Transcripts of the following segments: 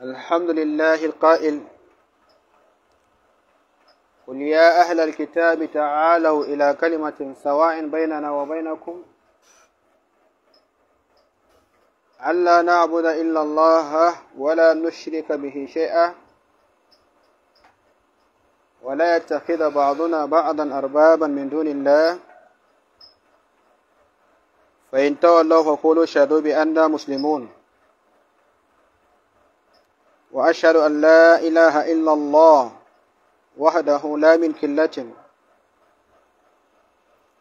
الحمد لله القائل قل يا أهل الكتاب تعالوا إلى كلمة سواء بيننا وبينكم ألا نعبد إلا الله ولا نشرك به شيئا ولا يتخذ بعضنا بعضا أربابا من دون الله فإن تولوا فقولوا شهدوا بأننا مسلمون وأشهد أن لا إله إلا الله وحده لا من كلة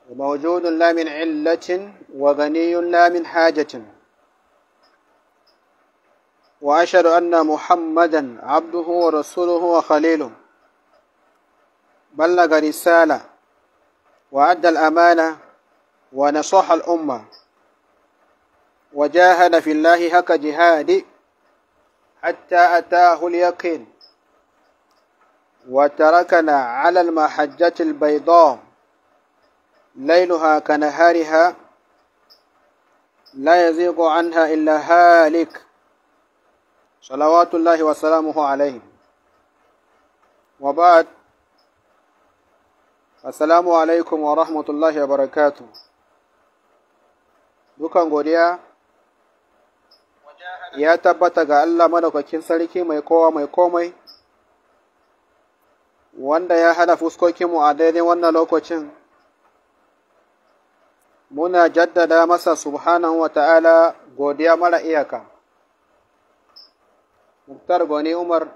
وموجود لا من علة وغني لا من حاجة وأشهد أن محمدا عبده ورسوله وخليله بلغ رسالة وأدى الأمانة ونصح الأمة وجاهد في الله هك جهاده حتى أتاه اليقين وتركنا على المحجة البيضاء ليلها كنهارها لا يزيغ عنها إلا هالك صلوات الله وسلامه عليه وبعد السلام عليكم ورحمة الله وبركاته dukan godiya ya tabbata ga Allah madaukakin sarki mai kowa mai komai wanda ya hada fuskokinmu a daidai wannan lokacin muna jaddada masa subhanahu wa ta'ala godiya mara iyaka muktar goni umar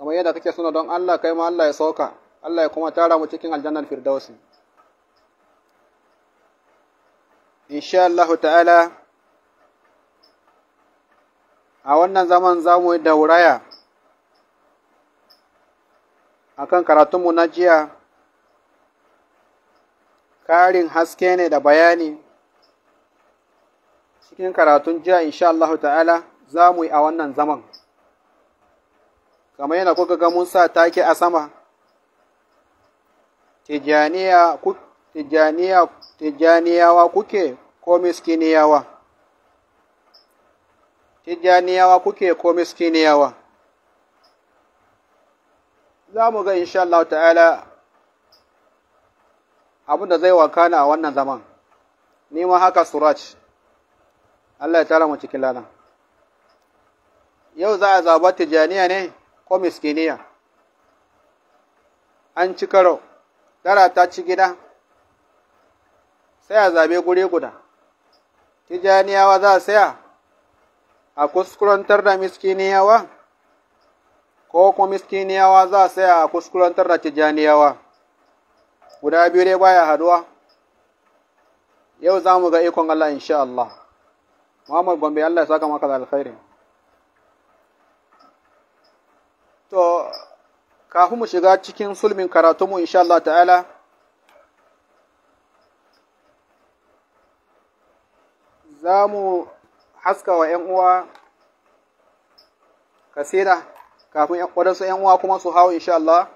kamar yadda kake suna don Allah kai ma Allah ya soka Allah ya kuma tara mu cikin aljannar firdausi insha Allah ta'ala a wannan zaman za mu yi dauraya a kan karatunmu na jiya Karin haske ne da bayani cikin karatun jiya insha Allah ta'ala za mu yi a wannan zaman kamar yana kuka ga mun sa take a sama tijaniyawa kuke ko miskiniyawa tijjaniyawa kuke ko miskiniyawa za mu ga insha Allah ta'ala abin da zai wakana a wannan zaman Nima haka suraj Allah ya tara mu cikin lana yau za a zaba tijjaniya ne ko miskiniya an ci karo tara ta ci gida sai a zabe guri guda tijjaniyawa za a saya a kuskurantar da miskiniyawa ko kuma miskiniyawa za saya a kuskurantar da tijjaniyawa guda biyu dai baya haduwa yau za mu ga ikon Allah insha Allah Muhammad Gombe Allah ya saka maka da alkhairi to kafin mu shiga cikin sulmin karatunmu insha Allah ta'ala za mu haska wa ‘yan uwa kasida kafin waɗansu ‘yan uwa kuma su hau insha Allah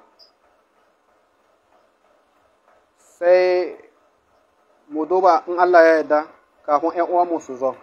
sai mu duba in Allah ya yarda kafin ‘yan uwa mu su zo.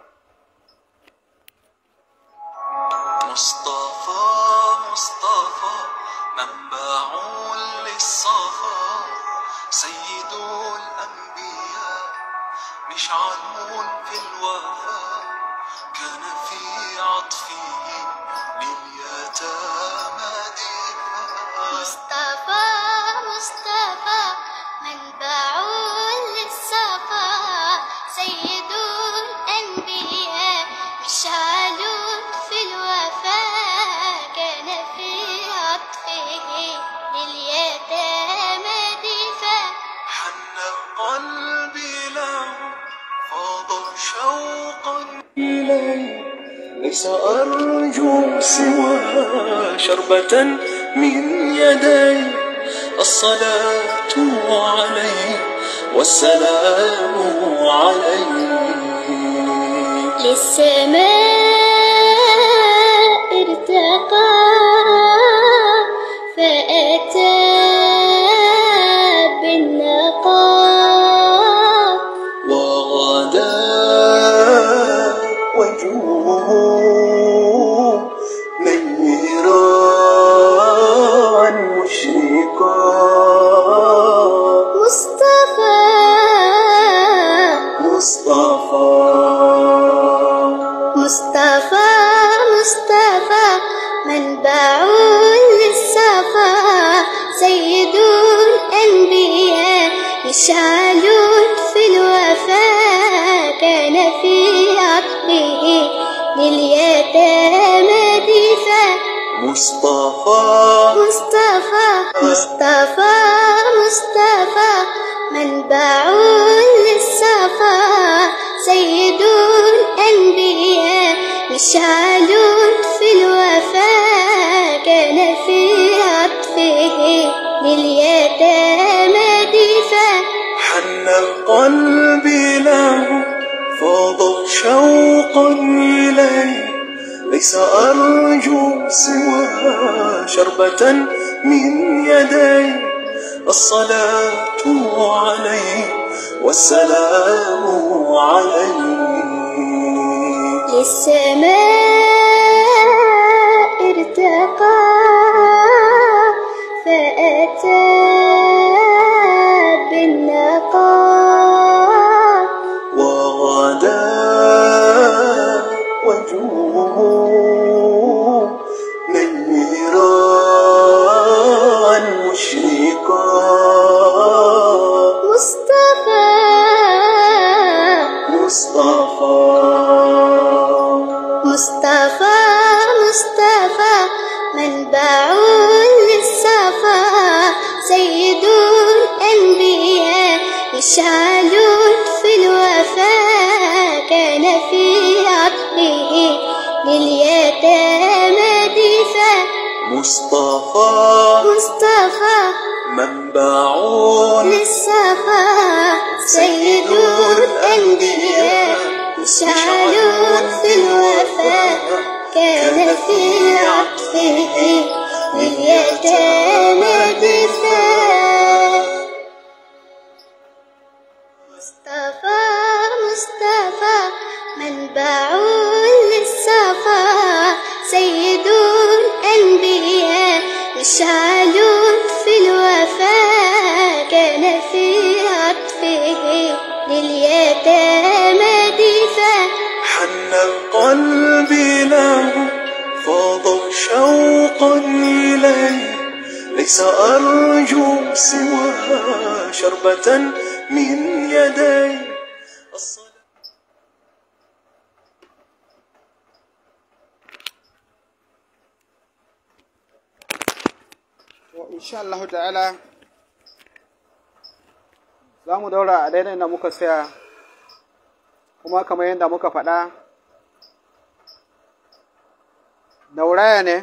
سأرجو سواها شربة من يدي الصلاة عليه والسلام عليه للسماء ارتقى فأتى عيني ليس أرجو سوى شربة من يدي الصلاة علي والسلام علي للسماء ارتقى فأتى insha Allah ta'ala za mu daura a daidai da muka saya kuma kamar yadda muka faɗa dauraya ne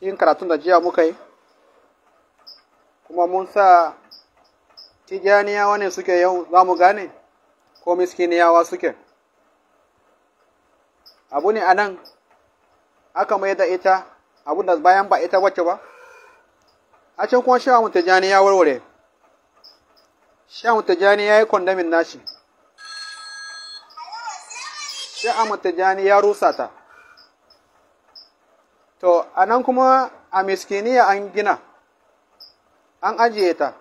yin karatun da jiya muka yi kuma mun sa tijaniyawa ne suke yau za mu gane ko miskiniyawa suke abu ne a nan aka mai da ita abu da bayan ba ita wacce ba a can kuma shawun jani ya warware shawun jani ya yi kondamin nashi sha'amun jani ya rusa ta to a nan kuma a miskiniya an gina an ajiye ta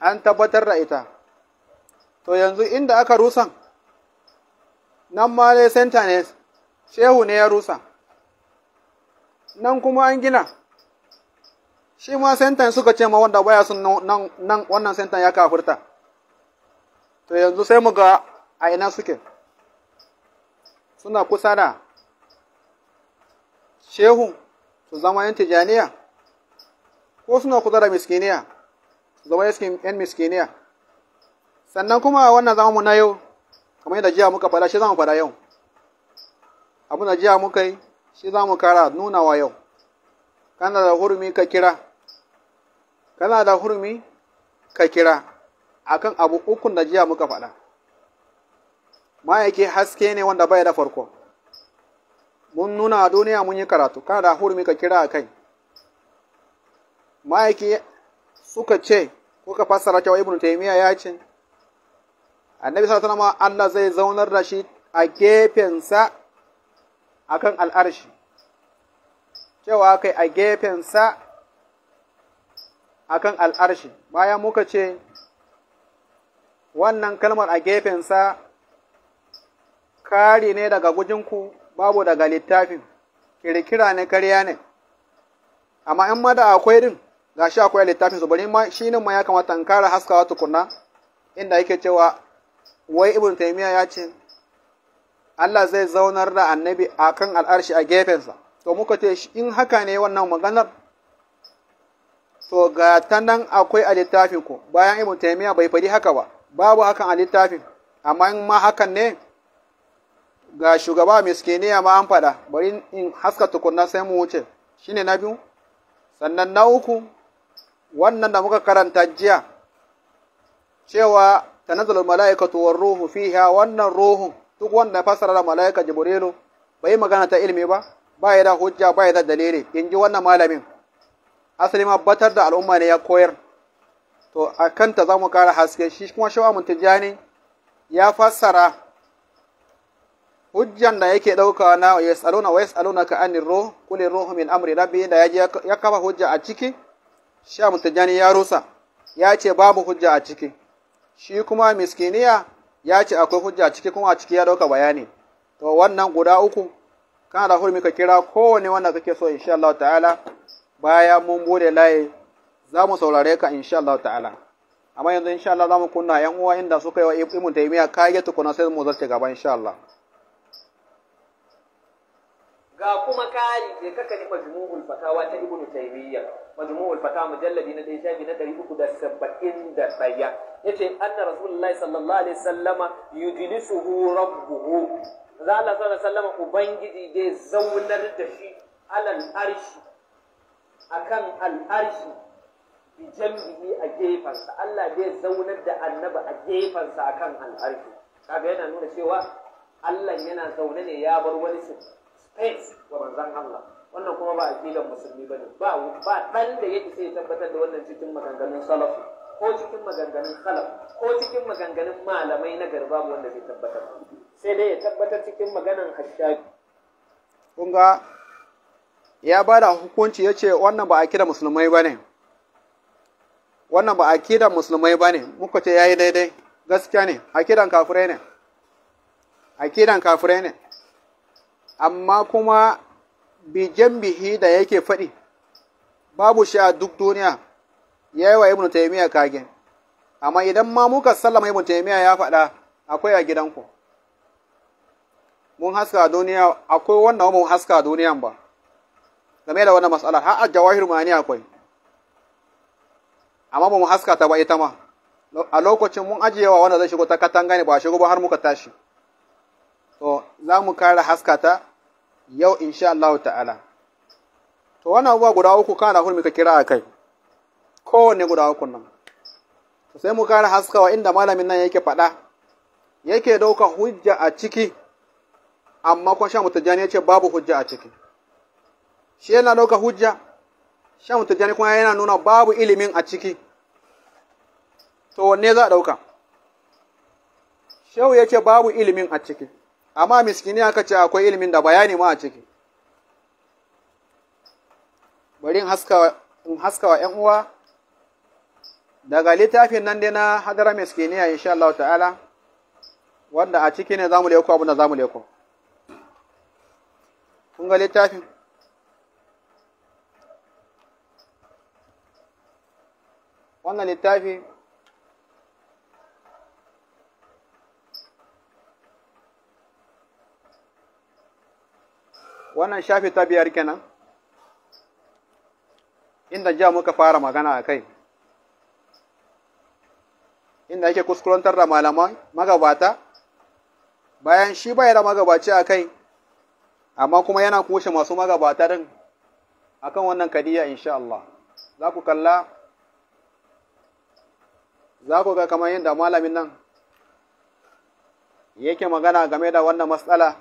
an tabbatar da ita to yanzu inda aka rusan nan ma dai senta ne shehu ne ya rusa nan kuma an gina shi ma sentan suka ce ma wanda baya sun nan nan wannan sentan ya kafurta to yanzu sai mu ga a ina suke suna kusa da shehu su zama yan tijaniya ko suna kusa da miskiniya su zama yan miskiniya sannan kuma wannan mu na yau kamar yadda jiya muka faɗa shi zama faɗa yau abin da jiya muka yi shi zama kara wa yau kana da hurumi ka kira kana da hurumi ka kira kan abu ukun da jiya muka faɗa ma'aiki haske ne wanda bai da farko mun nuna a duniya mun yi karatu kana da hurumi ka kira a kai ma'aiki suka ce kuka fassara cewa ibnu taimiyya ya ce annabi sa alaihi Allah zai zaunar da shi a gefensa akan al'arshi cewa kai a gefensa akan al'arshi bayan muka ce wannan kalmar a gefensa kari ne daga gujinku babu daga littafin kirkira ne karya ne amma in ma da akwai din ga shi akwai littafin su bari ma shi ma ya kamata in kara haskawa tukuna inda yake cewa wai ibn taymiya ya ce Allah zai zaunar da annabi akan al'arshi a gefensa to muka ce in haka ne wannan maganar to ga ta nan akwai a littafin ku bayan ibn taymiya bai fari haka ba babu hakan a littafin amma in ma hakan ne ga shugaba miskiniya ma an faɗa bari in haska tukunna sai mu wuce shine na biyu sannan na uku wannan da muka karanta jiya cewa tanazzalul mala'ikatu war ruhu fiha wannan ruhun duk wanda fasara da mala'ika jibrilu bai magana ta ilimi ba ba ya da hujja ba ya da dalili in ji wannan malamin asali ma batar da al'umma ne ya koyar to a kanta za mu kara haske shi kuma shawa muntijani ya fassara hujjan da yake ɗauka na yas'aluna wa yas'aluna ka an ruh qul ruhu min amri rabbi da ya ya kafa hujja a ciki sha mutajani ya rusa ya ce babu hujja a ciki shi kuma miskiniya ya ce akwai hujja a ciki kuma a ciki ya dauka bayani to wannan guda uku kana da hurmi ka kira kowane wanda kake so insha Allah ta'ala baya mun bude layi za mu saurare ka insha Allah ta'ala amma yanzu insha Allah za mu kunna yan uwa inda suka yi wa ibnu taymiya kage tukuna sai mu zarce gaba insha Allah ga kuma kari je kaka ni majmu'ul fatawa ta ibnu taymiya majmu'ul fatawa mujalladi na dai shafi na 371 yace anna rasulullahi sallallahu alaihi wasallama yujlisuhu rabbuhu za Allah sallallahu alaihi wasallama ubangiji dai zaunar da shi alal arshi akan al'arshi bi jambihi a gefensa Allah zai zaunar da annabi a gefensa akan al'arshi kaga yana nuna cewa Allah yana zaune ne ya bar wani space wa manzon Allah wannan kuma ba a aqidan musulmi bane ba ba dan da yake sai tabbatar da wannan cikin maganganun salafu ko cikin maganganun salaf ko cikin maganganun malamai na garba wanda zai tabbatar sai dai ya tabbatar cikin maganan hashabi kun ga ya ba da hukunci ya ce wannan ba a kira musulmai ba ne wannan ba a kira musulmai ba ne muka ce ya yi daidai gaskiya ne akidan kafirai ne akidan kafirai ne amma kuma bijen bihi da yake faɗi babu shi a duk duniya ya yi wa ibn taimiyya kage amma idan ma muka sallama ibn taimiyya ya faɗa akwai a gidanku mun haska duniya akwai wannan mun haska duniyan ba game da wannan matsala har a jawahir ne akwai amma ba mu haska ta ba ita ma a lokacin mun ajiyewa wanda zai shigo ta katanga ne ba shigo ba har muka tashi to za mu kare haska ta yau insha Allah ta'ala to wannan abuwa guda uku kana hulmi ka kira a kai kowanne guda uku nan sai mu kare haskawa inda malamin nan yake faɗa yake ɗauka hujja a ciki amma kwashe sha mutajani ya ce babu hujja a ciki shi yana ɗauka hujja shan tijjani kuma yana nuna babu ilimin a ciki to wanne za a ɗauka shehu ya ce babu ilimin a ciki amma miskini aka ce akwai ilimin da bayani ma a ciki bari in haska wa 'yan uwa daga littafin nan dai na hadara miskiniya insha Allah ta'ala wanda a ciki ne zamu leko abin da zamu leko kun ga littafin wannan littafi wannan shafi ta biyar kenan inda ja muka fara magana a kai inda yake kuskurantar da malaman magabata bayan shi bai da magabaci a kai amma kuma yana kushe masu magabata din akan wannan kadiya insha Allah za ku kalla za ku ga kamar yadda malamin nan yake magana game da wannan matsala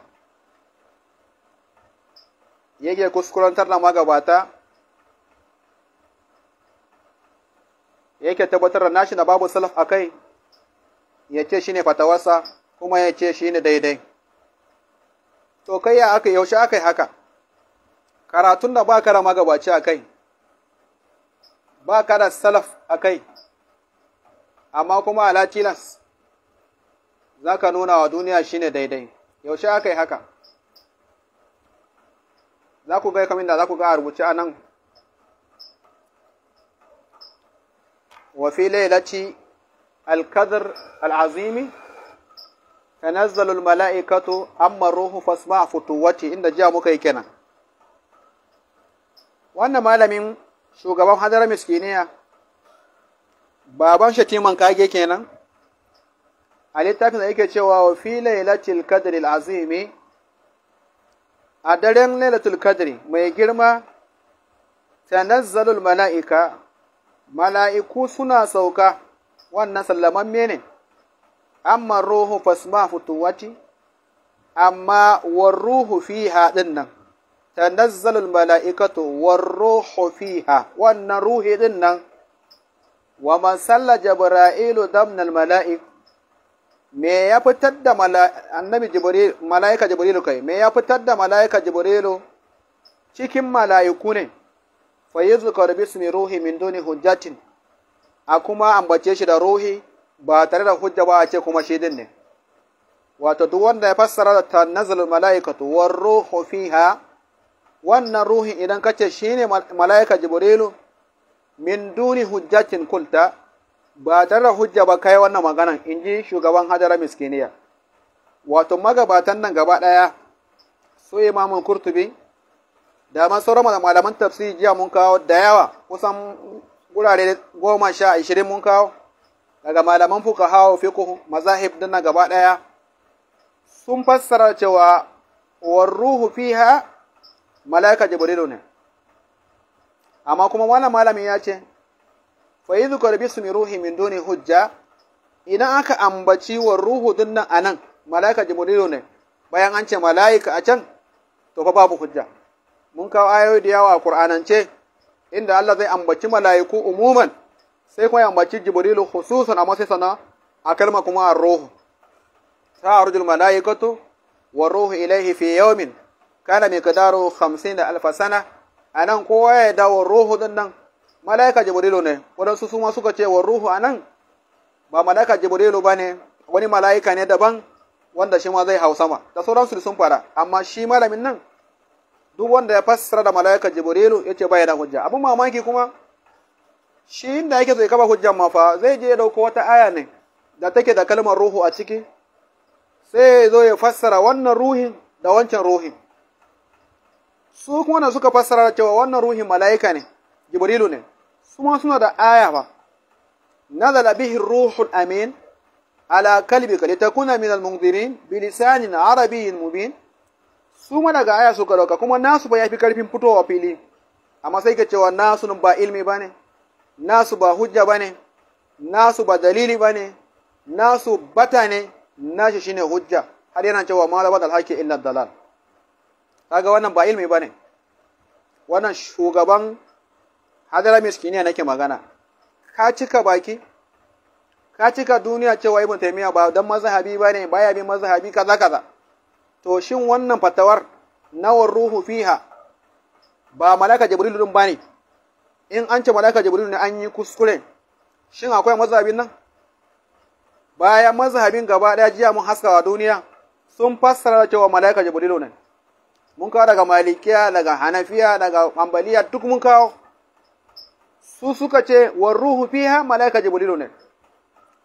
yake kuskurantar da magabata yake tabbatar da nashi na babu salaf a kai ya ce shi ne fatawarsa kuma ya ce shi ne daidai to kai ya aka yaushe aka yi haka karatun da ba ka da magabaci a kai ba kara salaf a kai amma kuma ala tilas za ka nuna wa duniya shine daidai yaushe aka yi haka za ku gai kamar da za ku ga a rubuce a nan wafi lailaci alkazar al'azimi ta nazzalul mala'ikatu amma ruhu fasma a fituwati inda jiya muka yi kenan wannan malamin shugaban hadar miskiniya baban shatiman kage kenan a littafin da yake cewa wa fi lailatul qadri al a daren lailatul qadri mai girma tanazzalul mala'ika mala'iku suna sauka wannan sallamamme ne amma ruhu fasma futuwati amma war ruhu fiha dinnan tanazzalul mala'ikatu war ruhu fiha wannan ruhi dinnan wa man salla jibrilu damnal mala'ik me ya fitar da annabi jibril mala'ika jibrilu kai me ya fitar da mala'ika jibrilu cikin mala'iku ne fa yuzkar bismi ruhi min duni hujjatin a kuma ambace shi da ruhi ba tare da hujja ba a ce kuma shi din ne wato duk wanda ya fassara da tanazzalul mala'ikatu war ruhu fiha wannan ruhin idan kace shine mala'ika jibrilu min duni hujjatin kulta ba tare da hujja ba kai wannan maganan in ji shugaban hadara miskiniya wato magabatan nan gaba ɗaya su imamun kurtubi da ma sauran malaman tafsiri jiya mun kawo da yawa kusan gurare goma sha ashirin mun kawo daga malaman fuka hawa fi maza mazahib nan gaba ɗaya sun fassara cewa warruhu fiha mala'ika jibrilu ne amma kuma wannan malamin ya ce fa yi zukar bismi ruhi min duni hujja idan aka ambaci wa ruhu din nan a nan mala'ika jibrilu ne bayan an ce mala'ika a can to fa babu hujja mun kawo ayoyi da yawa a kur'anance? inda Allah zai ambaci mala'iku umuman sai kuma ya ambaci jibrilu khususan amma sai sana a kalma kuma a ruhu ta'arujul mala'ikatu wa ruhu ilaihi fi yawmin kana miqdaru 50 alf sana a nan kowa ya da wa ruhu din nan mala'ika jibrilu ne waɗansu su ma suka ce wa ruhu a nan ba mala'ika jibrilu ba ne wani mala'ika ne daban wanda shi ma zai hau sama da sauransu sun fara amma shi malamin nan duk wanda ya fassara da mala'ika jibrilu ya ce bai da hujja abin mamaki kuma shi inda yake zai kafa hujjan ma fa zai je ya dauko wata aya ne da take da kalmar ruhu a ciki sai ya zo ya fassara wannan ruhin da wancan ruhin su kuma da suka fassara cewa wannan ruhin mala'ika ne jibrilu ne ma suna da aya ba nazala bihi ruhul amin ala kalbi kalbika litakuna min almunzirin bilisanin arabiyyin mubin su ma daga aya suka dauka kuma nasu ba ya fi karfin fitowa fili amma sai ka cewa nasu ba ilmi bane nasu ba hujja bane nasu ba dalili bane nasu bata ne nashi shine hujja har yana cewa ma la illa dalal kaga wannan ba ilimi ne. wannan shugaban hadara miskiniya nake magana ka cika baki ka cika duniya cewa ibn taymiya ba dan mazhabi bane baya bin mazhabi kaza kaza to shin wannan fatawar nawar ruhu fiha ba malaka jibril din bane in an ce malaka jibril ne an yi kuskure shin akwai mazhabin nan bayan mazhabin gaba daya jiya mun haskawa duniya sun fassara cewa malaka jibril ne mun kawo daga malikiya daga hanafiya daga ambaliya duk mun kawo su suka ce wa ruhu fiha malaika jibrilu ne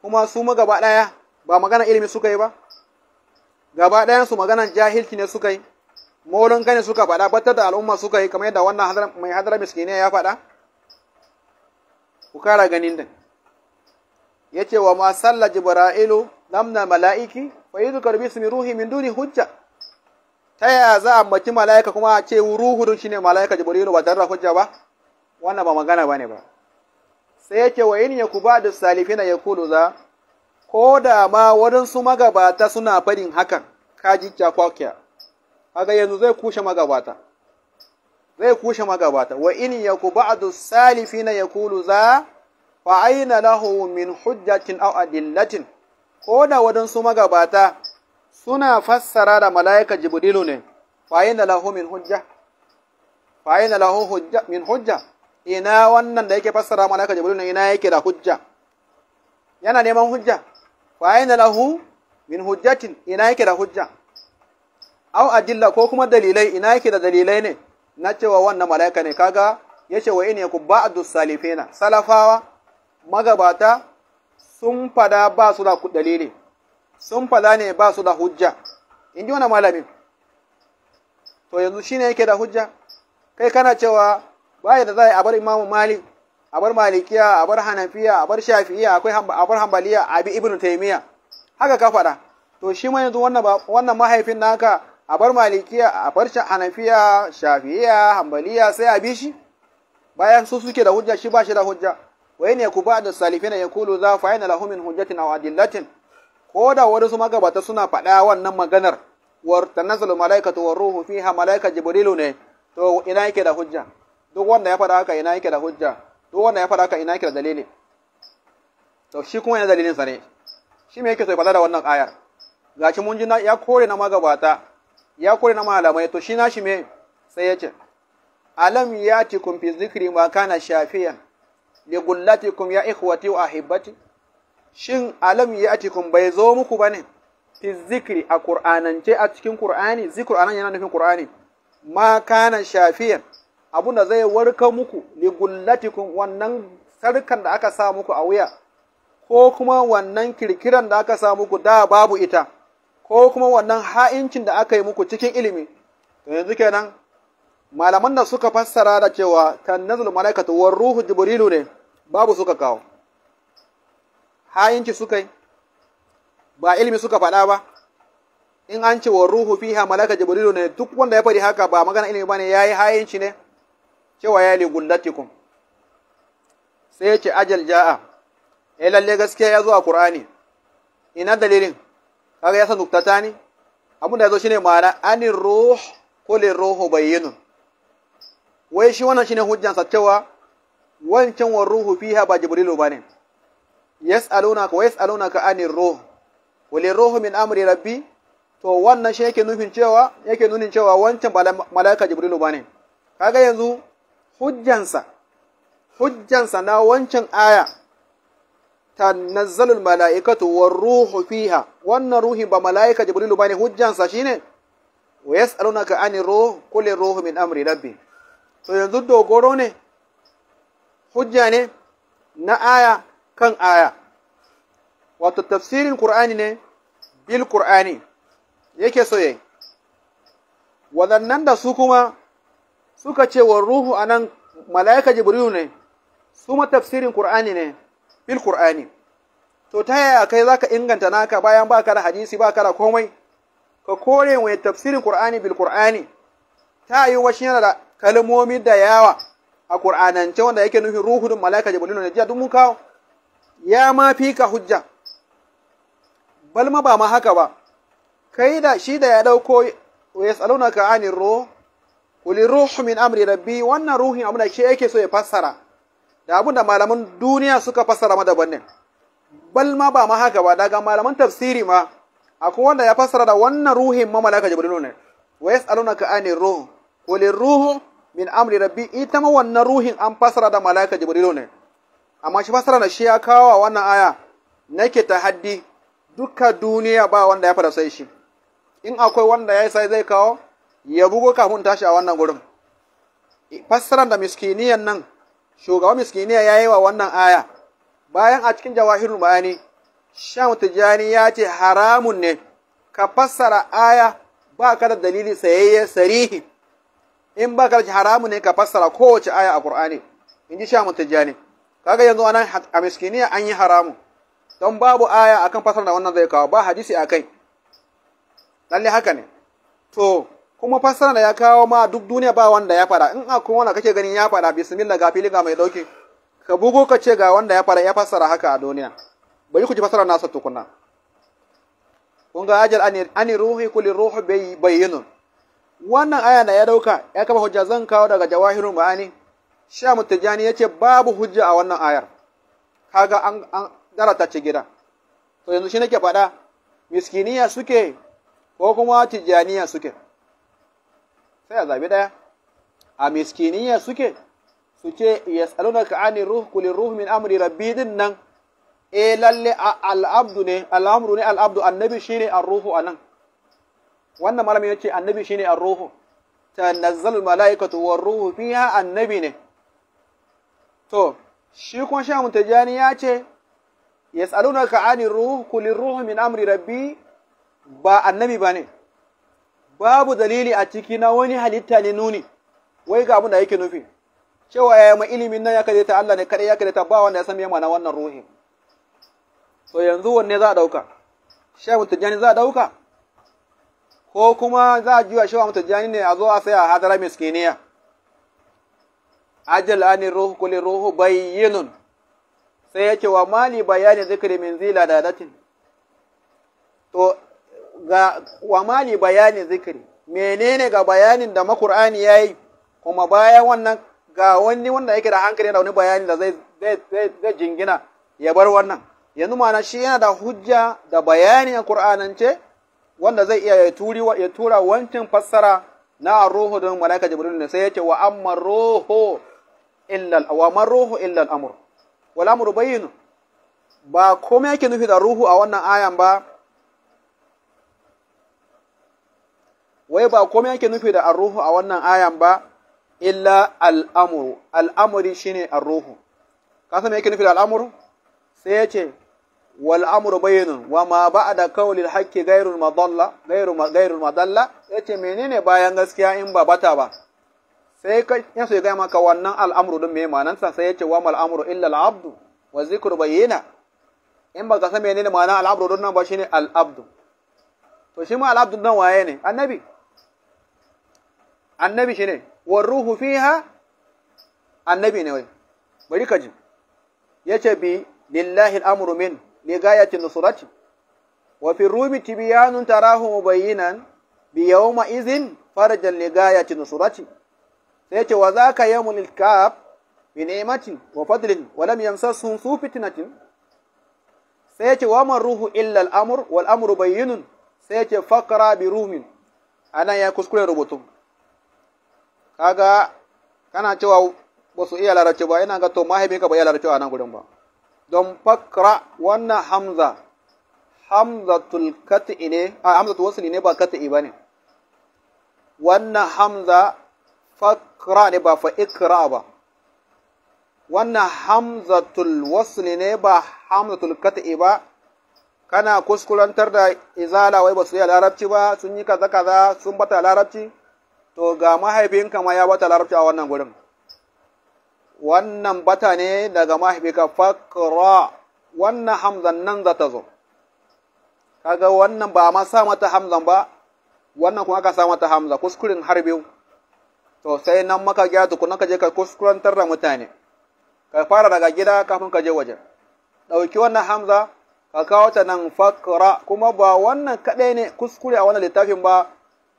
kuma su ma gaba daya ba magana ilimi suka yi ba gaba daya su magana jahilci ne suka yi maulon gane suka faɗa batta da al'umma suka yi kamar yadda wannan mai hadara miskine ya faɗa ku kara ganin din yace wa ma salla jibrilu lamna malaiki fa yuzkar bismi ruhi min duni hujja ta yaya za a mace mala'ika kuma a ce ruhudun shine mala'ika jibrilu ba tare da hujja ba wannan ba magana bane ba sai yake wa in yakubadu salifina kulu za ko da ma waɗansu magabata suna faɗin hakan kaji kyakwakiya haka yanzu zai kushe magabata zai kushe magabata wa in yaku ba'du salifina yaqulu za fa aina lahu min hujjatin aw adillatin ko da su magabata suna fassara da mala'ika jibrilu ne fa'ina lahu min hujja fa'ina lahu hujja min hujja ina wannan da yake fassara mala'ika jibrilu ne ina yake da hujja yana neman hujja fa'ina lahu min hujjatin ina yake da hujja au adilla ko kuma dalilai ina yake da dalilai ne na cewa wannan mala'ika ne kaga yace wa in ku ba'du salifina salafawa magabata sun fada ba su da dalili sun fada ne ba su da hujja in ji wani malamin to yanzu shine yake da hujja kai kana cewa baya da za a bar imamu malik a bar malikiya a bar hanafiya a bar shafi'iya akwai a bar hambaliya a bi ibnu taymiya haka ka faɗa to shi ma yanzu wannan mahaifin naka a bar malikiya a bar hanafiya shafi'iya hambaliya sai a bi shi bayan su suke da hujja shi ba shi da hujja wa ne ku ba da salifina ya Kulu za fa yana min hujjatin aw adillatin ko da wadansu magabata suna faɗa wannan maganar war tanazzalu malaikatu war ruhu fiha malaika jibrilu ne to ina yake da hujja duk wanda ya faɗa haka ina yake da hujja duk wanda ya faɗa haka ina yake da dalili to shi kuma yana dalilin sa ne shi me yake so ya faɗa da wannan ayar gashi mun ji ya kore na magabata ya kore na malamai to shi na shi me sai ya ce alam yatikum fi zikri ma kana shafiyan li gullatikum ya ikhwati wa ahibati shin alam ya atikun bai zo muku ba ne fi zikri a ƙur'anance a cikin ƙur'ani zikr anan yana nufin ƙur'ani ma kana shafiyan abu da zai warka muku li gullatikum wannan sarkan da aka sa muku a wuya ko kuma wannan kirkiran da aka sa muku da babu ita ko kuma wannan ha'incin da aka yi muku cikin ilimi to yanzu kenan malaman da suka fassara da cewa tanazzul malaikatu war ruhu jibrilu ne babu suka kawo ha'inci suka yi ba ilimi suka faɗa ba in an ce wa ruhu fiha malaka jibrilu ne duk wanda ya faɗi haka ba magana ilimi bane yayi ha'inci ne cewa ya ligullatikum sai ya ce ajal ja'a eh lalle gaskiya ya zo a qur'ani ina dalilin kaga ya san nuktata ne abin da ya zo shine ma'ana anin ruh ko ruhu bayyinun wai shi wannan shine hujjansa cewa wancan wa ruhu fiha ba jibrilu bane yas'alunaka wa yas'alunaka anir ruh walin ruhu min amri rabbi to wannan shi yake nufin cewa yake nunin cewa wancan malaika jibrilu bane kaga yanzu hujjansa hujjansa na wancan aya tanazzalul mala'ikatu war ruhu fiha wannan ruhi ba malaika jibrilu bane hujjansa shine wa yas'alunaka anir ruh qul ruhu min amri rabbi to yanzu dogoro ne hujja ne na aya kan aya wato tafsirin Qur'ani ne bil Qur'ani yake so yayi da su kuma suka ce wa ruhu nan mala'ika jibrilu ne su ma tafsirin Qur'ani ne bil Qur'ani to ta yaya kai zaka inganta naka bayan ka da hadisi ka da komai ka kore mai tafsirin Qur'ani bil Qur'ani ta yi wa yana da kalmomi da yawa a Qur'anance wanda yake nufin ruhu din mala'ika jibrilu ne jiya duk mun kawo ya ma fi ka hujja balma ba ma haka ba kai da shi da ya dauko ya tsaluna ka anin ro kuli ruhu min amri rabbi wannan ruhin abu da shi yake so ya fassara da abin da malaman duniya suka fassara ma daban ne balma ba ma haka ba daga malaman tafsiri ma akwai wanda ya fassara da wannan ruhin ma malaka jibrilu ne wa yas'alunaka anir ruh kuli ruhu min amri rabbi ita ma wannan ruhin an fassara da malaka jibrilu ne amma shi fasara da shi ya kawo a wannan aya nake ta haddi duka duniya ba wanda ya fara sai shi in akwai wanda ya sai zai kawo ya bugo kafin tashi a wannan gurin fasara da miskiniyan nan shugaban miskiniya ya yi wa wannan aya bayan a cikin jawahirun bayani shan tijani ya ce haramun ne ka fassara aya ba ka da dalili sayayye sarihi in ba ka da haramun ne ka fassara kowace aya a kur'ani in ji shan tijani kaga yanzu anan a miskiniya an yi haramu. don babu aya akan fasar da wannan zai kawo ba hadisi kai lalle haka ne to kuma fasar da ya kawo ma duk duniya ba wanda ya fara in akwai wanda kake ganin ya fara bismillah ga fili ga mai dauki ka bugo ka ce ga wanda ya fara ya fassara haka a duniya bari ku ji fasara nasa tukuna kun ga ajal ani ruhi kulli ruhu bayyinun wannan aya da ya dauka ya kama hujja zan kawo daga jawahirul ma'ani Sha Mutajani ya ce babu hujja a wannan ayar, kaga an darata ce gida. To yanzu shi nake faɗa, miskiniya suke ko kuma tijjaniya suke. Sai a zabi ɗaya, a miskiniya suke, su ce yas'alunaka ani ruh kulir ruh min amri rabbi din nan e lalle al'abdu ne al'amuru ne al'abdu annabi shine ar-ruhu anan wannan malamin ce annabi shine ar-ruhu tanazzalul malaikatu wa ruhu fiya annabi ne to shi kuma sha mutajani ya ce ka ani ruhu, kulir ruhu min amri rabbi ba annabi ba ne babu dalili a ciki na wani halitta ne nuni wai ga abin da yake nufi cewa ya ma ilimin nan ya kare ta Allah ne kadai ya kare ta ba wanda ya san yamma na wannan ruhi to yanzu wanne za a dauka shehu tijani za a dauka ko kuma za a juya shehu tijani ne a zo a saya hadara miskiniya ajal ani ruhu kulli ruhu bayyinun sai ya ce wa mali bayani zikri min zila da datin to ga wa mali bayani zikri menene ga bayanin da makur'ani yayi kuma bayan wannan ga wani wanda yake da hankali da wani bayani da zai zai jingina ya bar wannan yanzu ma'ana shi yana da hujja da bayani a ce wanda zai iya ya tura wancan fassara na ruhu don malaka jibril ne sai yake wa amma ruhu illal wa ruhu illal amr wal amru ba komai yake nufi da ruhu a wannan ayan ba wai ba komai yake nufi da ruhu a wannan ayan ba illa al'amuru al'amuri shine ar-ruhu ka san me yake nufi da al'amuru sai ya ce wal amru bayyinun wa ma ba'da qawlil haqqi ghayrul madalla ghayrul madalla yace menene bayan gaskiya in ba bata ba sai kai ya so ya gaya maka wannan al'amru din me sa sai ya ce wa mal amru illa al abdu wa zikru bayyina in ba ka san menene ma'anar al abdu din nan ba shine al abdu to shi ma al abdu din waye ne annabi annabi shine wa ruhu fiha annabi ne wai bari ka ji yace bi lillahi al amru min li gayati nusrati wa fi rumi tibyanun tarahu mubayyinan bi yawma idhin farajan li gayati nusrati sai ce wa za ka zaka yawmul kaf bi ni'matin wa fadlin wa lam yamsasum su fitnatin sai ce wa man ruhu illa al-amr wal amru bayyinun sai ce faqra bi rumin anan ya kuskure rubutun kaga kana cewa ba su iya larabci ba ina ga to mahaifinka ba iya larabci a nan gurin ba don fakra wannan hamza hamzatul kat'i ne a hamzatul wasli ne ba kat'i bane wannan hamza fakra ne ba fa ikra ba wannan hamzatul wasli ne ba hamzatul kat'i ba kana kuskurantar da izala wai ba su yi larabci ba sun yi kaza kaza sun bata larabci to ga mahaifinka ma ya bata larabci a wannan gurin wannan bata ne daga mahaifinka fakra wannan hamzan nan za ta zo kaga wannan ba ma sa mata hamzan ba wannan kuma aka sa mata hamza kuskuren har biyu to sai nan maka gida tukuna ka je ka kuskurantar da mutane ka fara daga gida kafin ka je waje ɗauki wannan hamza ka kawo ta nan fakra kuma ba wannan kaɗai ne kuskure a wannan littafin ba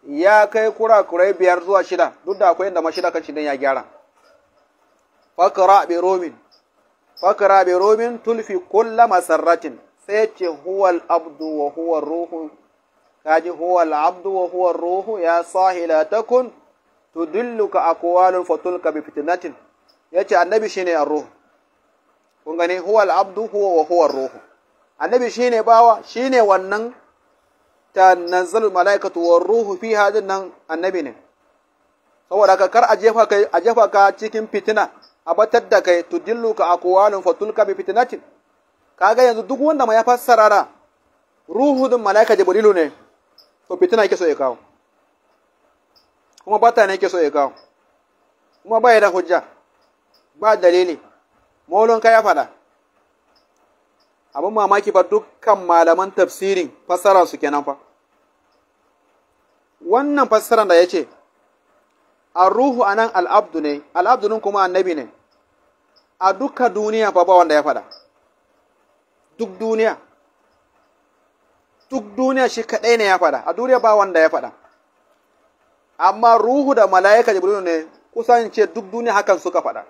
ya kai kurakurai biyar zuwa shida duk da akwai inda ma shida kan shidan ya gyara fakra bi romin fakra bi romin tulfi kulla masarratin sai ce huwal abdu wa huwa ruhu kaji huwal abdu wa huwa ruhu ya sahila takun tudilluka aqwalun fatulka bi fitnatin yace annabi shine ar-ruh kun gani huwa al-abdu huwa wa huwa ar-ruh annabi shine bawa shine wannan nazal malaikatu wa ruhu fi hadin nan annabi ne saboda ka kar a jefa kai a jefa ka cikin fitina a batar da kai tudilluka aqwalun fatulka bi fitnatin kaga yanzu duk wanda ma ya fassara ruhu din malaika jibrilu ne to fitina yake so ya kawo kuma bata ne yake so ya kawo kuma ba ya da hujja ba dalili maulon ka ya faɗa abin mamaki ba dukkan malaman tafsirin fassara su kenan fa wannan fassara da ya ce ruhu anan nan al'abdu ne al'abdunin kuma annabi ne a dukka duniya fa ba wanda ya faɗa duk duniya duk duniya shi kaɗai ne ya faɗa a duniya ba wanda ya faɗa amma ruhu da mala'ika jibrilu ne ce duk duniya hakan suka faɗa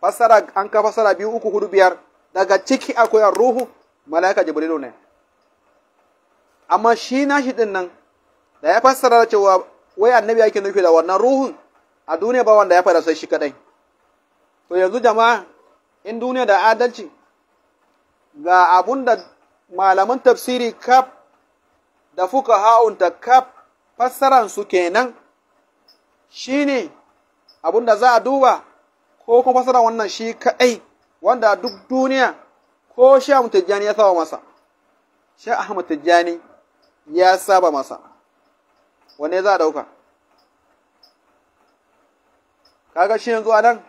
fasara an ka fassara biyu uku hudu biyar daga ciki akwai ruhu mala'ika jibrilu ne amma shi nashi ɗin nan da ya fassara cewa wai annabi ake nufi da wannan ruhu a duniya ba wanda ya fada sai shi kadai to yanzu jama'a in duniya da adalci ga abun da malaman tafsiri kaf da fuka ha'unta kaf su kenan shi ne abin da za a duba ko kuma fasara wannan shi kaɗai wanda duk duniya ko sham tijjani ya saba masa sha ahmad tijjani ya saba masa wanne za a ɗauka kaga shi yanzu a nan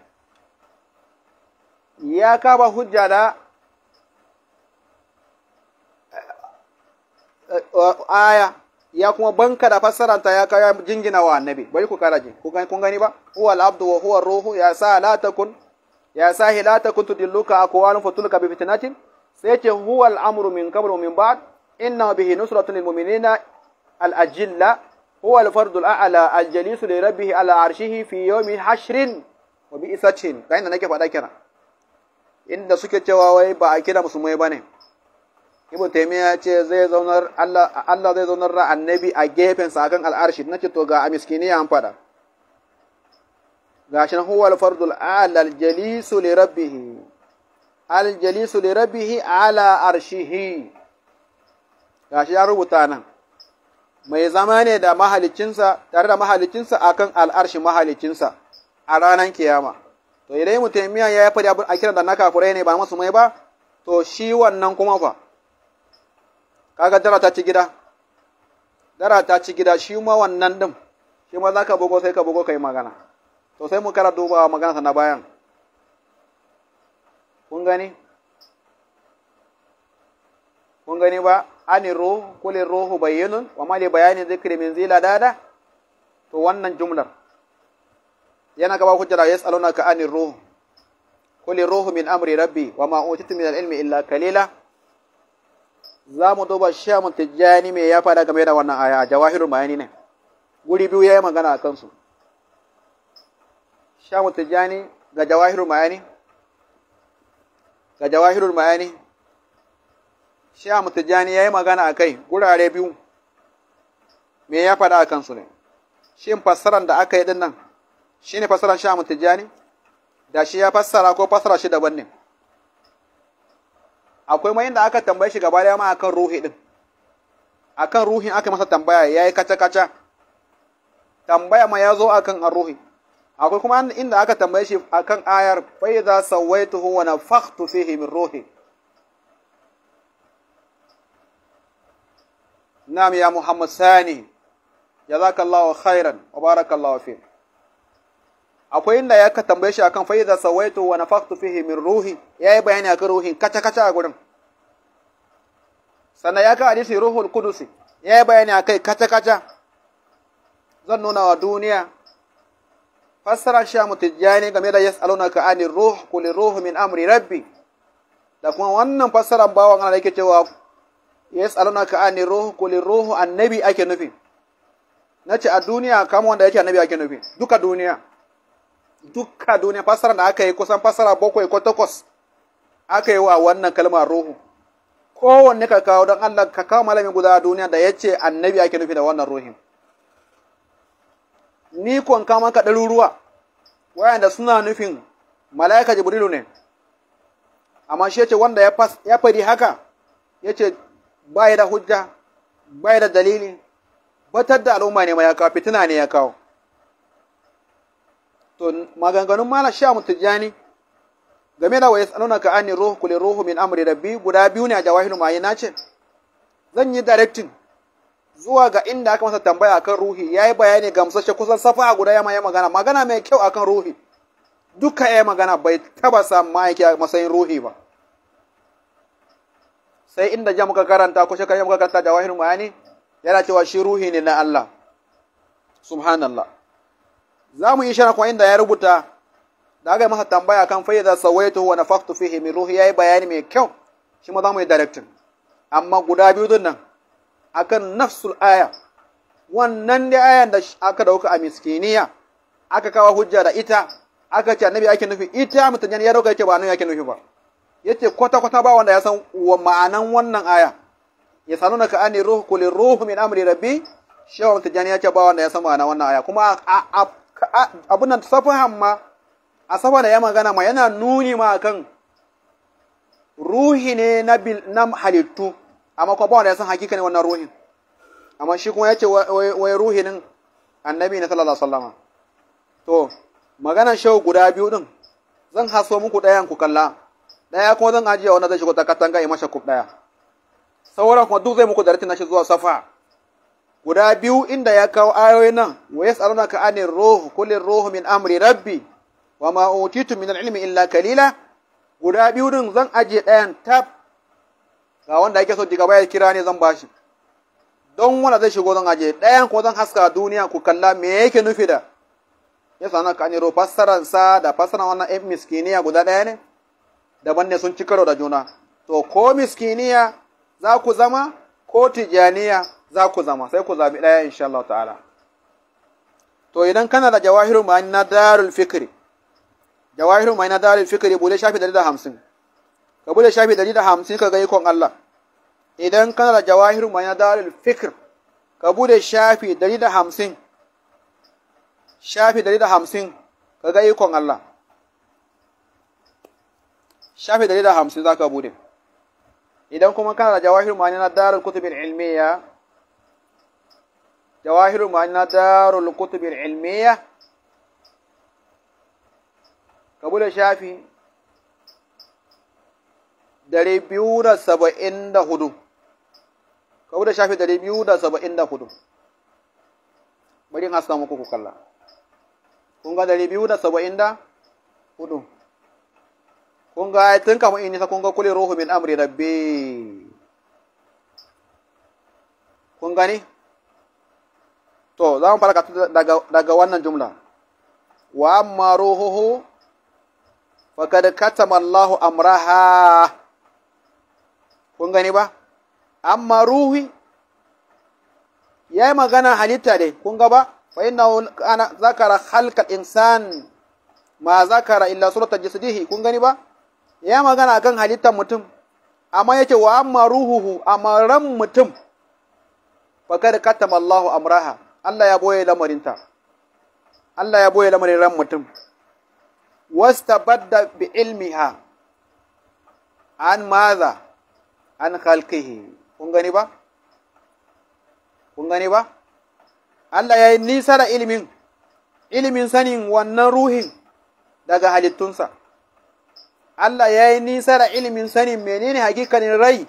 ya kaba hujja da eh, eh, aya ya kuma banka da fassaranta ya kaya jingina wa annabi bai ku karaje kun gani ba huwa al-abdu wa huwa ruhu ya sa la takun ya sa la takun tudilluka aqwalun fatulka bi fitnatin sai ce huwa al-amru min qablu min ba'd inna bihi nusratun lil mu'minina al-ajilla huwa al-fardu al-a'la al-jalisu li rabbih ala arshihi fi yawmi hashrin wa bi isatin kai nake faɗa kira. inda suke cewa wai ba a kira musulmai bane Ibn Taymiyyah ya ce zai zaunar Allah Allah zai zaunar na annabi a gefen sa kan al'arshi nace to ga amiskini an fada gashi nan huwa fardul a'la al-jalisu li rabbih al-jalisu li rabbih ala arshihi gashi ya rubuta nan mai zama ne da mahalicinsa tare da mahalicinsa akan al'arshi mahalicinsa a ranar kiyama to idan mutum ya faɗi abin a kiran da na kafurai ne ba masu mai ba to shi wannan kuma fa kaga dara ta ci gida dara ta ci gida shi ma wannan din shi ma za ka bugo sai ka bugo ka yi magana to sai mu kara magana sa na bayan kun gani kun gani ba ani ruhu kulin ruhu bayyinun wa bayanin bayani zikri min zila dada to wannan jumlar yana gaba hujjara yas'alunaka ani ruhu kulin ruhu min amri rabbi wa ma utitu min al-ilmi illa kalila za mu duba shamun tijjani mai ya faɗa game da wannan aya a jawahirul bayani ne guri biyu ya yi magana a kansu shamun tijjani ga jawahirul bayani ga jawahirul bayani shamun tijjani ya yi magana a kai gurare biyu me ya faɗa a kansu ne shin fassaran da aka yi din nan shi ne fassaran shamun tijjani da shi ya fassara ko fassara shi daban ne akwai ma da aka tambaye shi gaba daya ma akan ruhi din akan ruhin aka masa tambaya yayi kaca kaca tambaya ma ya zo akan ruhi akwai kuma inda aka tambaye shi akan ayar fa idza sawaituhu wa nafakhtu fihi min ruhi na'am ya muhammad sani jazakallahu khairan wa barakallahu fiik akwai inda ya ka tambaye shi akan fa'iza sawaitu wa nafaqtu fihi min ruhi yayi bayani akan ruhin kaca kaca a gurin sannan ya ka hadisi ruhul qudusi yayi bayani akai kaca kaca zan nuna wa duniya fassara shi mutajjani game da yas'alunaka ani ruh qul ruh min amri rabbi da kuma wannan fassaran bawan Allah yake cewa yas'alunaka ani ruh qul ruh annabi ake nufi nace a duniya kamar wanda yake annabi ake nufi duka duniya dukka duniya fasara da aka yi kusan fasara bakwai ko takwas aka yi wa wannan kalmar ruhu kowanne ka kawo don Allah ka kawo malamin guda a duniya da ya ce annabi ake nufi da wannan ruhin ni kon kama ka ɗaruruwa wayanda suna nufin mala'ika jibrilu ne amma shi ce wanda ya fas ya fadi haka yace da hujja bai da dalili batar da al'umma ne ma ya kawo fitina ne ya kawo to maganganun mala sha mutujani game da wa yasaluna ka ani ruhu kulli ruhu min amri rabbi guda biyu ne a jawahirul ma'ani nace zan yi directing zuwa ga inda aka masa tambaya akan ruhi yayi bayani gamsashe kusan safa guda ya mai magana magana mai kyau akan ruhi duka ya magana bai taba samu ma'aiki a matsayin ruhi ba sai inda ja muka karanta ko shekara muka karanta jawahirul ma'ani yana cewa shi ruhi ne na Allah subhanallah za mu yi shara kuma inda ya rubuta da aka yi masa tambaya kan da sauwaito wa nafaktu fi min ruhi yi bayani mai kyau shi ma za mu yi directing amma guda biyu din nan kan nafsul aya wannan da ayan da aka dauka a miskiniya aka kawo hujja da ita aka ce annabi ake nufi ita mutum ya dauka yake ba nan yake nufi ba yace kwata kwata ba wanda ya san wa ma'anan wannan aya ya sanu na ka ani ruhu kulir ruhu min amri rabbi shawar mutum ya ce ba wanda ya san ma'anan wannan aya kuma a abin nan safin hamma a safa da ya magana ma yana nuni ma kan ruhi ne na halittu amma kuma ba wanda ya san hakika ne wannan ruhin amma shi kuma ya ce wai ruhinin annabi na sallallahu alaihi wasallama to maganar shehu guda biyu din zan haso muku ɗayan ku kalla ɗaya kuma zan ajiye wanda zai shigo ta katanga ya masha ɗaya sauran kuma duk zai muku da na shi zuwa safa guda biyu inda ya kawo ayoyi nan wa ka anir ruh kulir ruhu min amri rabbi wa ma utitu min al-ilmi illa kalila guda biyu din zan aje ɗayan tab ga wanda yake so diga baya kira ne zan bashi don wanda zai shigo zan aje ɗayan ko zan haska duniya ku kalla me yake nufi da ya sana ka ne fassarar sa da fassara wannan ɗan miskiniya guda ɗaya ne daban ne sun ci karo da juna to ko miskiniya za ku zama ko tijaniya za ku zama sai ku zabi ɗaya insha Allah ta'ala to idan kana da jawahirul ma'ani na darul fikri jawahirul ma'ani na darul fikri bude shafi 150 ka bude shafi 150 ka ga ikon Allah idan kana da jawahirul ma'ani na darul fikr ka bude shafi 150 shafi 150 ka ga ikon Allah shafi 150 za ka bude idan kuma kana da jawahirul ma'ani na darul kutubin ilmiya جواهر معنى تار الكتب العلمية قبول شافي dari biyu da saba'in da hudu kawo da shafi dari biyu da saba'in da hudu bari haska muku ku kalla kun dari biyu da saba'in da hudu kun ga tun kama in nisa ruhu min amri to za mu fara karatu daga wannan jumla wa amma ruhuhu faqad katama Allahu amraha kun gani ba amma ruhi yayi magana halitta dai kun ga ba fa innahu ana zakara khalqal insan ma zakara illa surata jasadihi kun gani ba yayi magana akan halittar mutum amma yake wa amma ruhuhu amma ran mutum faqad katama Allahu amraha Allah ya boye lamarinta Allah ya boye lamarin ran mutum wastabadda bi ilmiha an maza an khalqihi kun gani ba kun gani ba Allah ya yi nisa da ilimin ilimin sanin wannan ruhin daga halittunsa Allah ya yi nisa da ilimin sanin menene hakikanin rai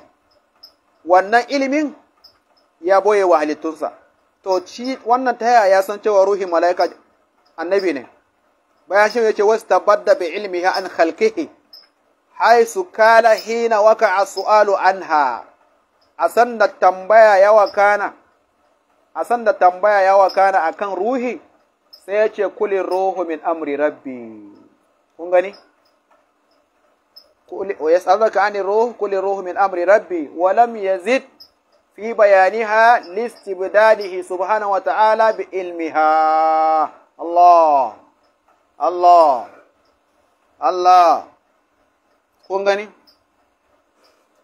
wannan ilimin ya boye wa halittunsa to shi wannan ta ya san cewa ruhi mala'ika annabi ne bayan shi ce wasu tabadda bi ilmiha an Hai su kala hina waka su'alu anha a san da tambaya ya wakana a san da tambaya ya wakana kan ruhi sai ce kulin ruhu min amri rabbi kun gani wa ani ruhu min amri rabbi wa lam yazid fi bayaniha listibdadihi subhanahu wa ta'ala bi ilmiha Allah Allah Allah kun gani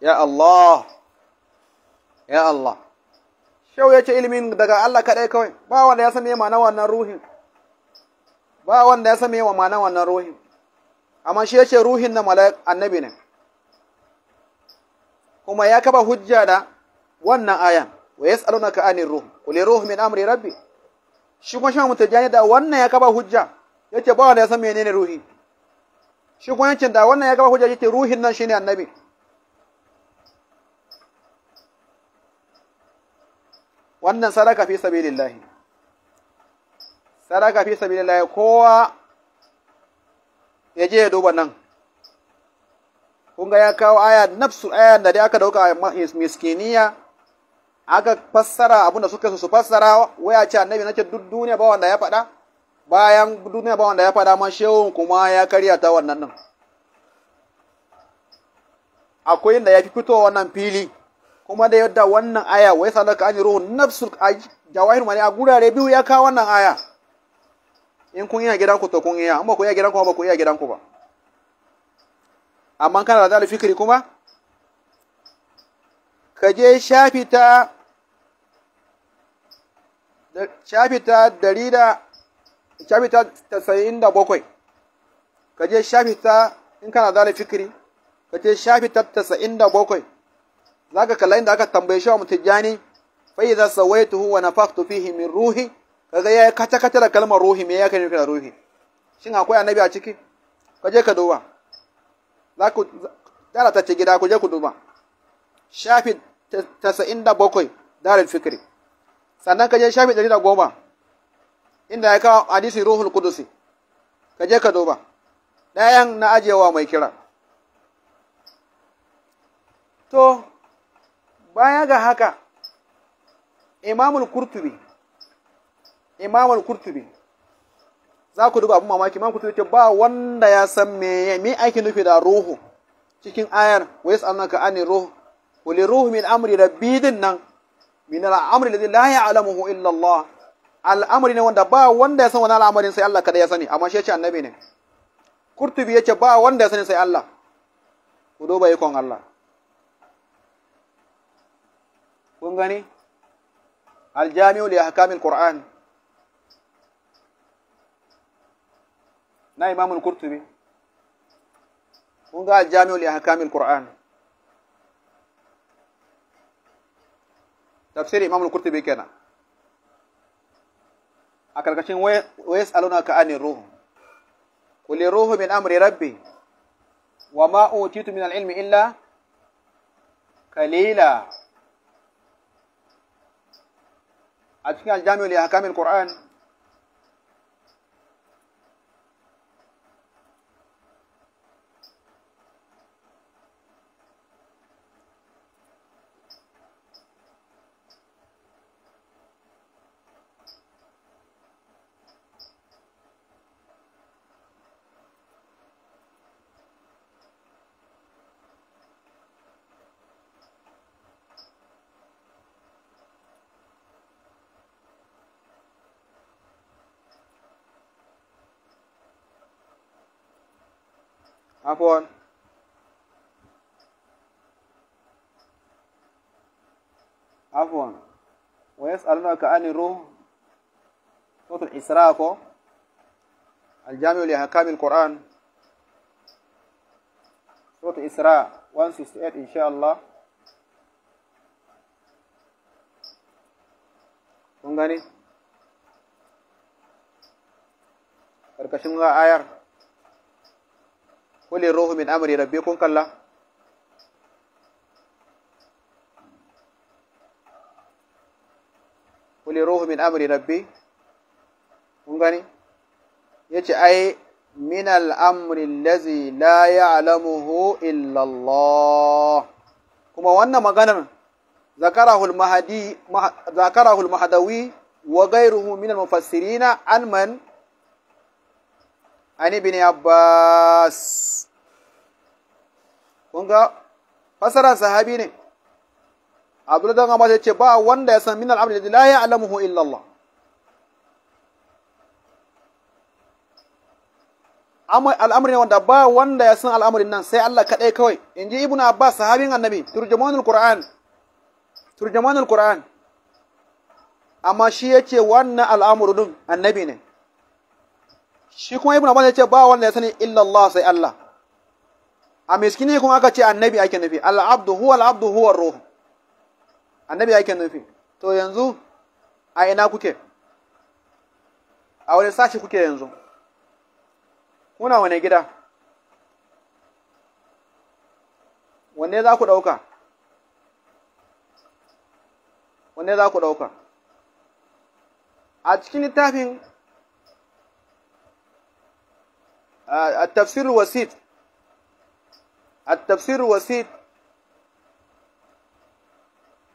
ya Allah ya Allah shau ya ce ilimin daga Allah kaɗai kawai ba wanda ya same ma'ana wannan ruhin ba wanda ya same wa ma'ana wannan ruhin amma shi ya ce ruhin na mala'ik annabi ne kuma ya kaba hujja da wannan ayan wa ya anir ruh qul ruhu min amri rabbi shi kuma shan ne da wannan ya kaba hujja yace ba wanda ya san menene ruhi shi kuma yancin da wannan ya kaba hujja yace ruhin nan shine annabi wannan sadaka fi sabilillahi sadaka fi sabilillahi kowa ya je ya duba nan kun ga ya kawo aya nafsu aya da dai aka dauka miskiniya aka fassara abin da suka su fassara waya ce annabi nake duk duniya ba wanda ya faɗa bayan duniya ba wanda ya faɗa ma shehun kuma ya karya ta wannan nan akwai inda ya fi fito wannan fili kuma da yadda wannan aya wai salaka an ruhu nafsul jawahir mani a gurare biyu ya kawo wannan aya in kun iya gidanku to kun iya amma ku iya gidanku ba ku iya gidanku ba amma kana da fikiri kuma ka je shafi ta shafi ta da shafi ta tasa'in da bakwai ka je shafi ta in kana zana fikiri ka je shafi ta tasa'in da bakwai za ka kalla inda aka tambaye shi wa mutujani fai za sawaituhu wa nafaktu fihi min ruhi kaga ya kata kata da kalmar ruhi me ya kai da ruhi shin akwai annabi a ciki ka je ka duba za ku tsara ta ce gida ku je ku duba shafi tasa'in da bakwai darin fikiri sannan ka je shafi ɗari da goma inda ya kawo hadisi ruhul kudusi ka je ka duba ɗayan na ajiyewa mai kira to baya ga haka imamul kurtubi imamul kurtubi za ku duba abin mamaki imamul kurtubi ce ba wanda ya san me me ake nufi da ruhu cikin ayar wa yas'alunaka ani ruhu wa ruhu min amri rabbidin nan min al'amri alladhi la ya'lamuhu illa Allah al'amri ne wanda ba wanda ya san wani al'amarin sai Allah kada ya sani amma shi ya ce annabi ne kurtubi yace ba wanda ya sani sai Allah ku duba ikon Allah kun gani aljami'u li ahkamil qur'an na imamul kurtubi kun ga aljami'u li ahkamil qur'an tafsirin imamul kurtubi kenan a karkashin wayas aluna ka anin ruhu kulli ruhu min amri rabbi wa ma utitu min al-ilmi illa kalila a cikin aljami'ul ahkamil عفوا عفوا ويسألونك عن الروح صوت الإسراء الجامع لأحكام القرآن صوت الإسراء 168 إن شاء الله kun gane ƙarƙashin ayar qul ruhu min amri kun kalla qul ruhu min amri rabbi kun gani yace ai min al-amri allazi la ya'lamuhu illa Allah kuma wannan maganar zakarahul mahdi zakarahul mahdawi wa ghayruhu min al-mufassirina an man an ibn Abbas kun sahabi ne Abdullah dan ba wanda ya san min al-amri la ya'lamuhu illa Allah al'amri ne ba wanda ya san al'amarin nan sai Allah kaɗai kawai in ji ibn Abbas sahabin annabi turjumanul Qur'an turjumanul amma shi yace wannan al'amuru din annabi ne shi kuma ibn abbas ya ce ba wanda ya sani illa Allah sai Allah a miskini kuma aka ce annabi ake nufi al'abdu huwa al'abdu huwa ruhu annabi ake nufi to yanzu a ina kuke a wani sashi kuke yanzu kuna wani gida wanne za ku ɗauka wanne za ku ɗauka a cikin littafin التفسير الوسيط التفسير الوسيط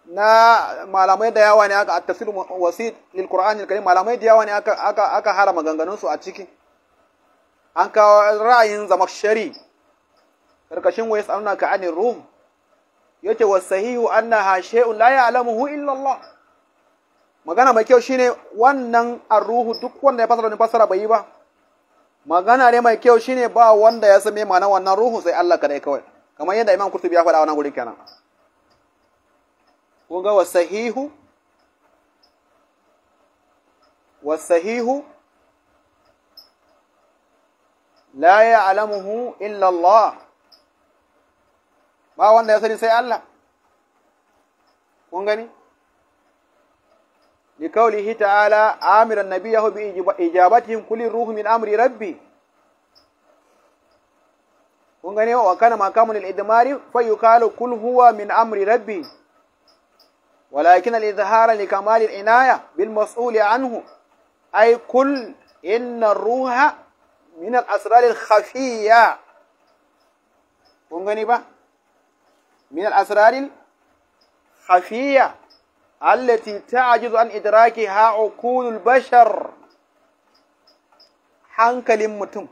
na malamai da yawa ne aka a tafsir wasit lil qur'anil karim malamai da yawa ne aka aka aka hara maganganun su a ciki an kawo ra'ayin zamakshari karkashin wa yasaluna ka anir rum yake wasahihu annaha shay'un la ya'lamuhu illa Allah magana mai kyau shine wannan ruhu duk wanda ya fasara ne fasara bai yi ba magana ne mai kyau shine ba wanda ya san me ma'anar wannan ruhu sai Allah kadai kawai kamar yadda Imam Qurtubi ya faɗa wannan gurin kenan kun ga wasahihu wasahihu la ya'lamuhu illa Allah ba wanda ya sani sai Allah kun gani لقوله تعالى آمر النبي بإجابتهم كل روح من أمر ربي ونغني وكان مقام الإدمار فيقال كل هو من أمر ربي ولكن الإظهار لكمال العناية بالمسؤول عنه أي كل إن الروح من الأسرار الخفية ونغني من الأسرار الخفية ta ta'jizu an idraki ha uqulul bashar hankalin mutum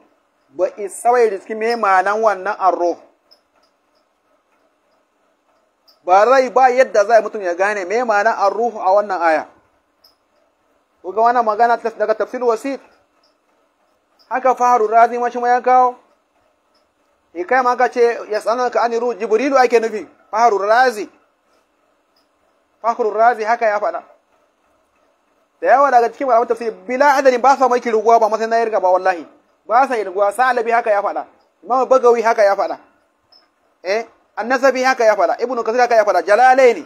ba isawai riski me ma'anan wannan ba rai ba yadda zai mutum ya gane me ma'anan arruhu a wannan aya kuga wannan magana daga tafsir wasit haka faru razi mashi ma ya kawo hikai ma ka ce ya tsanaka an ruhu jibrilu ake nufi faru razi fakhru razi haka ya faɗa da yawa daga cikin malaman tafsir bila adani ba sa mai kirguwa ba masana yarga ba wallahi ba sa kirguwa salabi haka ya faɗa imam bagawi haka ya faɗa eh annasabi haka ya faɗa ibnu kasir haka ya faɗa jalalaini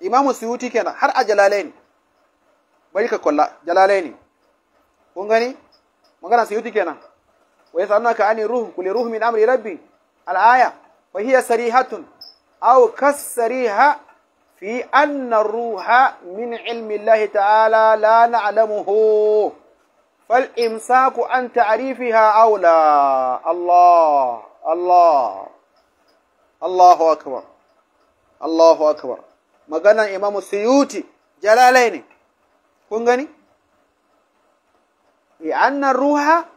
imamu suyuti kenan har a jalalaini bari ka kolla jalalaini kun gani magana suyuti kenan wa yasalunaka ani ruh kulli ruh min amri rabbi al-aya wa hiya sarihatun aw kasariha fi anna ruha min ilmi Allah ta'ala la na'lamuhu fal imsaku an ta'rifiha aula Allah Allah Allahu akbar Allahu akbar maganan Imam Suyuti jalalaini kun gani li ruha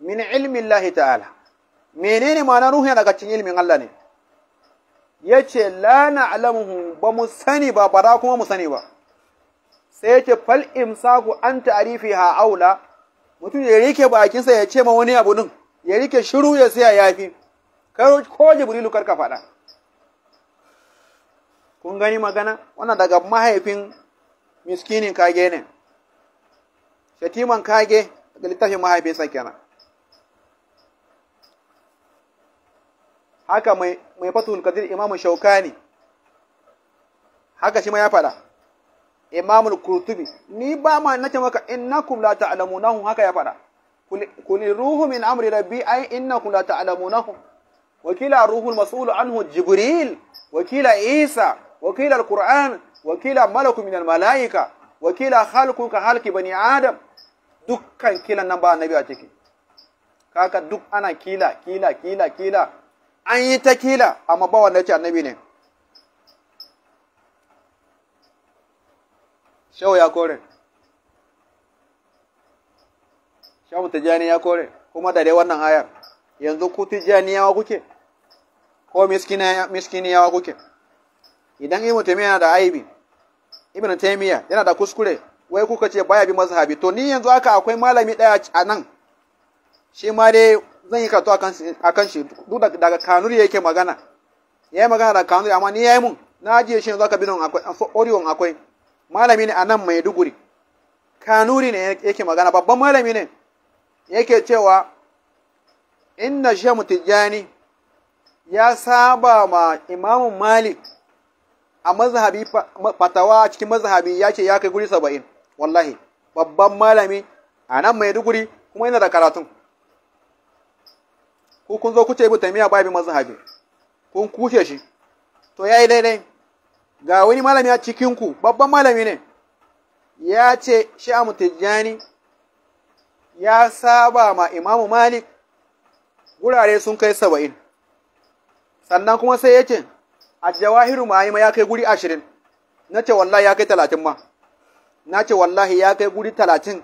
min ilmi Allah ta'ala menene ma'anar ruhi daga cikin ilmin Allah ne yace ce la na'lamuhu ba mu sani ba ba za kuma mu sani ba sai yace fal imsaku an ta’arifi ha aula mutum ya rike bakinsa ya ce ma wani abu din ya rike shiru ya sai ya yafi ko jibrilu karka faɗa kun gani magana wannan daga mahaifin miskinin kage ne shatiman kage daga littafin mahaifinsa kenan haka mai mai fatul kadir imamu shaukani haka shi ma ya faɗa imamul kurtubi ni ba ma nace maka innakum la ta'lamunahu haka ya faɗa kul ruhu min amri rabbi ai innakum la ta'lamunahu wakila ruhul mas'ul anhu jibril wakila isa wakila alquran wakila malaku min almalaika wakila khalqu ka halki bani adam dukkan kilan nan ba annabi a ciki kaka duk ana kila kila kila kila an yi ta kila amma ba wanda ce annabi ne shawo ya kore shawo tijani ya kore kuma da dai wannan ayar yanzu ku tijani yawa kuke ko miskini yawa kuke idan yi mutum yana da aibi ibn taimiyya yana da kuskure wai kuka ce baya bi mazhabi to ni yanzu haka akwai malami daya a nan shi ma dai zan yi karatu a kan shi duk daga kanuri yake magana ya yi magana da kanuri amma ni ya yi mun na ajiye shi yanzu aka bi nan akwai akwai malami ne a nan mai duguri kanuri ne yake magana babban malami ne yake cewa inna shamu tijjani ya saba ma imamun malik a mazhabi fatawa a cikin mazhabi ya ce ya kai guri saba'in wallahi babban malami a nan mai duguri kuma yana da karatun ko kun zo kuce ibn taymiya babin mazhabi kun kushe shi to yayi daidai ga wani malami a cikin ku babban malami ne ya ce a tijjani ya saba ma imamu malik gurare sun kai saba'in sannan kuma sai yake. a jawahiru ya kai guri ashirin na ce wallahi ya kai talatin ma na ce wallahi ya kai guri talatin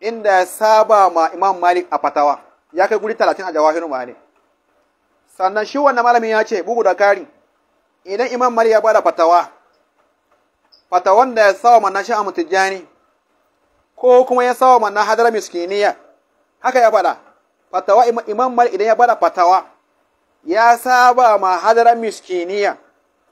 inda ya saba ma imam malik a fatawa ya kai guri talatin a jawahirin ne sannan shi wannan malamin ya ce bugu da kari idan imam mali ya bada fatawa fatawan da ya sawa manna shi a mutujani ko kuma ya sawa manna hadar miskiniya haka ya bada fatawa imam mali idan ya bada fatawa ya saba ma hadar miskiniya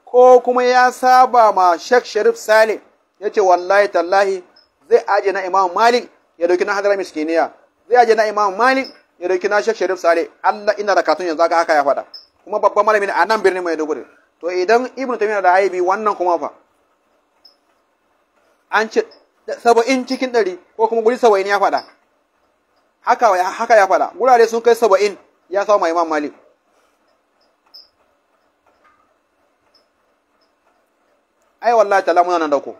ko kuma ya saba ma shek sharif salim ya ce wallahi tallahi zai aje na imam malik ya dauki na hadar miskiniya zai aje na imam malik ya kina shek Sharif Sale Allah ina da katun yanzu haka ya faɗa kuma babban malami ne a nan birnin Maiduguri to idan Ibn Taymiyyah da aibi wannan kuma fa an ce saba'in cikin ɗari ko kuma guri saba'in ya faɗa haka haka ya faɗa gurare sun kai saba'in ya samu Imam Malik ai wallahi ta'ala muna nan da ku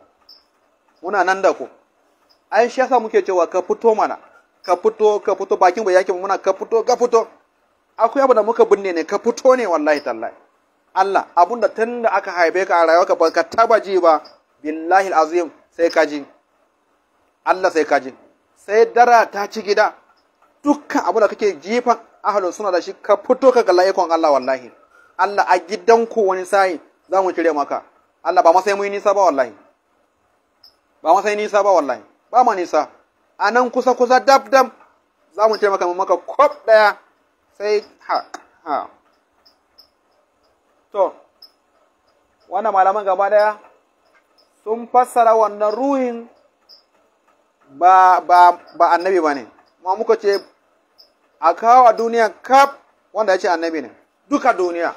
muna nan da ku ai shi yasa muke cewa ka fito mana ka fito ka fito bakin bai yake muna ka fito ka fito akwai abu da muka binne ne ka fito ne wallahi tallahi Allah abun da tun da aka haife ka a rayuwarka ba ka taba ji ba billahi azim sai ka ji Allah sai ka ji sai dara ta ci gida dukkan abu da kake jifan ahalun suna da shi ka fito ka ga ikon Allah wallahi Allah a gidanku wani sai za mu cire maka Allah ba masai mu nisa ba wallahi ba masai nisa ba wallahi ba ma nisa a nan kusa-kusa dab-dab za mu taimaka maka kwab ɗaya sai ha ha to wannan malaman gaba ɗaya sun fassara wannan ruhin ba, ba, ba annabi ba ne ma muka ce a kawo a duniya kaf wanda ya ce annabi ne duka duniya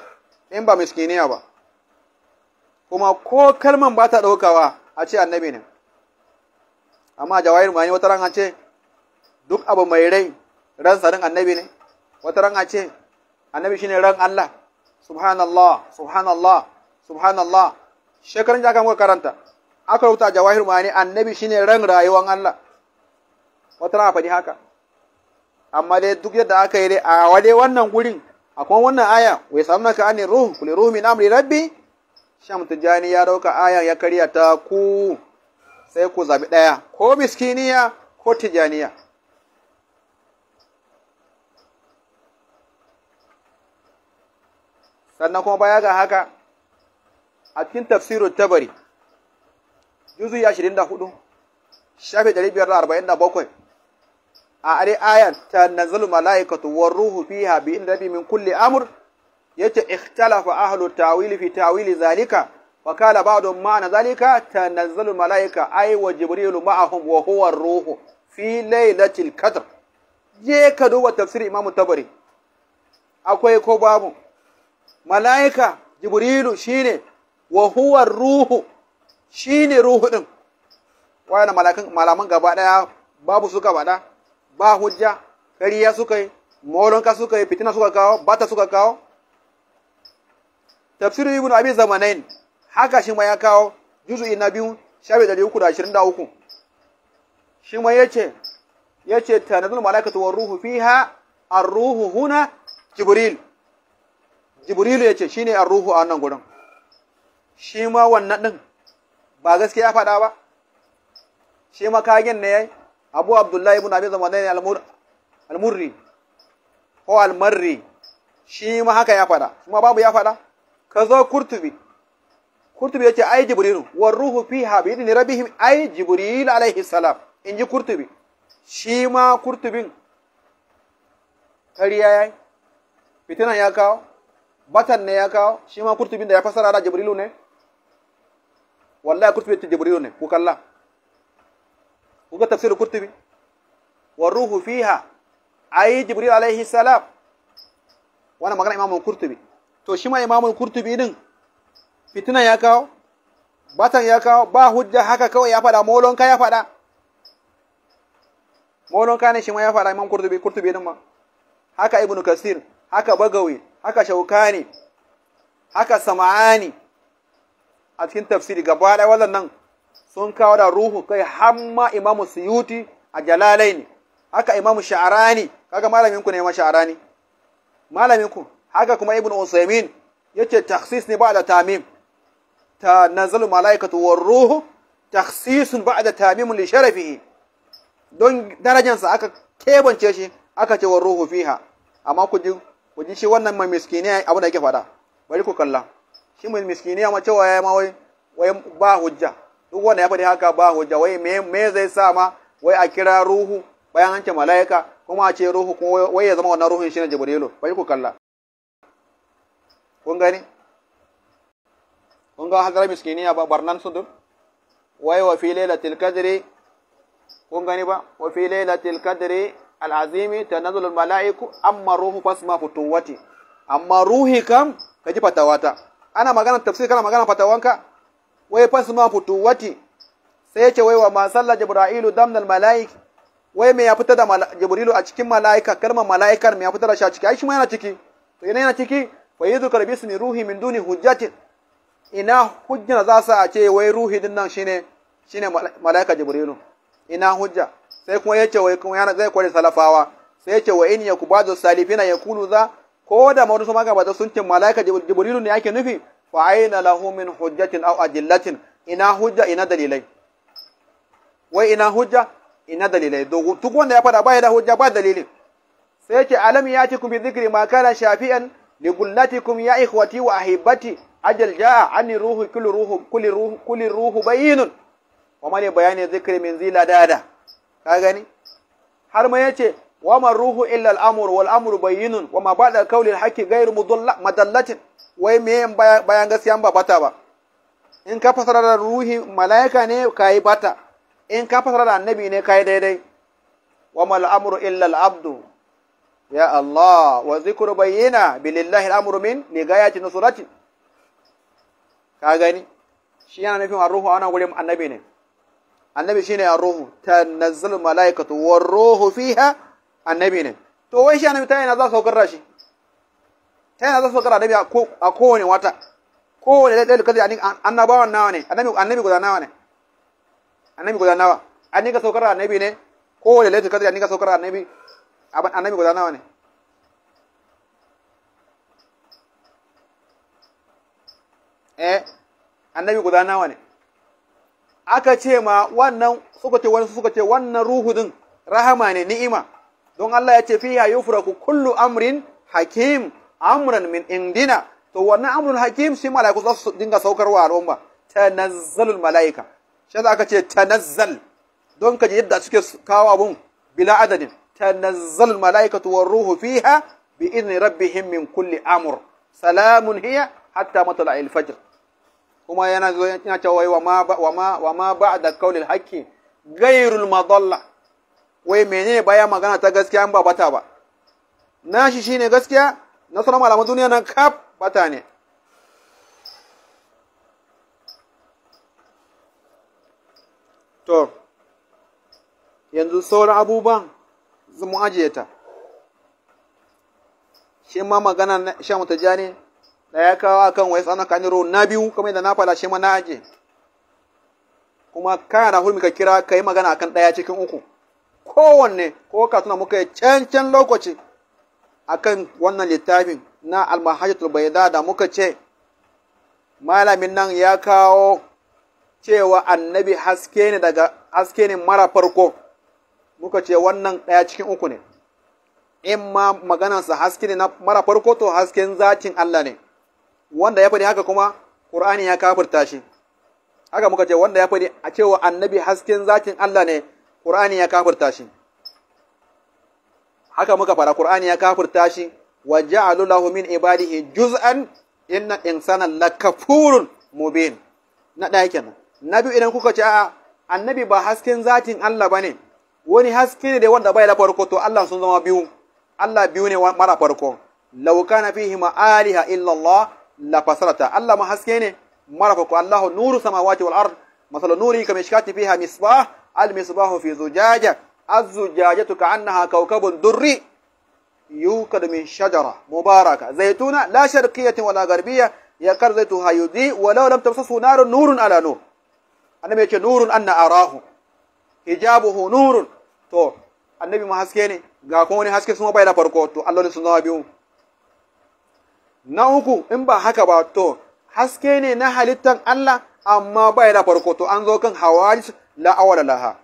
in ba miskiniya ba kuma ko kalman ba ta ɗaukawa a ce annabi ne amma jawahir ma'ani wata ran ce duk abu mai rai ran sarin annabi ne wata ran ce annabi shine ran Allah subhanallah subhanallah subhanallah shekarun da aka muka karanta aka rubuta jawahir ma'ani annabi shine ran rayuwan Allah wata ran a faɗi haka amma dai duk yadda aka yi dai a wade wannan gurin akwai wannan aya wai samna ka ani ruhu kulli ruhu min amri rabbi shamtu jani ya dauka aya ya karya ta ku sai ku zaɓi ɗaya ko miskiniya ko tijaniya sannan kuma baya ga haka a cikin tafsirin tabari juzu ya shirin da hudu shafi ɗari biyar da arba'in da bakwai a ari ayan ta nazal mala'ikatu war ruhu fi bi inda rabi min kulle amur yace ikhtalafa ahlu tawili fi tawili zalika wa ba don ma na zalika tanazzalu malaika ay wa jibrilu ma'ahum wa huwa ruhu fi lailatul qadr je ka duba tafsir imamu tabari akwai ko babu malaika jibrilu shine wa huwa ruhu shine ruhu din wayan malakan malaman gaba daya babu suka bada ba hujja kariya suka yi molonka suka yi fitina suka kawo bata suka kawo tafsir ibn abi zamanain haka shi ma ya kawo juzu'i na biyu shafi ɗari uku da ashirin da uku shi ma ce ta tanazul malakatu war ruhu fi ha a ruhu huna jibril jibril shi ne a ruhu a wannan gudun. shi ma wannan din ba gaskiya faɗa ba shi ma kagen ne yi abu abdullahi ibn abi zama al almurri ko almarri shi ma haka ya faɗa kuma babu ya faɗa zo kurtubi kurtubi yace ai jibrilu, war ruhu fiha bi idni rabbihim ai jibril alaihi salam inji kurtubi shi ma kurtubin kariya yayi fitina ya kawo batan ne ya kawo shi ma kurtubin da ya fasara da jibrilu ne wallahi kurtubi ta jibrilu ne ku kalla ku ga tafsir kurtubi war ruhu fiha ai jibril alaihi salam wannan magana imamun kurtubi to shi ma imamul kurtubi din Fitina ya kawo batan ya kawo ba hujja haka kawai ya faɗa molonka ya faɗa molonka ne shi ma ya faɗa imam kurtubi kurtubi din ma haka ibnu kasir haka bagawi haka shaukani haka sama'ani a cikin tafsiri gaba ɗaya nan sun kawo da ruhu kai hamma imamu suyuti a jalalai ne haka imamu sha'arani kaga malamin ku ne ma sha'arani malamin ku haka kuma ibnu usaymin yace takhsis ne ba da tamim Ta تنزل ruhu takhsisun ba'da بعد li sharafihi don sa aka kebance shi aka ce wa ruhu fiha amma ku ji ku ji shi wannan mai miskini abu da yake faɗa bari ku kalla shi mai miskini amma cewa ya ma wai wai ba hujja duk wanda ya faɗi haka ba hujja wai me zai sa ma wai a kira ruhu bayan an ce mala'ika kuma a ce ruhu kuma wai ya zama wannan ruhun shi na jibrilu bari ku kalla kun gani kun ga hadara ya ba barnan sudur wai wa fi lailatul qadri kun gani ba wa fi lailatul qadri al'azimi tanazzulul mala'iku amma ruhu fasma futuwati amma ruhi kam kaji fatawata ana magana tafsir kana magana fatawanka wai fasma futuwati sai ce wai wa ma salla jibra'ilu damnal mala'ik wai me ya fita da jibrilu a cikin mala'ika kalmar mala'ikar me ya fita da shi a ciki ai shi ma yana ciki to yana ciki fa yadhkur bismi ruhi min duni hujjatin ina hujja za su a ce wai ruhi din nan shine shine malaika jibrilu ina hujja sai kuma yace wai kuma yana zai kware salafawa sai yace wa in yakubadu salifina yakunu za ko da ma sama gaba da sun ce malaika jibrilu ne yake nufi fa aina lahu min hujjatin aw ajillatin ina hujja ina dalilai wai ina hujja ina dalilai duk wanda ya fada ba da hujja ba dalilin sai yace alam yatikum bi dhikri ma kana shafi'an li gullatikum ya ikhwati wa ahibati ajal jaa ani ruhu kulli ruhu kulli ruhu kulli ruhu bayinun wa mane bayani zikri min zila dada ka gani har ma yace wa ma ruhu illa al amru wal amru bayinun wa ma ba'da qawli al haqqi ghayru mudalla madallatin wai me bayan gaskiya ba bata ba in ka fasara da ruhi malaika ne kai bata in ka fasara da annabi ne kai daidai wa mal amru illa al abdu ya Allah wa zikru bayyina bilillahi al amru min ligayati nusrati ka gani shi yana nufin arruhu ana gurin annabi ne annabi shine arruhu tanazzalul malaikatu war ruhu fiha annabi ne to wai shi annabi ta yana za su saukar shi ta yana za su saukar annabi a kowane wata kowane lalle kadir an annabawan nawa ne annabi annabi guda nawa ne annabi guda nawa an ka saukar annabi ne kowane lalle kadir an ka saukar annabi annabi guda nawa ne eh annabi guda nawa ne aka ce ma wannan suka ce wani suka ce wannan ruhu din rahama ne ni'ima don Allah ya ce fiha yufraku kullu amrin hakim amran min indina to wannan amrul hakim shi malaiku za su dinga saukarwa a rumba tanazzalul malaika shi aka ce tanazzal don ka ji yadda suke kawo abun bila adadin tanazzalul malaikatu war ruhu fiha bi idni rabbihim min kulli amr salamun hiya hatta matla'il fajr kuma yana yana cewa wai wa ma ba'da qawlil haqqi ghayrul madalla wai menene baya magana ta gaskiya an ba bata ba nashi shine gaskiya na sunan malaman duniya nan kaf bata ne to yanzu sauran abubuwan mu ajiye ta shi ma magana na shan mutajani ɗaya kawo akan wai tsana kaniro na biyu Kuma yadda na faɗa shi ma na aje kuma kana da hulmi kira ka yi magana kan ɗaya cikin uku kowanne ko ka tuna muka yi cancan lokaci akan wannan littafin na almahajatul bayyada da muka ce malamin nan ya kawo cewa annabi haske ne daga haske ne mara farko muka ce wannan ɗaya cikin uku ne in ma maganansa haske ne na mara farko to hasken zatin Allah ne wanda ya faɗi haka kuma Qur'ani ya kafirta shi haka muka ce wanda ya faɗi a cewa annabi hasken zakin Allah ne Qur'ani ya kafirta shi haka muka fara Qur'ani ya kafirta shi wa ja'alu lahu min ibadihi juz'an inna insana lakafurun mubin na ɗaya kenan na idan kuka ce a'a annabi ba hasken zatin Allah bane wani haske ne da wanda bai da farko to Allah sun zama biyu Allah biyu ne mara farko law kana fihi ma'aliha, aliha illa Allah لا فسرتا الله ما حسكيني ne الله نور السماوات والأرض مثل نوري كمشكات فيها مصباح المصباح في زجاجة الزجاجة كأنها كوكب دري يوكد من شجرة مباركة زيتونة لا شرقية ولا غربية يقر زيتها يضيء ولو لم تمسسه نار نور على نور النبي يقول نور أن أراه حجابه نور تو النبي ما حسكيني غاكوني حسكي سمو بايلا فرقوتو الله نسنوها بيوم na uku in ba haka ba to haske ne na halittar Allah amma bai da farko to an zo kan hawadis la awwala laha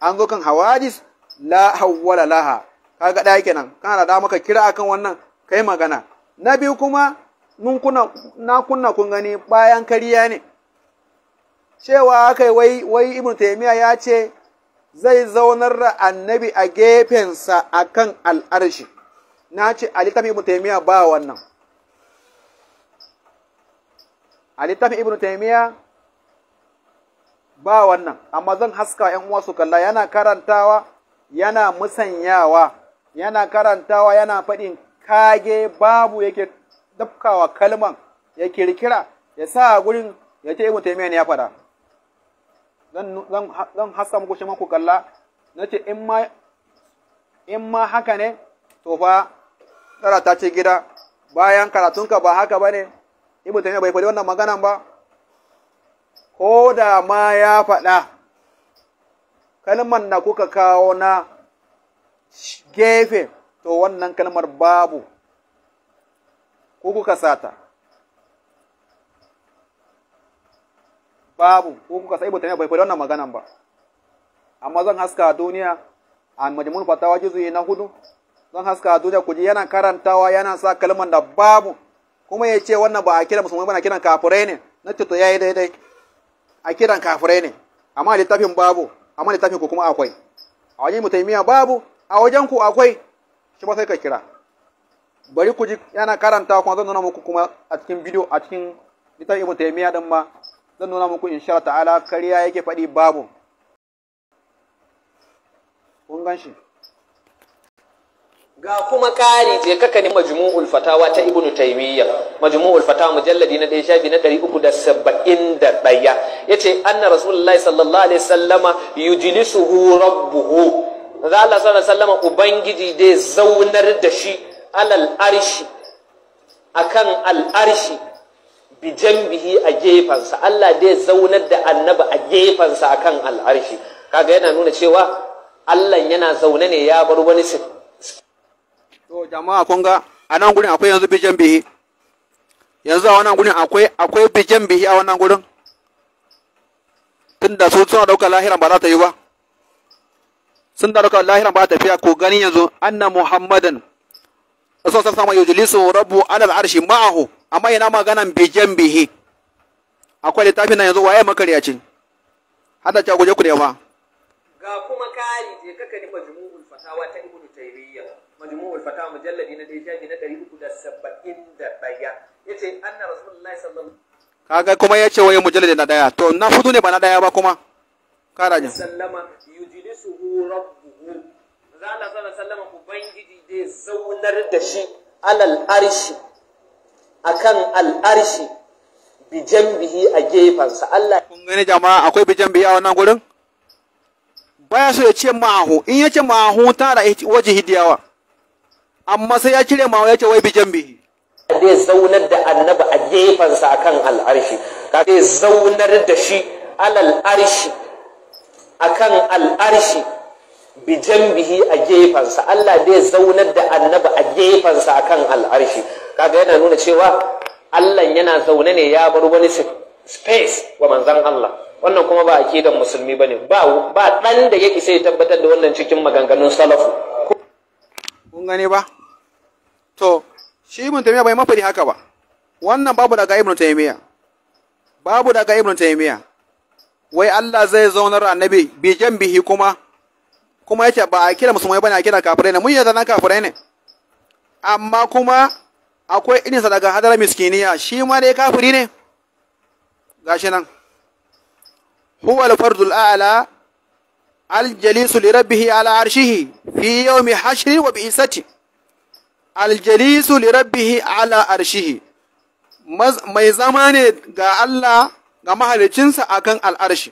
an zo kan hawadis la awwala laha kaga dai kenan kana da maka kira akan wannan kai magana na biyu kuma mun kuna na kunna kun gani bayan kariya ne cewa kai wai wai ibnu taymiya ya ce zai zaunar da annabi a gefensa akan al'arshi na ce a ibnu taymiya ba wannan a littafin ibnu ba wannan amma zan haska yan uwa su kalla yana karantawa yana musanyawa yana karantawa yana faɗin kage babu yake dafkawa kalman ya kirkira ya sa a gurin ya ce ibnu taimiya ne ya faɗa zan haska muku shi ku kalla na ce in ma haka ne to fa tsara ta ce gida bayan karatunka ba haka ba ne ibn taymiya bai faɗi wannan maganan ba ko da ma ya faɗa kalmar na kuka kawo na gefe to wannan kalmar babu ko kuka sata babu ko kuka sa ibn taymiya bai faɗi wannan maganan ba amma zan haska a duniya a majimun fatawa juzuyi na hudu zan haska a duniya kuji yana karantawa yana sa kalmar da babu kuma ya ce wannan ba a kiran musulmai ba na kiran kafirai ne na to ya yi daidai a kiran kafirai ne amma littafin babu amma littafin ku kuma akwai a wajen mutaimiya babu a wajen ku akwai shi ba sai ka kira bari ku ji yana karanta kuma zan nuna muku kuma a cikin bidiyo a cikin littafin ibn taymiya din ma zan nuna muku insha Allah ta'ala kariya yake faɗi babu kun gan shi ga kuma ƙari je kaka ne majmu'ul fatawa ta ibn Taymiyya. majmu'ul fatawa mujalladi na 1 shafi na 371 yace anna rasulullahi sallallahu alaihi wasallama yujlisuhu rabbuhu za Allah sallallahu alaihi ubangiji dai zaunar da shi alal arshi akan al arshi bi a gefansa Allah dai zaunar da annabi a gefansa akan al arshi kaga yana nuna cewa Allah yana zaune ne ya bar wani siffa to jama'a kun ga a nan gurin akwai yanzu bijan bihi yanzu a wannan gurin akwai akwai bijan bihi a wannan gurin tunda su suna ɗaukar lahiran ba za ta yi ba sun da ɗaukar lahiran ba ta tafiya ko gani yanzu anna muhammadan sun sa sama yujlisu rabbu alal arshi ma'ahu amma yana maganan bijan bihi akwai littafin nan yanzu waye ce? hada ta guje ku da yawa ga kuma kari je kaka ni majmu'ul fatawa ta majmu'ul fata مجلد na dai jami na 371 yace الله na daya to na fudu ne ba na daya ba kuma kara jin sallama yujlisuhu rabbuhu zala zala sallama ubangiji dai zaunar da shi alal arshi akan al arshi a بجنبه jama'a akwai a baya so ya ce ma'ahu in ya ce ma'ahu tara waje hidiyawa amma sai ya cire mawa ya ce wai bijan bihi zai zaunar da annabi a gefensa akan al'arshi zai zaunar da shi alal arshi akan al'arshi bijan bihi a gefensa Allah zai zaunar da annabi a gefensa akan al'arshi kaga yana nuna cewa Allah yana zaune ne ya bar wani space wa manzan Allah wannan kuma ba akidan musulmi bane ba ba dan da yake sai tabbatar da wannan cikin maganganun salafu kun gane ba to shi ibn taymiya bai mafari haka ba wannan babu daga ibn taimiyya. babu daga ibn taimiyya. wai Allah zai zaunar annabi bi bihi kuma kuma yace ba a kira musulmai bane a kira kafirai ne mun yi nan kafirai ne amma kuma akwai irinsa daga hadar miskiniya shi ma dai kafiri ne gashi nan huwa al-fardul a'la al-jalisu li rabbihi ala arshihi fi yawmi hashri wa bi'isati. aljalisu li rabbihi ala arshihi mai zama ne ga Allah ga mahalicinsa akan al'arshi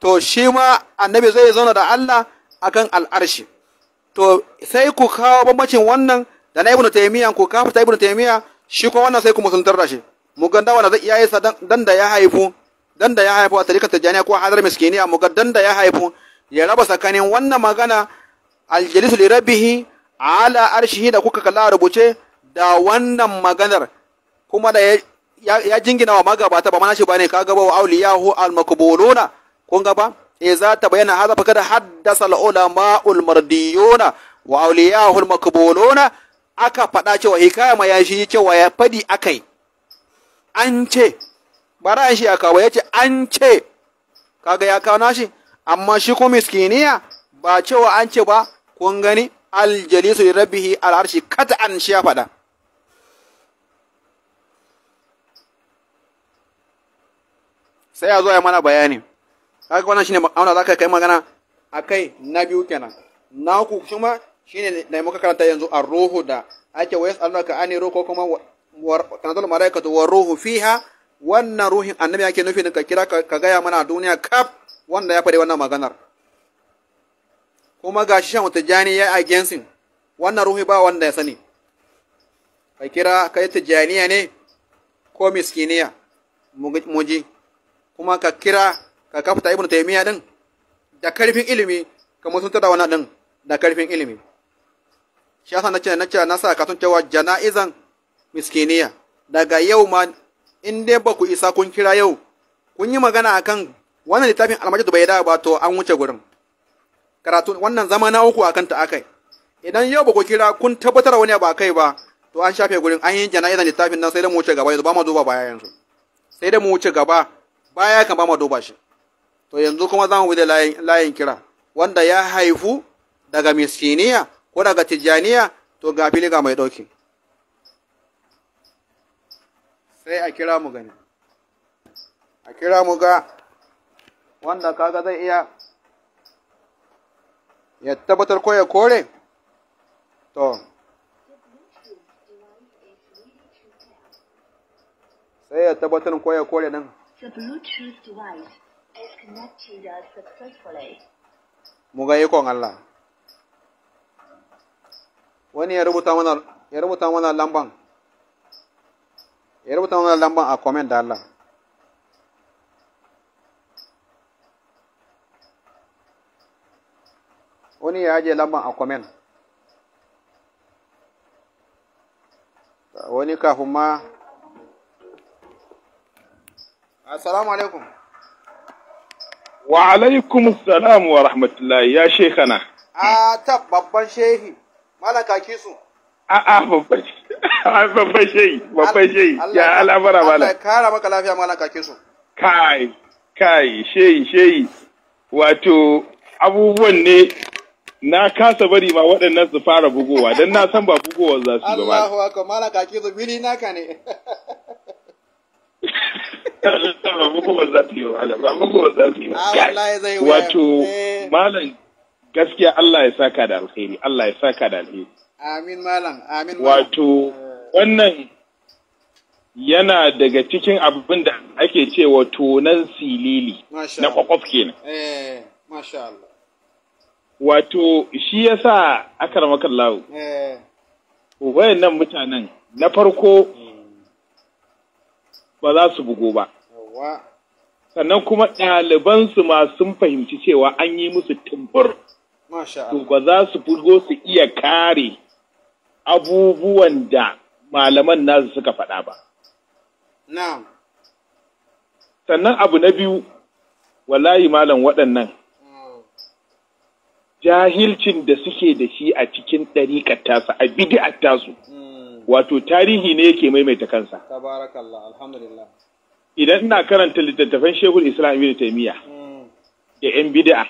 to shi ma annabi zai zauna da Allah akan al'arshi to sai ku kawo bambancin wannan da na ibnu taymiya ku kafa ta ibnu taymiya shi ko wannan sai ku musuntar da shi mu ganda wanda zai iya sa dan da ya haifu dan da ya haifu a tarikar tajaniya ko hadar miskiniya mu ga dan da ya haifu ya raba tsakanin wannan magana aljalisu li rabbihi ala arshihi da kuka kalla rubuce da wannan maganar kuma da ya jingina wa magabata ba manashi bane gaba ba auliyahu al-makbuluna kun ga e eh, za ta bayyana hada fa kada haddasa al-ulama al-mardiyuna wa auliyahu al aka faɗa cewa hikaya ma ya shi cewa ya fadi akai an ce bara shi ya kawo ba ce an ce kaga ya kawo nashi amma shi ko miskiniya ba cewa an ce ba kun gani aljalisu li rabbihi al'arshi kat'an shi ya faɗa sai ya zo ya mana bayani kaga wannan shine auna zaka kai magana akai na biyu kenan na uku kuma shine da muka karanta yanzu ar-ruhu da ake wayas annaka ani ruhu kuma tanzalul malaikatu wa ruhu fiha wannan ruhin annabi yake nufi ka kira ka gaya mana duniya kaf wanda ya faɗi wannan maganar kuma ga shi shan tijjani ya agensin wannan ruhi ba wanda ya sani ka kira kai tijjaniya ne ko miskiniya muji kuma ka kira ka kafta ibnu taymiya din da karfin ilimi ka mutunta ta wannan din da karfin ilimi shi yasa nace na sa sun cewa jana'izan miskiniya daga yau ma in dai ba ku isa kun kira yau kun yi magana akan wannan littafin da bai da ba to an wuce gurin karatu wannan zama na uku akan ta akai idan yau ba ku kira kun tabbatar wani ba kai ba to an shafe gurin an yi jana'izar littafin nan sai da mu wuce gaba yanzu ba mu duba baya yanzu sai da mu wuce gaba baya kan ba mu duba shi to yanzu kuma za mu bude layin layin kira wanda ya haifu daga miskiniya ko daga tijjaniya to ga fili ga mai ɗauki sai a kira mu gani a kira mu ga wanda kaga zai iya ya tabbatar ko ya kore to sai ya tabbatar ko ya kore nan mu ga ikon Allah wani ya rubuta mana ya rubuta mana lamban ya rubuta mana lamban a comment da Allah wani ya ajiye lamba a komen. wani kafin ma assalamu alaikum wa alaikum salam wa rahmatullahi ya shekana a ta babban shehi malaka kisu a a babban babban shehi babban shehi ya al'amara malam Allah kara maka lafiya malaka kisu kai kai shehi shehi wato abubuwan ne na kasa bari ma waɗannan su fara bugowa don na san ba bugowar za su yi ba Allahu akbar mala kake zo bili naka ne wato eh. malam gaskiya Allah ya saka da da alheri wato wannan yana daga cikin abin da ake ce wa tonan silili na kwakwaf kenan eh masha Wato shi ya yasa aka ramakan lawo. Eh. nan mutanen na farko hmm. ba za su bugo ba. Sannan kuma ɗalibansu ma sun fahimci cewa an yi musu tumbur. ba za su bugo su iya kare abubuwan da malaman nasu suka faɗa ba. Sannan abu na biyu, wallahi malam waɗannan. jahilcin da suke da shi a cikin ɗariƙar tasu a bid'ar tasu hmm. wato tarihi ne yake maimaita kansa idan ina karanta littattafan shehul islam ibn taymiya hmm. da yan bid'a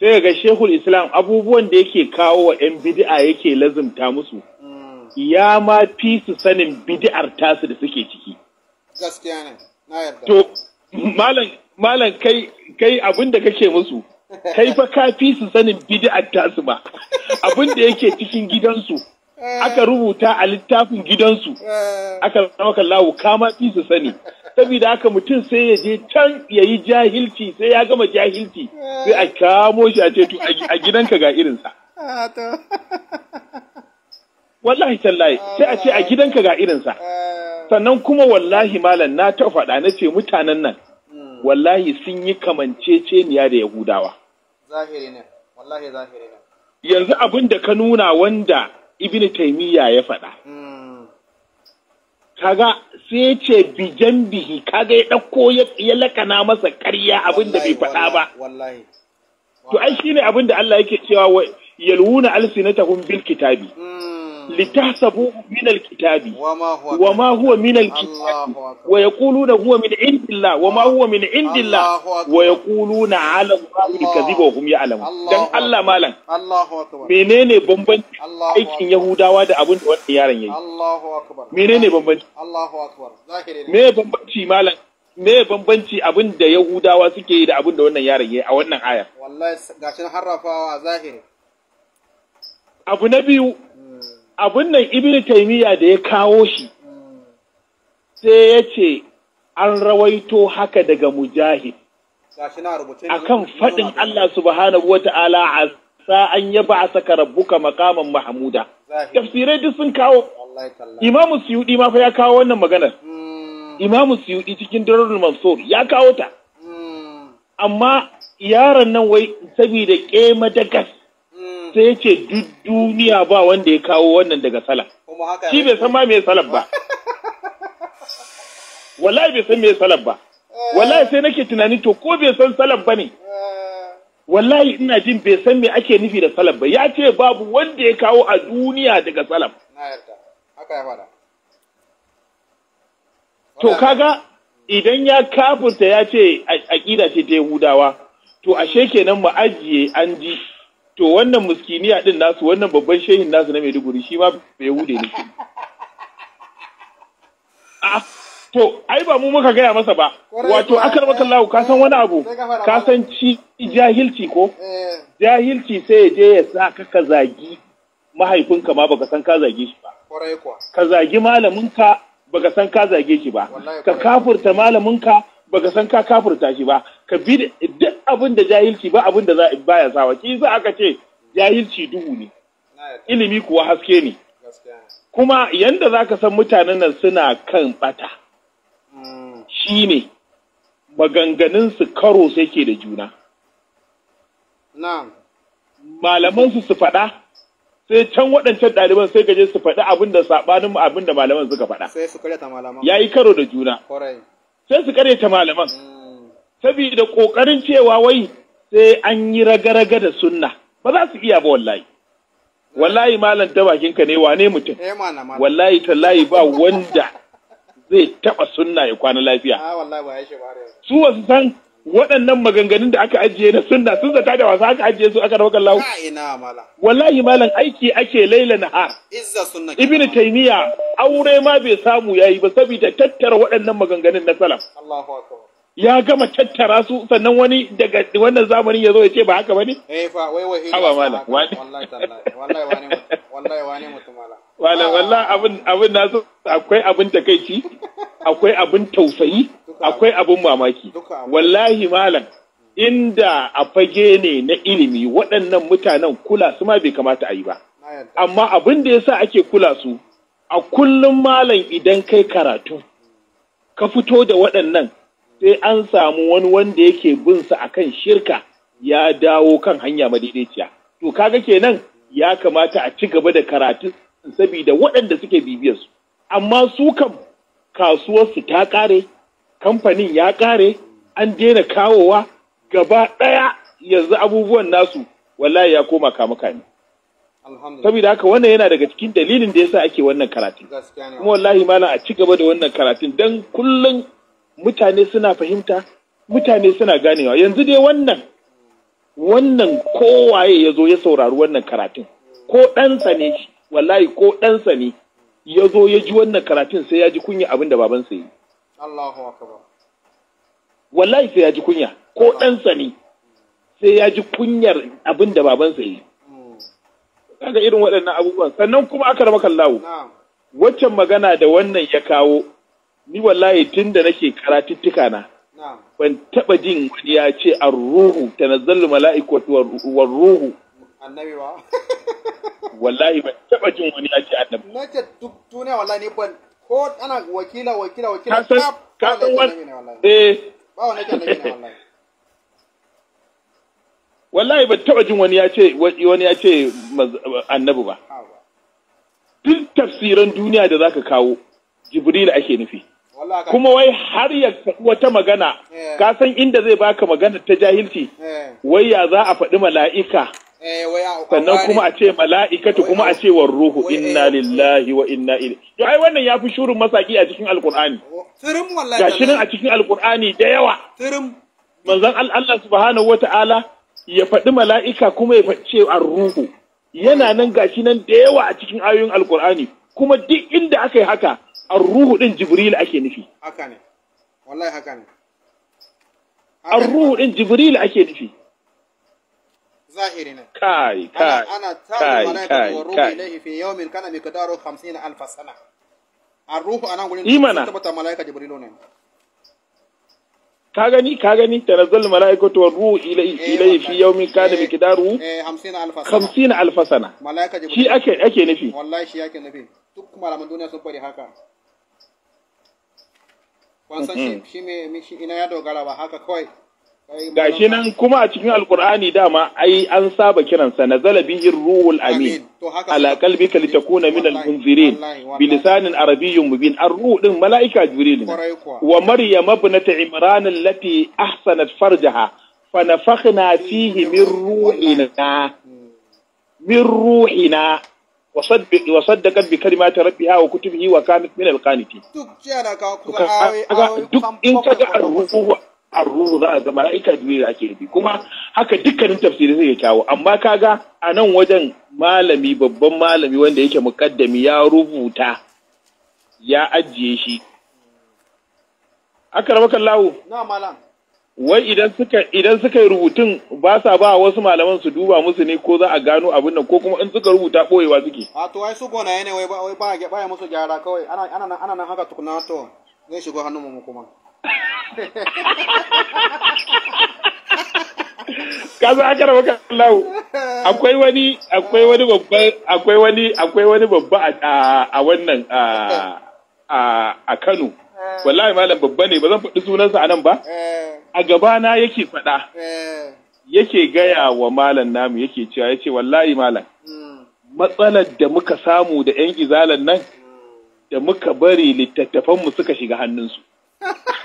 sai ga shehul islam abubuwan da yake kawo wa yan bid'a yake lazumta musu hmm. ya ma fi su sanin bid'ar tasu da suke ciki gaskiya ne na yarda to malam kai abin da kake musu kai fa ka fi su sanin bid'ar su ba abin da yake cikin gidansu eh. aka rubuta a littafin gidansu eh. aka maka lawo kama fi su sani saboda aka mutum sai ya je can ya yi jahilci sai ya gama jahilci eh. sai a kamo shi a ce to a gidanka ga irinsa ah, wallahi tallahi sai a ce a gidanka ga irinsa sannan kuma wallahi malam na ta faɗa na ce mutanen nan wallahi sun yi kamanceceniya da Yahudawa. Zahiri ne, wallahi zahiri ne. Yanzu abin da ka nuna wanda Ibn Taimiyya ya faɗa. Hmm. Kaga sai ce bijan bihi kaga ya ɗauko ya lakana masa ƙarya abin da bai faɗa ba. Wallahi. To ai shine abin da Allah yake cewa yalwuna alsinatahum bil kitabi. Mm. لتحسبوا من الكتاب wa ma huwa الكتاب ويقولون wa من huwa الله وما wa ma huwa الله ويقولون wa الله الكذب وهم يعلمون wa الله مالا dan Allah malam menene bambanci aikin yahudawa da abin da wannan yaron yayi menene bambanci me bambanci malam me bambanci abin da yahudawa suke yi da abin da wannan yaron yayi a wannan aya wallahi gashin harrafawa zahiri abu na biyu abin nan ibn taimiyya da ya kawo shi sai ya ce an rawaito haka daga mujahid A kan faɗin Allah subhanahu Ta'ala a sa an yaba a saka rabbuka makaman mahmuda tafsirai duk sun kawo imamu suyudi ma fa ya kawo wannan maganar hmm. imamu suyudi cikin darul mansur ya kawo ta hmm. amma yaron nan wai saboda ƙema da sai ya ce duk duniya ba wanda ya kawo wannan daga sala. shi bai san ma me salab ba wallahi bai san me salab ba eh. wallahi sai nake tunani to ko bai san salab ba ne eh. wallahi ina jin bai san me ake nufi da salaf ba ya ce babu wanda ya kawo a duniya daga salaf to kaga idan ya kafurta ya ce a ce ta yahudawa to ashe kenan mu ajiye an ji to wannan muskiniya ɗin nasu wannan babban shehin nasu na Maiduguri shi ma bai hude ne ah, to ai ba mu muka gaya masa ba wato akar makallahu ka san wani eh, abu ka san ci jahilci ko eh. jahilci sai ya je ya sa ka ka zagi mahaifinka ma baka san ka zage shi ba ka zagi malaminka baka san ka zage shi ba ka kafurta malaminka baka san ka kafurta shi ba ka bi duk abin da jahilci ba abin da za baya sawa ki za aka ce jahilci duhu ne ilimi kuwa haske ne kuma yanda za ka san mutanen nan suna kan bata mm. shi ne maganganunsu karo sai ke da juna Malaman su faɗa sai can waɗancan ɗaliban sai gaje su faɗi abin da saɓanin abin da malaman suka faɗa sai su malaman yayi karo da juna sai su karyata malaman saboda ƙoƙarin cewa wai sai an yi raga-raga da sunna ba za su iya ba wallahi wallahi malam ta bakin ka ne wane mutum eh, wallahi tallahi ba wanda zai taɓa sunna ya kwana lafiya ah, su wasu san waɗannan maganganun da aka ajiye na sunna sun zata da wasa aka ajiye su aka rawakan lahu wallahi malam aiki ake laila har. Ibn taymiya aure ma bai samu yayi ba saboda tattara waɗannan maganganun na salaf ya gama tattara su sannan wani daga wannan zamanin ya zo ya ce ba haka bane eh fa wai wai malam wallahi wallahi wani wallahi wani mutum malam Malam abin na so akwai abin takaici, akwai abin tausayi, akwai abin mamaki. Wallahi malam inda a fage ne na ilimi waɗannan mutanen kula su ma bai kamata a yi ba. Amma abin da ya yasa ake kula su a kullum malam idan kai karatu ka fito da waɗannan sai an samu wani wanda yake bin sa kan shirka ya dawo kan hanya madaidaiciya. To kaga kenan ya kamata a ci gaba da karatu. saboda waɗanda suke bibiyarsu amma su kam kasuwarsu ta ƙare kamfanin ya ƙare an daina kawowa gaba ɗaya yanzu abubuwan nasu wallahi ya koma kamuka ne saboda haka wannan yana daga cikin dalilin da ya sa ake wannan karatun kuma wallahi malam a ci gaba da wannan karatun Don kullum mutane suna fahimta mutane suna ganewa yanzu dai wannan wannan kowaye ya zo ya saurari wannan karatun ko ɗansa ne shi wallahi ko ɗansa ne ya zo ya ji wannan karatun sai ya ji kunya abin da babansa yi. Allahu akbar. Wallahi sai ya ji kunya ko ɗansa ne sai ya ji kunyar abin da babansa yi. Hmm. Kaga irin waɗannan abubuwan sannan kuma aka raba kallawo. Waccan magana da wannan ya kawo ni wallahi tun da nake karatuttuka na. Ban taɓa jin wani ya ce an ruhu tanazzalu mala'ikatu war ruhu. annabi ba wallahi ban taba jin wani ya annabi na ce duk wallahi ne ban ko ana wakila wakila wakila ka san wani eh ba wani annabi ne wallahi eh. wallahi ban taba jin wani ya ce wani ya annabi ba duk tafsiran duniya da zaka kawo jibril ake nufi kuma wai har ya wata magana eh. ka san inda zai baka magana ta jahilci eh. wai ya za a faɗi mala'ika Eh, sannan kuma a ce mala'ikatu kuma a ce war ruhu eh, inna eh. lillahi wa inna ilaihi to ai wannan ya fi shurin masaki a cikin alqur'ani ga wallahi nan a cikin alqur'ani da yawa tirim Allah subhanahu wata'ala ya faɗi mala'ika kuma ya faɗi ce ar ruhu yana nan shi nan da yawa a cikin ayoyin alqur'ani kuma duk inda aka yi haka ar ruhu din jibril ake nufi haka ne wallahi haka ne ar ruhu din jibril ake nufi zahiri ne kai kai ana wa ruhu fi yawmin kana sana gurin imana tabbata malaika jibrilu ne ka gani ka gani tanazzal malaikatu wa ruhu ilayhi eh, ilayhi fi yawmin kana 50 eh, eh, sana shi ake ake nufi wallahi shi ake nufi duk duniya sun fari haka shi mm-hmm. shi me ina ya dogara ba haka Gashi nan kuma a cikin Alkur'ani dama ai an saba kiransa na zalabihin ruhul amin ala ta kuna min almunzirin bilisanin arabiyyin mubin ar-ruh din mala'ika jibril wa maryam ibnat imran allati ahsanat farjaha fa nafakhna fihi min ruhina min ruhina وصدقت بكلمات ربها وكتبه وكانت من القانتين duk in kaga الروح arruhu za a ita biyu da ake nufi kuma haka dukkanin tafsiri zai kawo amma kaga a nan wajen malami babban malami wanda yake mukaddami ya rubuta ya ajiye shi aka raba kallahu na malam wai idan suka idan suka rubutun ba sa ba wasu malaman su duba musu ne ko za a gano abin nan ko kuma in suka rubuta boyewa suke a to ai su gona yana wai ba wai ba ya musu gyara kawai ana ana ana nan haka tukuna to zai shigo hannun mu kuma ka za aka rawa lau akwai wani akwai wani babba akwai wani akwai wani babba a wannan a Kano eh. wallahi malam babba ne ba zan faɗi sunansa a nan ba eh. a gaba na yake faɗa eh. yake gaya wa malam namu yake cewa yace wallahi malam hmm. matsalar da muka samu da 'yan izalan nan hmm. da muka bari littattafanmu suka shiga hannunsu.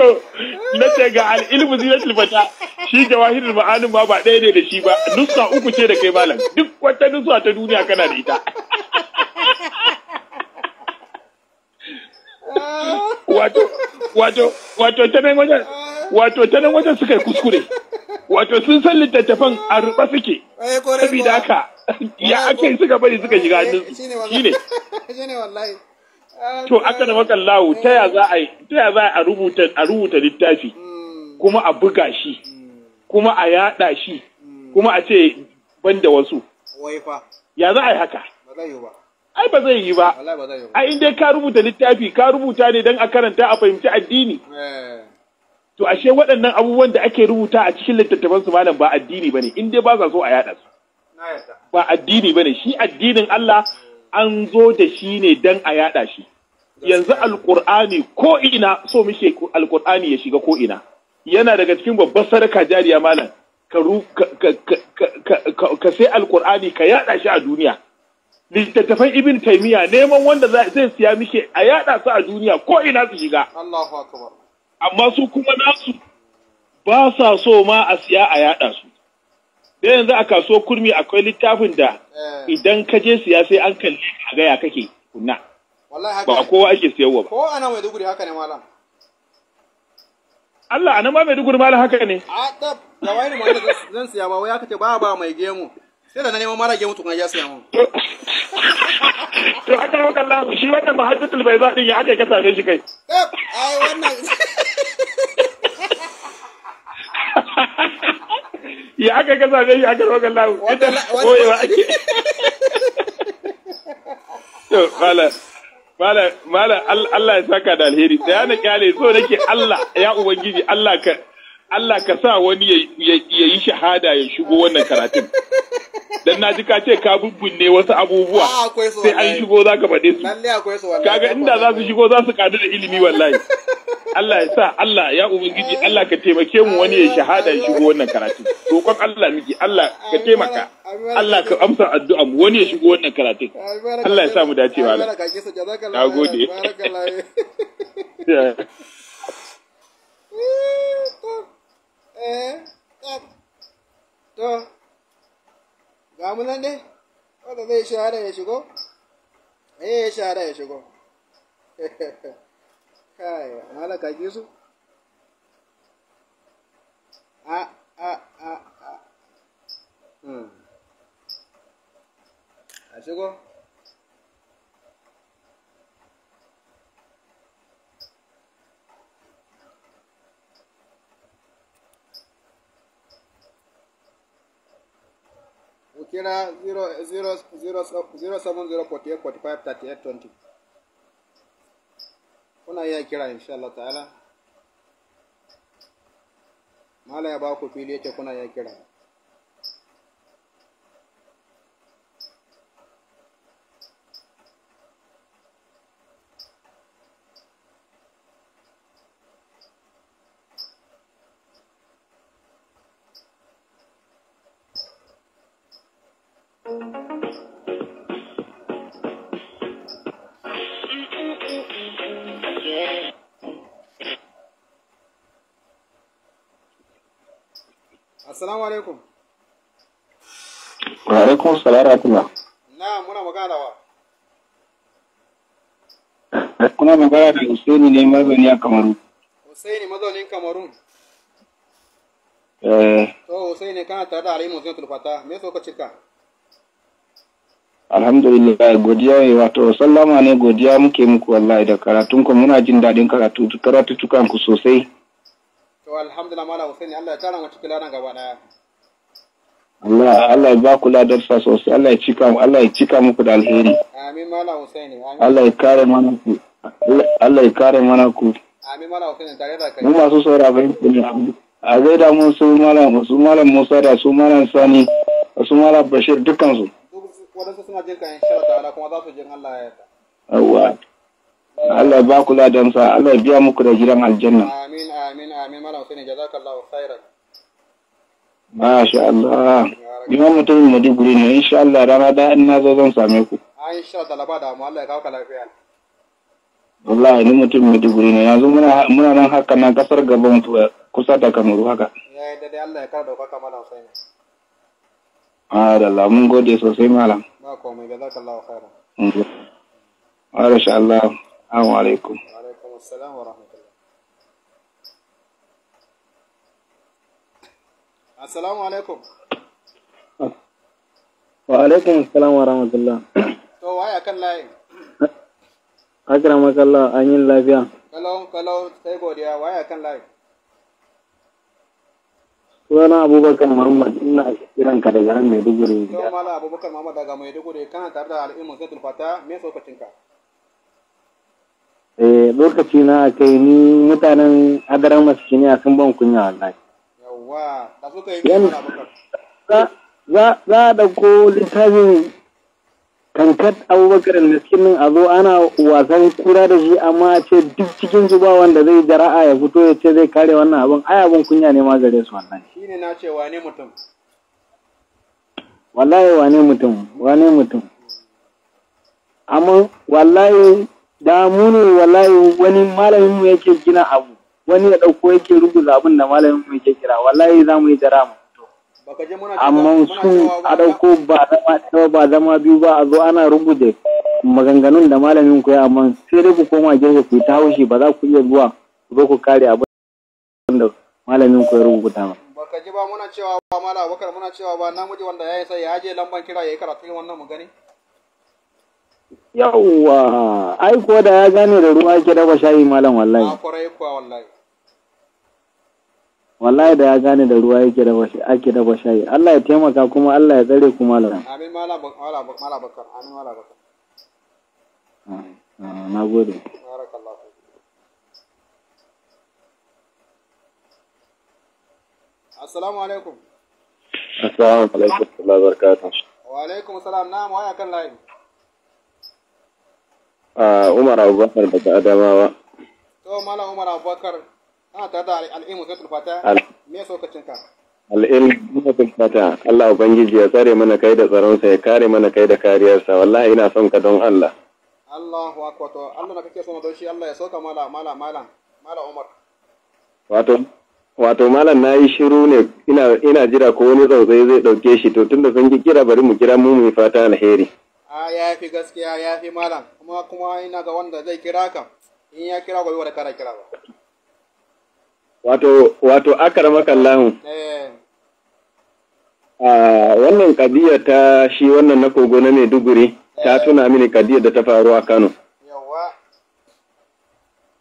to na ce ga al'ilmu zinatul fata shi jawahirul ma'anin ma ba ɗaya ne da shi ba nusa uku ce da kai malam duk wata nusa ta duniya kana da ita wato wato wato ta nan wajen wato ta nan wajen suka yi kuskure wato sun san littattafan a ruɓa suke eh, saboda haka ya ake suka bari suka shiga hannun eh, shi ne wallahi To aka da makallahu ta ya za a ta ya za a rubuta a rubuta littafi kuma a buga shi kuma a yada shi kuma a ce ban da wasu. Ya za a yi haka? Ai ba zai yi ba. Ai inda ka rubuta littafi ka rubuta ne don a karanta a fahimci addini. Eh. To ashe waɗannan abubuwan da ake rubuta a cikin littattafan su malam ba addini ba in dai ba za so a yada su. Ba addini ba ne, shi addinin Allah an zo da shi ne don a yada shi yanzu alkur'ani koina ina so muke alkur'ani ya shiga koina yana daga cikin babbar sadaka jariya malam ka sai alkur'ani ka yada shi a duniya littattafan ibn taimiya neman wanda zai siya muke a yada su a duniya koina su shiga amma su kuma nasu ba sa so ma a siya a yada su Sai yanzu a kaso kurmi akwai littafin da eh. idan ka je siya sai an kalli a gaya kake kunna. Ba kowa ake siyarwa ba. Ko ana mai duguri haka ne malam. Allah a nan ma mai duguri malam haka ne. A tab da wani ma zan siya ba wai haka ce ba ba mai gemu. Sai da na neman mara gemu tukuna ya siya mun. To haka yau kalla shi wannan ba hajjatul bai zaɗin ya haka kasa same shi kai. Tab ai wannan. ya aka ga zabe ya aka rogan lawo ita wa ake to mala mala mala Allah ya saka da alheri da yana kyale so nake Allah ya ubangiji Allah ka Allah ka sa wani ya yi shahada ya shigo wannan karatun. Dan na ji ka ce ka bubbunne wasu abubuwa ah, sai an shigo za ka faɗe su. Kaga inda za su shigo za su kadu da ilimi wallahi. Allah ya sa Allah ya ubangiji Allah ka taimake mu wani ya shahada ya shigo wannan karatun. Roƙon Allah miki Allah ka taimaka. Allah ka amsa addu'a mu wani ya shigo wannan karatun. Allah ya sa mu dace malam. Na gode. eh yat to ga mu nan dai wanda zai shahara ya shigo eh ya shahara ya shigo kai mala ka ji su a a a a hmm a shigo kira 07048453820 kuna iya kira insha Allah ta'ala mala ya ba ku fili yake kuna iya kira Assalamu alaikum. Wa alaikum salam rahmatullah. Na muna magana wa. Kuna magana da Husaini ne mazauni a Kamaru. Husaini mazaunin Kamaru. Eh. Oh, Husaini kana tare da Alimu Zainatul Fata, me so ka cika? Alhamdulillah godiya ne wato sallama ne godiya muke muku wallahi da karatun ku muna jin daɗin karatu karatu tukan ku sosai. to alhamdulillah mala Hussein Allah ya tara mu cikin ladan gaba daya Allah Allah ya ba ku ladar sa sosai Allah ya cika mu Allah ya cika muku da alheri amin mala Hussein Allah ya kare mana ku Allah ya kare mana ku amin mala Hussein tare da kai mu masu saura sauraron ku ne a zai da mu su mala su malam Musa da su mala Sani su mala Bashir dukkan su wadansu suna jin kan insha Allah kuma za su jin Allah ya yarda Allah ba ku ladansa Allah biya muku da jiran aljanna amin amin amin malam Hussein jazakallahu khairan Masha Allah Imam mutumin Maiduguri ne insha Allah rana da in na zo zan same ku ah, Insha Allah ba da mu Allah ya kawo ka lafiya Wallahi ni mutum Maiduguri ne yanzu muna muna nan haka nan kasar gaban eh, kusa da Kamaru haka Ya da dai Allah ya kawo da ka malam da Allah mun gode sosai malam ba komai jazakallahu khairan Masha Allah Assalamu Wa alaikum wa rahmatullah. Assalamu Wa alaikum assalam wa rahmatullah. kan an yi lafiya. Kalau kalau sai godiya Abubakar Muhammad ina kiran ka daga nan Maiduguri. To Abubakar Muhammad daga Maiduguri kana tare da al'ilmu zai tulfata me tsokacin Eh, lokaci na kai ni mutanen adaran maskiniya sun ban kunya wallahi yawa da suka yi za a ɗauko littafin kankat abubakar miskinin a zo ana wasan kura da shi amma a ce duk cikin su ba wanda zai jara'a ya fito ya ce zai kare wannan abin ai abin kunya ne ma gare su wannan ne na ce wane mutum wallahi wane mutum wane mutum amma wallahi da mu ne wallahi wani malamin mu yake gina abu wani ya dauko yake rubuta abin da malamin mu yake kira wallahi za mu yi jara mu amma su a dauko ba zama ɗaya ba zama biyu ba a zo ana rubuta maganganun da malamin ku ya amma sai dai ku koma gefe ku ta haushi ba za ku iya zuwa ku zo ku kare abin da malamin ku ya rubuta ba baka ji ba muna cewa ba malamin abubakar muna cewa ba namiji wanda ya yi sai ya je lamban kira ya yi karatu wannan magani. Yawwa, ai ko da ya gane da ruwa yake dafa shayi malam wallahi. Ah, wallahi da ya gane da ruwa yake dafa shayi, ake dafa shayi. Allah ya taimaka kuma Allah ya tsare ku malam. Amin malam bakar, amin malam bakar. Ah, ah, na gode. Assalamu alaikum. Assalamu alaikum. Allah Wa alaikum salam. Na mu haya kan layi. Umar Abubakar daga Adamawa. To Malam Umar Abubakar ana tare da al'ilmu sunatul tulfata me ya saukacin ka? Al'ilmu sunatul tulfata Allah Ubangiji ya tsare mana kai da tsaronsa ya kare mana kai da kariyarsa wallahi ina son ka don Allah. Allahu akbar to Allah na kake so don shi Allah ya sauka mala mala mala mala Umar. Wato Wato malam na yi shiru ne ina jira ko wani zai ɗauke shi to tunda sun ki kira bari mu kira mu mu fata alheri. a ya fi gaskiya ya fi malam kuma kuma ina ga wanda zai kira ka in ya kira gobe wanda kana kira ba wato wato akarama kallahu eh ah wannan kadiya ta shi wannan na kogo na ne duguri ta eh. tuna mini kadiya da ta faru a Kano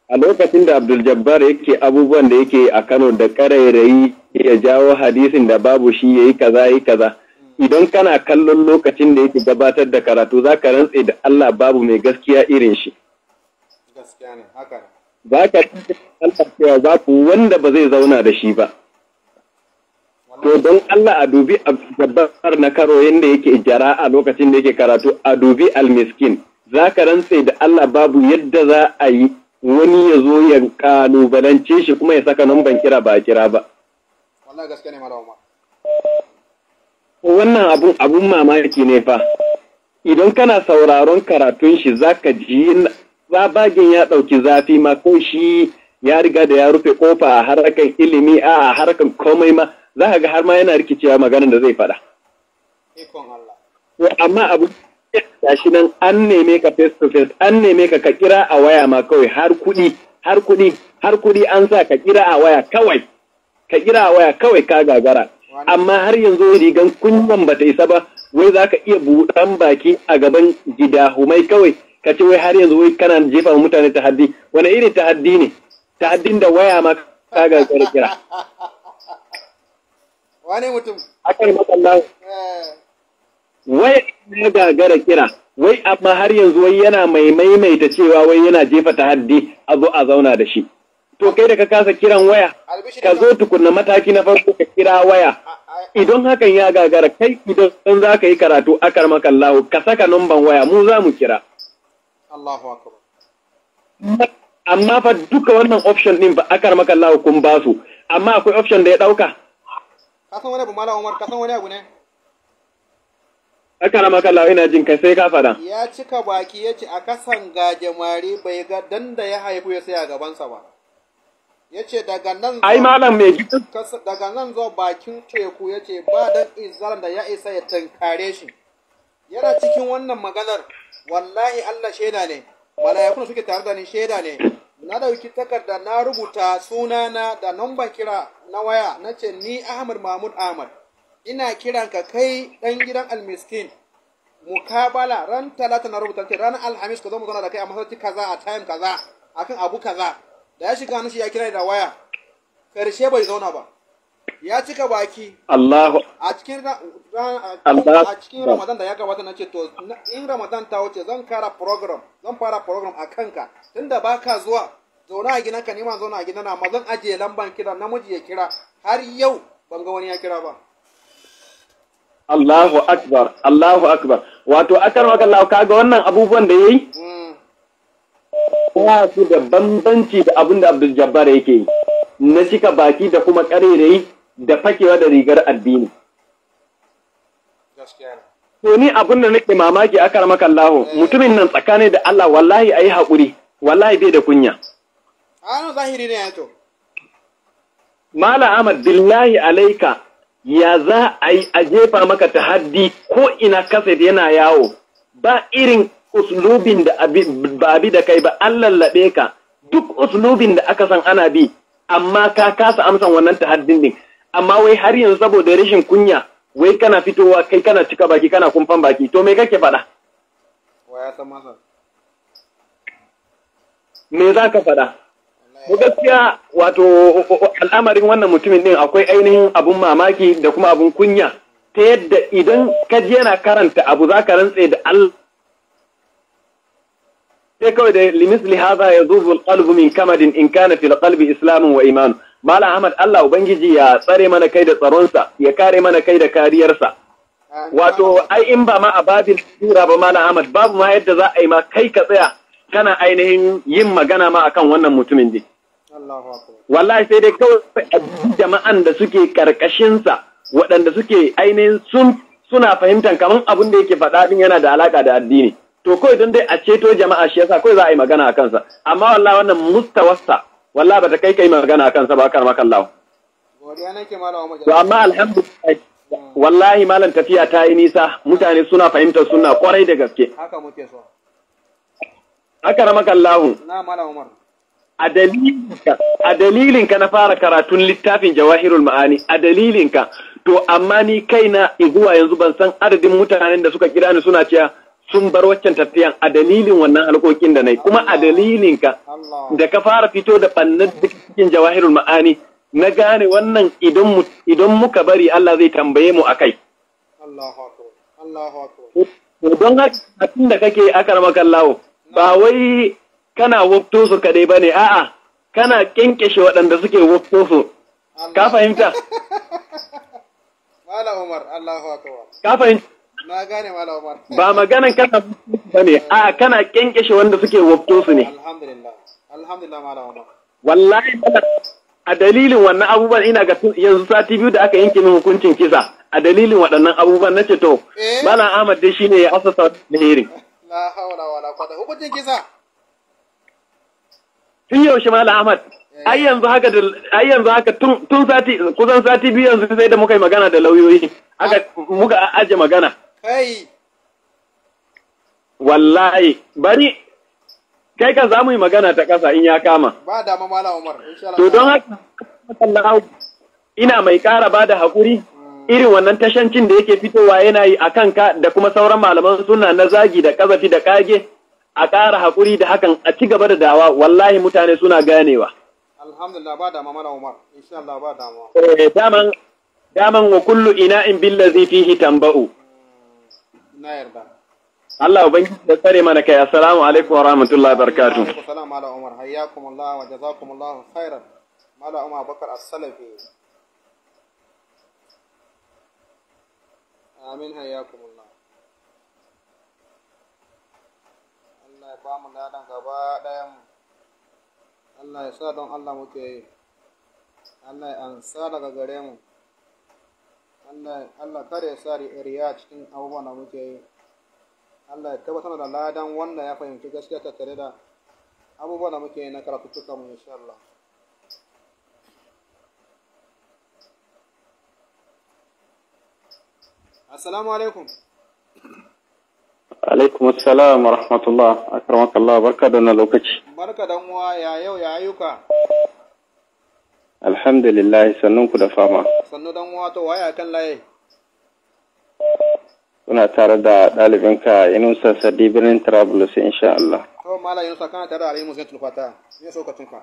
a lokacin da Abdul Jabbar yake abubuwan da yake a Kano da karairayi ya jawo hadisin da babu shi yayi kaza yayi kaza idan kana kallon lokacin da yake gabatar da karatu za ka rantse da Allah babu mai gaskiya irin shi. Za ka Allah cewa babu wanda ba zai zauna da shi ba. To don Allah a dubi gabatar na karo yadda yake jara a lokacin da yake karatu a dubi almiskin. Za ka rantse da Allah babu yadda za a yi wani ya zo ya kalubalance shi kuma ya saka nan kira ba a kira ba. Wannan abun abun mamaki ne fa. Idan kana sauraron karatun shi zaka ji bagin ya ɗauki zafi ma ko shi ya riga da ya rufe kofa a harkan ilimi a harkan komai ma za ka ga har ma yana rikicewa maganar da zai faɗa. Amma abu shi nan an neme ka face to face an neme ka ka kira a waya ma kawai har kuɗi har kuɗi har kuɗi an sa ka kira a waya kawai ka kira a waya kawai ka gagara amma har yanzu rigan kunyan ba ta isa ba wai za ka iya buɗan baki a gaban gidahumai kawai ka ce wai har yanzu wai kana jefa mutane ta haddi? wani irin haddi ne haddin da waya ma ka ga kira wani mutum akai makallahu eh. wai ya gagara kira wai amma har yanzu wai yana mai maimaita cewa wai yana jefa haddi a zo a zauna da shi to kai da ka kasa kiran waya ka zo tukunna mataki na farko ka kira waya idan hakan ya gagara kai idan san za ka yi karatu akar makallahu ka saka numban waya mu za mu kira Allahu akbar amma fa duka wannan option din ba akar makallahu kun ba su amma akwai option da ya dauka ka san wani abu Umar ka san wani abu ne akar makallahu ina jin kai sai ka fada ya cika baki yace a kasan gajemare bai ga danda ya haifu ya sai a gabansa ba yace daga nan ai malam me daga nan zuwa bakin teku yace ba dan izalan da ya isa ya tankare shi yana cikin wannan maganar wallahi Allah shaida ne mala'ikun suke tare da ni shaida ne na dauki takarda na rubuta sunana da number kira na waya nace ni Ahmad Mahmud Ahmad ina kiran ka kai dan gidan almiskin mukabala ran talata na rubuta ranar alhamis ka zo mu zauna da kai a masallaci kaza a time kaza akan abu kaza da ya shiga hannun shi ya kira da waya karshe bai zauna ba ya cika baki a cikin Ramadan da ya gabata na ce to in Ramadan ta wuce zan kara program zan fara program a kanka tunda baka zuwa zauna a gidanka ni ma zauna a gidana amma zan ajiye lamban kira namiji ya kira har yau ban ga wani ya kira ba Allahu akbar Allahu akbar wato akar maka Allah kaga wannan abubuwan da yayi hmm. ba su da bambanci da abin da Abdul Jabbar yake yi na cika baki da kuma karerai da fakewa da rigar addini. To ni abin da nake mamaki a karmaka Allah eh. mutumin nan tsakani da Allah wallahi yi haƙuri wallahi bai da kunya. Ano zahiri ne yato. Mala Ahmad billahi alaika ya za a jefa maka tahaddi ko ina da yana yawo ba irin uslubin da ba bi da kai ba an lallabe ka duk uslubin da aka san ana bi amma ka kasa amsan wannan ta din amma wai har yanzu saboda rashin kunya wai kana fitowa kai kana cika baki kana kumfan baki to me kake faɗa me za ka faɗa mu gaskiya wato al'amarin wannan mutumin din akwai ainihin abun mamaki da kuma abun kunya ta yadda idan ka je yana karanta abu za ka rantse da Allah sai kawai da limisli ya yadubu alqalbu min kamadin in kana fil qalbi islamun wa imanu Malam Ahmad Allah Ubangiji ya tsare mana kai da tsaronsa, ya kare mana kai da kariyarsa. Wato, ai in ba ma a babin sura ba Malam Ahmad, babu ma yadda za a yi ma kai ka tsaya kana ainihin yin magana ma akan wannan mutumin din. Wallahi sai dai kawai jama'an da suke karkashinsa, waɗanda suke ainihin sun suna fahimtar kamar abin da yake faɗa din yana da alaƙa da addini. to kawai don dai a ceto jama'a shi yasa kawai za a yi magana a kansa amma wallahi wannan mustawasta wallahi bata kai kai magana a kansa ba kar maka Allah to amma alhamdulillah hmm. wallahi malam tafiya ta yi nisa mutane suna fahimtar suna kwarai da gaske haka muke so haka ramaka Allah na malam Umar a dalilinka na fara karatun littafin jawahirul ma'ani a dalilinka to amma ni kaina iguwa yanzu ban san adadin mutanen da suka kira ni suna cewa sun bar waccan tafiyan a dalilin wannan halkokin da na yi kuma a dalilin ka da ka fara fito da bannan cikin jawahirul ma'ani na gane wannan idan muka bari Allah zai tambaye mu akai. Don haka da kake aka rama kallawo ba wai kana wofto su kadai ba ne a'a kana kyankyashe waɗanda suke wofto su ka fahimta? Ka fahimta? Na gane Umar. Ba maganan kana ba ne, a kana kyankyashe wanda suke wabto su ne. Alhamdulillah. Alhamdulillah Malam Umar. Wallahi a dalilin wannan abubuwan ina ga yanzu sati biyu da aka yanke min hukuncin kisa a dalilin waɗannan abubuwan na ceto, to eh? malam Ahmad dai ne ya asasa alheri. La haula wala hukuncin kisa. Tun yaushe malam Ahmad eh. ai yanzu haka ai yanzu haka tun sati kusan sati biyu yanzu sai da muka yi magana da lauyoyi aka ah. muka aje magana Kai. Wallahi, bari, kai ka za mu yi magana ta ƙasa in ya kama. Ba dama Mala Umar, To don haka, ina mai ƙara ba da haƙuri, hmm. irin wannan tashancin da yake fitowa yana yi a kanka da kuma sauran malaman suna na zagi da ƙazafi da ƙage, a ƙara haƙuri da hakan a ci gaba da dawa, wallahi mutane suna ganewa. Alhamdulillah ba dama Mala Umar, insha Allah ba dama. Eh, daman, daman wa kullu ina in billazi fihi tamba'u. na yarda Allah ubangiji da tsare mana kai assalamu alaikum wa rahmatullahi wa barakatuh ala umar hayyakum Allah wa jazakum Allah khairan mala umar bakar as-salafi amin hayyakum Allah Allah ya ba mu ladan gaba Allah ya sa don Allah muke Allah ya ansa daga gare mu Allah kada ya sa riya cikin abubuwan da muke yi Allah ya tabbatar da ladan wanda ya fahimci gaskiya tattare da abubuwan da muke yi na karatuttuka mu insha Allah Assalamu alaikum alaikum assalam wa rahmatullah akramakallah barka da wannan lokaci barka da uwa ya yau ya ayyuka alhamdulillah sannun ku da fama sannu dan wato waya kan laye Kuna tare da ɗalibinka Inusa Sadi birnin Trablus insha Allah. To Mala Inusa kana tare da Alimu zai tulfata ne so ka tunka.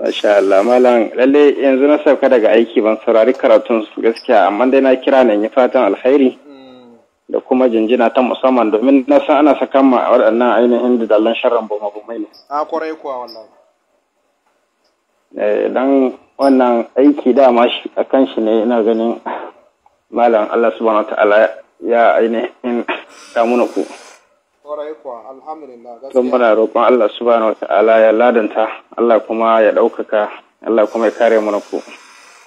Masha Allah Malam lalle yanzu na sauka daga aiki ban saurari karatun gaskiya amma dai na kira ne yi fatan alkhairi da kuma jinjina ta musamman domin na san ana saka ma waɗannan ainihin da dallan sharran bama bamai ne. A kwarai kuwa wallahi. Eh, dan wannan aiki dama shi a kan shi ne ina ganin malam Allah subhanahu ta'ala ya ainihin damuna ku. Don muna roƙon Allah subhanahu ta'ala ya ladanta Allah kuma ya ɗaukaka Allah kuma ya kare muna ku.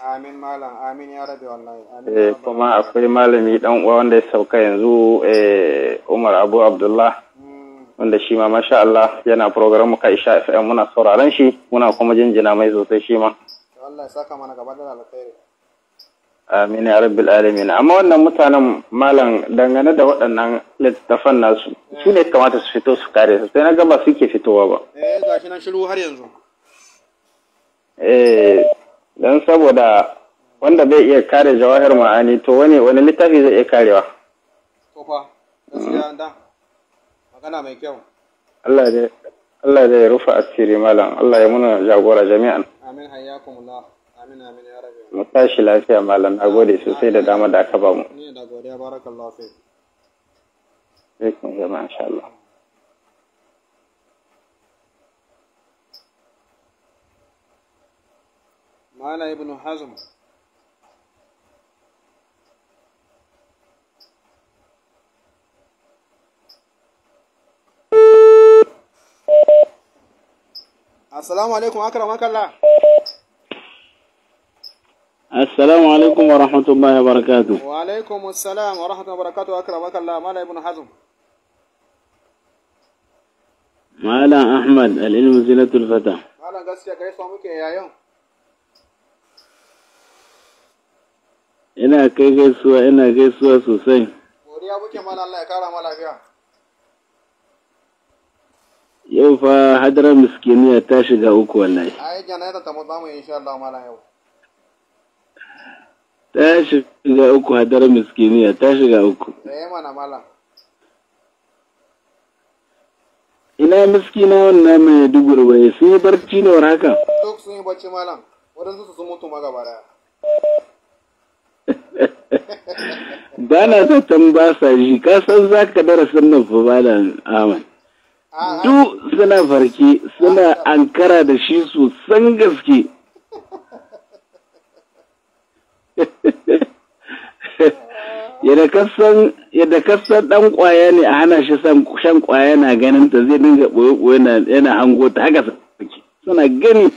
Amin malam, amin ya rabe wallahi. Amin eh, kuma akwai malami dan uwa wanda ya sauka yanzu eh, Umar Abu Abdullah. wanda shi ma masha Allah yana program ka Isha FM muna sauraron shi muna kuma jinjina mai sosai shi ma Allah ya saka mana gaba da alkhairi amin ya rabbil alamin amma wannan mutanen malam dangane da waɗannan littattafan nasu eh. su ne kamata su fito su kare su sai na gaba suke fitowa ba eh don nan shiru har yanzu eh dan saboda wanda bai iya kare jawahir ma'ani to wani wani littafi zai iya karewa to fa gaskiya dan أنا ما يكون الله ذي الله ذي رفع السيري مالا الله يمنع جاورا جميعا آمين حياكم الله آمين آمين يا رب متاشي العافية مالا أقولي سيدة داما دا كبام نيه دا قولي بارك الله فيك بكم جماعة إن شاء الله مالا ابن حزم Assalamu alaikum akramakallah. Assalamu alaikum wa rahmatullahi wa barakatuh. Wa alaikum assalam wa rahmatullahi wa barakatuh Makalla Mala ibn Hazm. Mala Ahmad al-ilmu zinatul fata. Mala gaskiya kai so muke Ina kai gaisuwa ina gaisuwa sosai. Godiya muke mala Allah ya kara ma lafiya. yau fa hadarar miskiniya ta shiga uku wallahi ai jana'iza ta mu zamu insha Allah mala yau ta shiga uku hadarar miskiniya ta shiga uku eh mana mala ina miskina wannan mai dubur dugurwaye sun yi barci ne war haka duk sun yi barci malam waɗansu su sun mutu maga gaba daya ba na zaton ba sa ji ka san za ka darasin nan fa malam ahmad duk suna farke suna ankara da shi sosan gaske yadda kasan dan kwaya ne a hana shi shan kwaya na ganin ta zai dinga ɓoye-ɓoye yana hango ta haka suna gani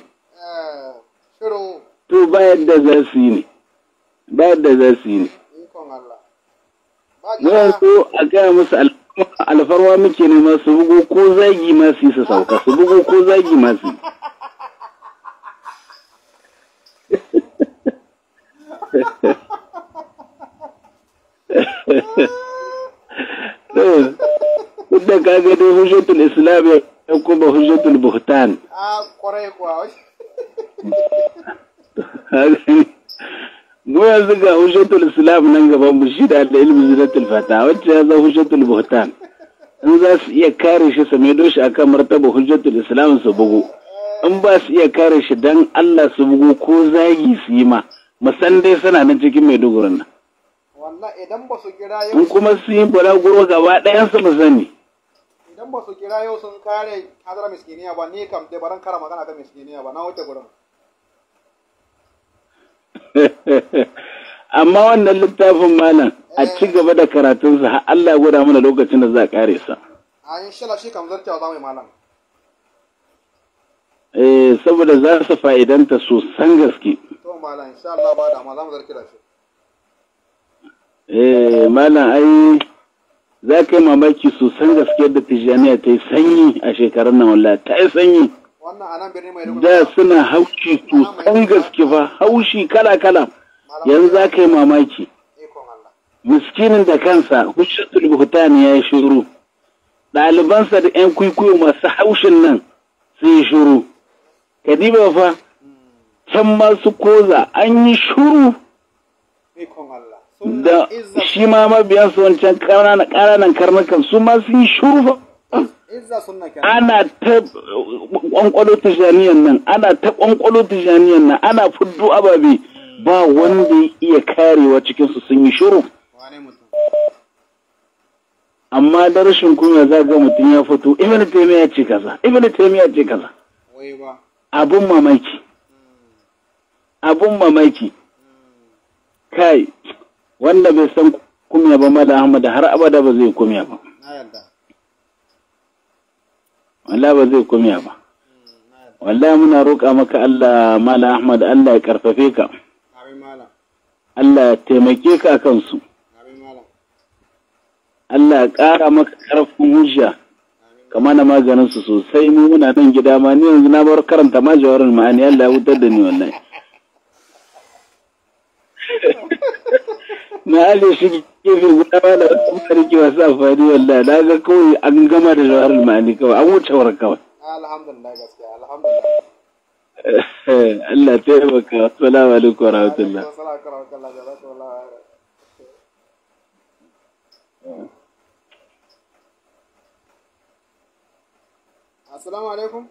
to bayan da za su yi ne bayan da za su yi ne so a gaya musu alfarwa muke nema su bugo ko zagi ma su su sauka su bugo ko zagi ma su da ka ga dai hujjatul islam ya kuma hujjatul buhtan a kwarai kuwa goya yanzu ga hushatul islam nan gaban mu shi da da ilmi zinatul fata wacce ya zama hushatul buhtan in za su iya kare shi su maido shi akan martaba hujjatul islam su bugu in ba su iya kare shi dan Allah su bugu ko zagi su yi ma musan dai suna nan cikin maidogurin nan in kuma su yi balaguro gaba ɗayan su mu sani idan ba su kira yau sun kare hazara miskiniya ba ni kam da baran kara magana ga miskiniya ba na wuce gurin amma wannan littafin malam a eh. ci gaba da karatunsa har Allah ya gwada mana lokacin da za a kare sa a ah, inshallah shi kan zartawa za mu malam eh saboda za su fa'idanta sosan gaske to malam insha Allah ba da za mu zarki da shi eh malam ai za ka yi mamaki sosan gaske da tijjaniya ta yi sanyi a shekarun nan wallahi ta yi sanyi da suna haushi sosan gaske fa haushi kala-kala yanzu za ka yi mamaki miskinin da kansa hushatul buhtan ya yi shuru. ɗalibansa da 'yan kwaikwayo masu haushin nan sun yi shiru kadiba fa hmm. can masu koza an yi shuru. da shi ma mabiyansu wancan ƙananan karnukan su ma sun yi shuru fa ana ta kwankwalo tijaniyan nan ana ta kwankwalo tijaniyan nan ana fuddu ababe ba wanda iya karewa cikinsu sun yi shiru amma da rashin kunya za ga mutum ya fito ibn taymiya ce kaza ibn taymiya ce kaza abun mamaki abun mamaki kai wanda bai san kunya ba da ahmad har abada ba zai kunya ba wallahi ba zai kumiya ba wallahi muna roƙa maka Allah mala Ahmad Allah ya karfafe ka Allah ya taimake ka kansu Allah ya ƙara maka ƙarfin hujja kama na maganin su sosai mu muna nan gida ma ni yanzu na bar karanta ma jawarin ma'ani Allah ya wutar da ni wallahi na Allah shi gefe guda da kuma rike masu amfani wallahi na ga kawai an gama da jawar kawai an wuce war kawai alhamdulillah gaskiya alhamdulillah Allah ta yi maka alaikum wa rahmatullah assalamu alaikum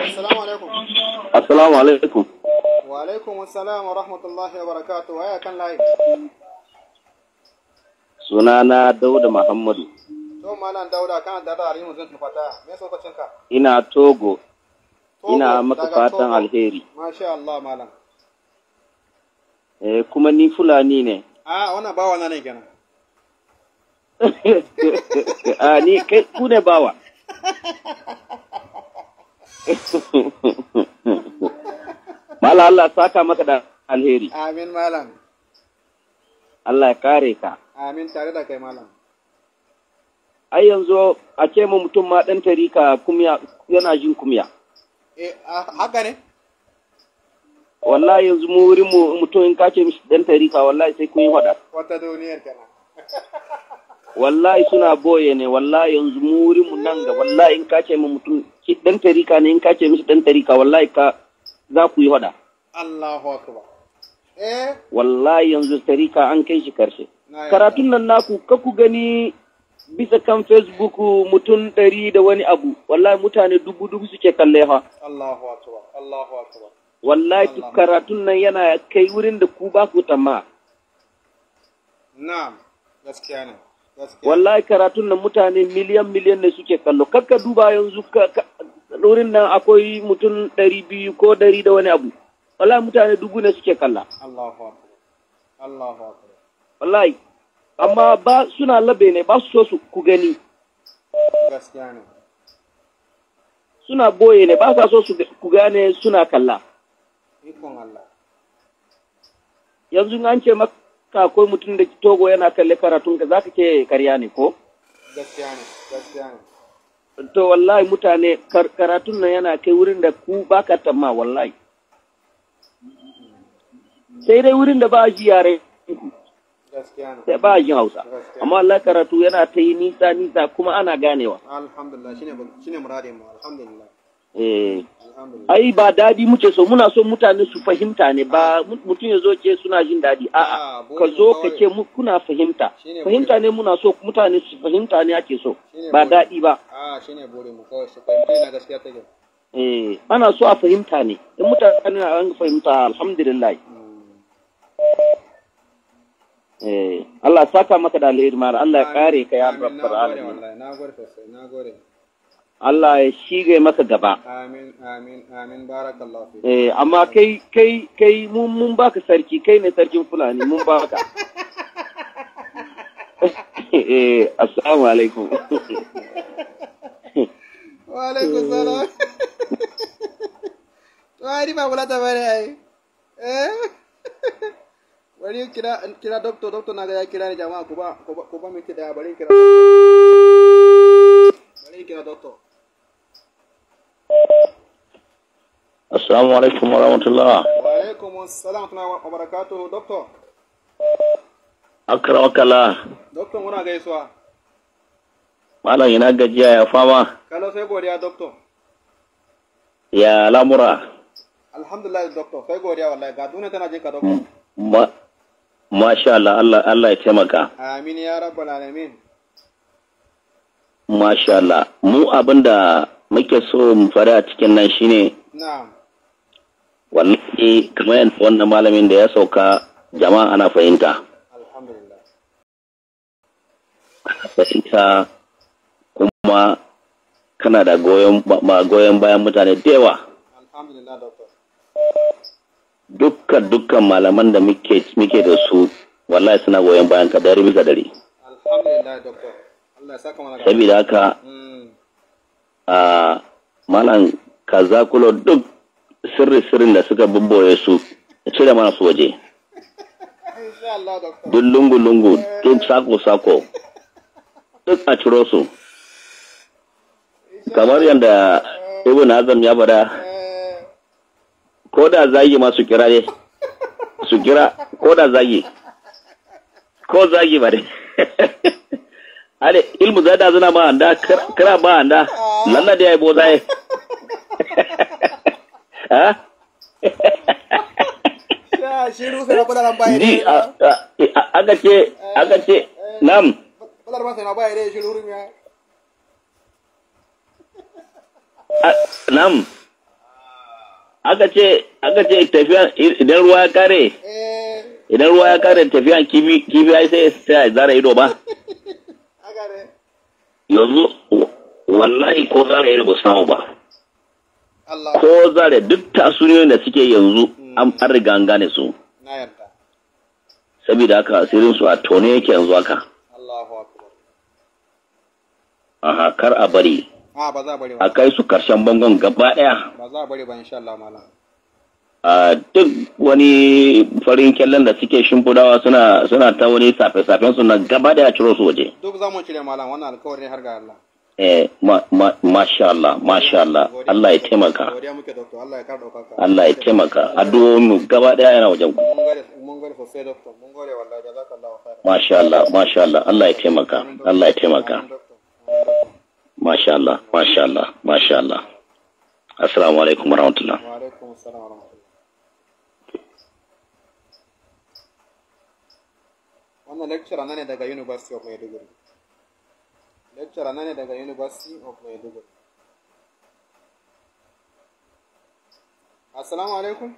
Assalamu alaikum. Assalamu alaikum. Wa alaikum assalam wa rahmatullahi wa barakatuh. Waya kan layi. Sunana Dauda Muhammadu. To malam Dauda kana da da arimu zan tufata. Me sokacin ka? Ina Togo. Ina maka fatan alheri. Masha Allah malam. Eh kuma ni Fulani ne. Ah wannan bawa na ne kenan. a ni kai ku ne bawa. Malam Allah saka maka da alheri. Amin malam. Allah ya kare ka. Amin tare da kai malam. Ai yanzu a ce mu mutum ma ɗan tarika kumya yana jin kumya. Eh haka ne? Wallahi yanzu mu wurin mu mutum in ka ce mishi ɗan tarika wallahi sai kun yi faɗa. Wata duniyar kenan. wallahi suna boye ne wallahi yanzu mu wurin mu nan ga wallahi in ka ce mu mutum dan tarika ne in ka ce musu dan tarika wallahi ka za ku yi hada Allahu akbar eh wallahi yanzu tarika an kai shi karshe karatun nan naku ka ku gani bisa kan facebook mutum ɗari da wani abu wallahi mutane dubu dubu suke kalle ha Allahu akbar Allahu akbar wallahi karatun nan yana kai wurin da ku ba ku tamma na'am gaskiya ne wallahi karatun nan mutane miliyan miliyan ne suke kallo kakka duba yanzu ɗorin nan akwai mutum ɗari biyu ko ɗari da wani abu wallahi mutane dubu ne suke kalla wallahi amma ba suna labe ne ba su so su ku gani suna boye ne ba sa so su ku gane suna kalla yanzu an ce maka ka akwai mutum da togo yana kalle karatun ka zaka ke karya ne ko gaskiya ne gaskiya ne to wallahi mutane karatun nan yana kai wurin da ku baka tamma wallahi sai dai wurin da ba a ji yare sai ba a jin hausa amma Allah karatu yana ta yi nisa nisa kuma ana ganewa alhamdulillah shine shine muradin mu alhamdulillah Eh, ai ba dadi muke so muna so mutane su fahimta ne ba mutum ya zo ce suna jin dadi a'a ah, ah, ka zo ka ce kuna fahimta fahimta ne muna so mutane su fahimta ne ake so ba dadi ba a ah, shine bore mu kawai su fahimta na gaskiya take eh ana so a fahimta ne in mutane na an fahimta alhamdulillah eh Allah saka maka da alheri mara Allah ya kare ka ya rabbal alamin na gode na gode Allah ya shige masa gaba. Amin, amin, amin, barak Allah Eh, amma kai, kai, kai, mun ba ka sarki, kai ne sarkin Fulani, mun b'a ka. Eh, assalamu alaikum. Wa alaikum salam. Wani ba kula ta bane ai. Eh? Wani kira kira doktor, doktor na ga ya kira ni jama'a ku ba ku ba ku da bari kira. Bari kira doctor. Assalamu alaikum wa rahmatullah. Wa alaikum assalam wa barakatuh, doctor. Akram kala. Doctor muna gaisuwa. Malam ina gajiya ya fama. Kalo sai godiya doctor. Ya lamura. Alhamdulillah doctor, sai godiya wallahi ga duniya tana jinka doctor. Ma Masha Allah, Allah, Allah ya taimaka. Amin ya rabbal alamin. Masha Allah, mu abinda muke so mu fara a cikin nan shine wallahi kamar yadda wannan malamin da ya sauka jama'a ana fahimta ana fahimta kuma kana da goyon bayan mutane da yawa dukkan dukkan malaman da muke da su wallahi suna goyon bayan ka dari bisa dari Sabida haka hmm. a malam kazakulo duk sirri-sirrin da suka bubboye su cire mana su waje duk lungu-lungu duk sako-sako duk a ciro su kamar yadda ibn azam ya bada eh. ko da zagi ma su kira ne su kira ko da zagi ko zagi ba dai ale ilmu zada zana ma anda kira ma anda lanna da yayi ah. bozaye ha ah? shiru sai ko dalan baye ni aga ce eh, aga ce eh. nam badar ma sai na baye dai shiru rumiya nam aka ce aka ce tafiya idan ruwa ya kare eh. idan ruwa ya kare tafiyan kibi kibi ai sai sai zara ido ba yanzu wallahi ko zara yadda ba samu ba ko zara duk tasirin da suke yanzu hmm. an riga an gane su saboda haka asirin su a tone yake yanzu haka aha kar a bari ah, a kai su karshen bangon gaba daya ba za a bari ba insha Allah malam duk wani farin kyallen da suke shimfudawa suna suna ta wani safe-safen su na gaba da ya ciro su waje. Duk za mu cire malam wannan alkawari har ga Allah. Eh, masha Allah, masha Allah, Allah ya taimaka. Allah ya taimaka. Addu'o'in mu gaba da yana wajen ku. Masha Allah, masha Allah, Allah ya taimaka. Allah ya taimaka. Masha Allah, masha Allah, masha Allah. Assalamu alaikum warahmatullahi. Wa alaikum assalam warahmatullahi. wannan lecture na ne daga university of maiduguri lecture na ne daga university of maiduguri assalamu alaikum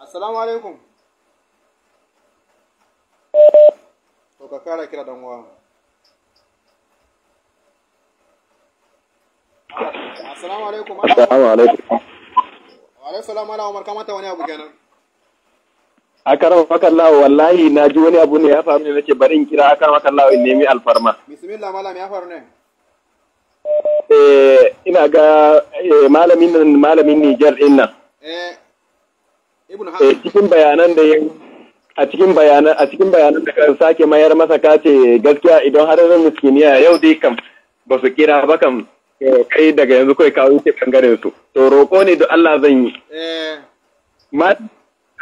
assalamu alaikum to ka kara kira dan uwa assalamu alaikum assalamu alaikum wa alaikum salam ala umar kamata wani abu kenan akara makallawa wallahi na ji wani abu ne ya faru ne nake bari in kira akara makallawa in nemi alfarma bismillah malam ya faru ne eh ina ga eh, malamin nan malamin Niger din nan eh, eh cikin bayanan da a cikin bayanan a cikin bayanan da kan sake mayar masa kace gaskiya idan har zan miskiniya yau dai kam ba su kira ba kam eh, kai daga yanzu kai kawo ke bangaren su to roko ne da Allah zan yi eh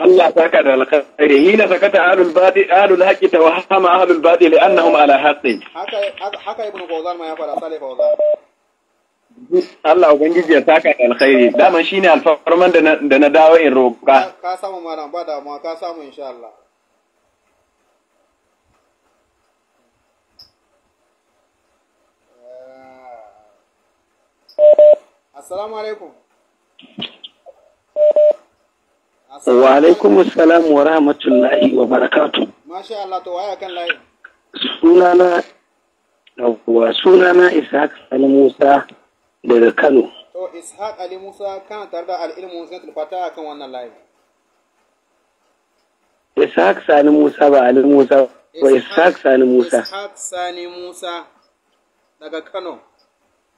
Allah saka da alkhairi hina sakata alul badi alul haqqi tawahama alul badi annahum ala haqqin haka haka ibnu fawzan ma ya fara sale fawzan Allah da alkhairi shine alfarman da da na dawo in roƙa. ka Wa alaikum assalam wa rahmatullahi wa barakatu. Masha Allah to waya kan layi. Sunana wa sunana Ishaq Ali Musa daga Kano. To Ishaq Ali Musa kan tare da al'ilmu sunatul fata kan wannan layi. Ishaq Sani Musa ba Ali Musa ba Ishaq Sani Musa. Ishaq Sani Musa daga Kano.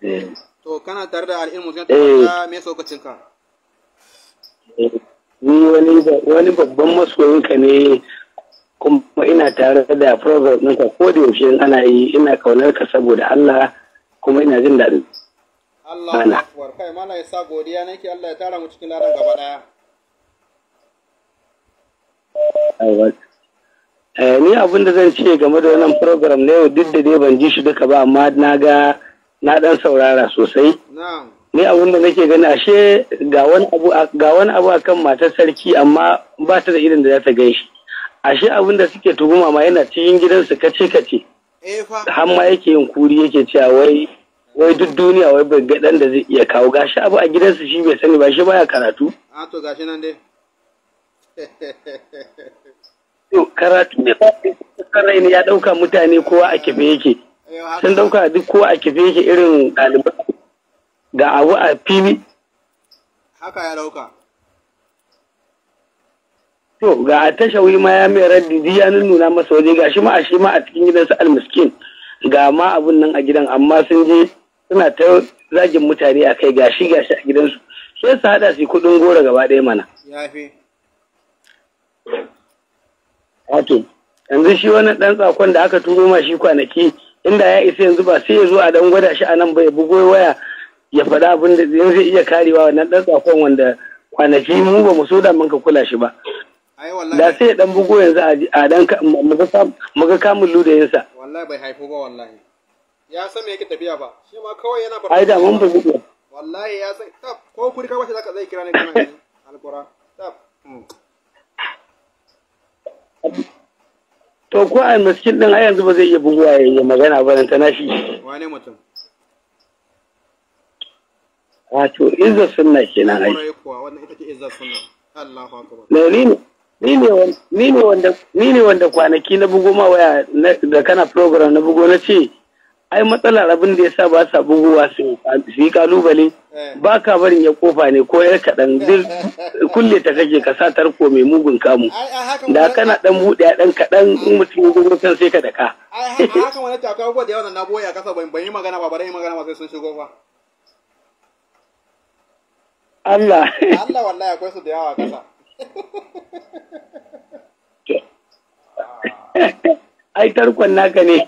Eh. To kana tare da al'ilmu sunatul eh. fata me sokacin ka? Eh. ni wani babban masoyinka ne kuma ina tare da program ka ko da yaushe ana yi ina kaunar ka saboda Allah kuma ina jin daɗin. Allah akwai kai mana ya sa godiya nake Allah ya tara mu cikin laran gaba ɗaya. Eh, ni abin da zan ce game da wannan program na yau duk da dai ban ji shi duka ba amma na ga na ɗan saurara sosai. Na'am. ni abin da nake gani ashe ga wani abu a kan akan matar sarki amma ba ta da irin da za ta gan shi ashe abin da suke tuhuma ma yana cikin gidansu kace kace eh har ma yake yin kuri yake cewa wai wai duk duniya wai bai ga dan da zai iya kawo gashi abu a gidansu shi bai sani ba shi baya karatu a to gashi nan dai karatu ne karai ne ya dauka mutane kowa a kife yake sun dauka duk kowa a kife yake irin ɗaliban ga abu a fili haka ya dauka to ga a ma ya mai raddi ya nuna masa waje ga shi ma a shi ma a cikin gidansa almiskin ga ma abun nan a gidan amma sun je suna ta zagin mutane a kai gashi gashi a gidansu sai su hada su kudin goro gaba ɗaya mana wato yanzu shi wani ɗan tsakon da aka turo ma shi kwanaki inda ya isa yanzu ba sai ya zo a dan gwada shi a nan bai bugo waya ya faɗa abin da zai iya karewa wannan ɗan tsakon wanda kwanaki mu ba mu soda mun ka kula shi ba. Da sai ya ɗan bugo yanzu a ɗan muga kamun ludayinsa. Wallahi bai haifu ba wallahi. Ya san me yake tafiya ba. Shi ma kawai yana ba. Ai da mun bugu. Wallahi ya san tab ko kuri ka wace zaka zai kira ne kana alƙura. Tab. To ko a miskin ɗin har yanzu ba zai iya buguwa ya magana ba nan ta nashi. Wane mutum? wato izza sunna kenan ai ni ne wanda kwanaki na bugo ma waya da kana program na bugo na ce ai matsalar abin da yasa ba sa bugowa su yi kalubale eh. ba ka barin ya kofa ne ko ya kaɗan kulle ta kake ka sa tarko mai mugun kamu da kana dan buɗe ɗan kaɗan in mm. mutum ya gugu kan sai ka daka ai haka wani takawa da na boya kasa ban yi magana ba yi magana ba sai sun shigo ba Allah Allah wallahi akwai su da yawa kasa ai tarkon naka ne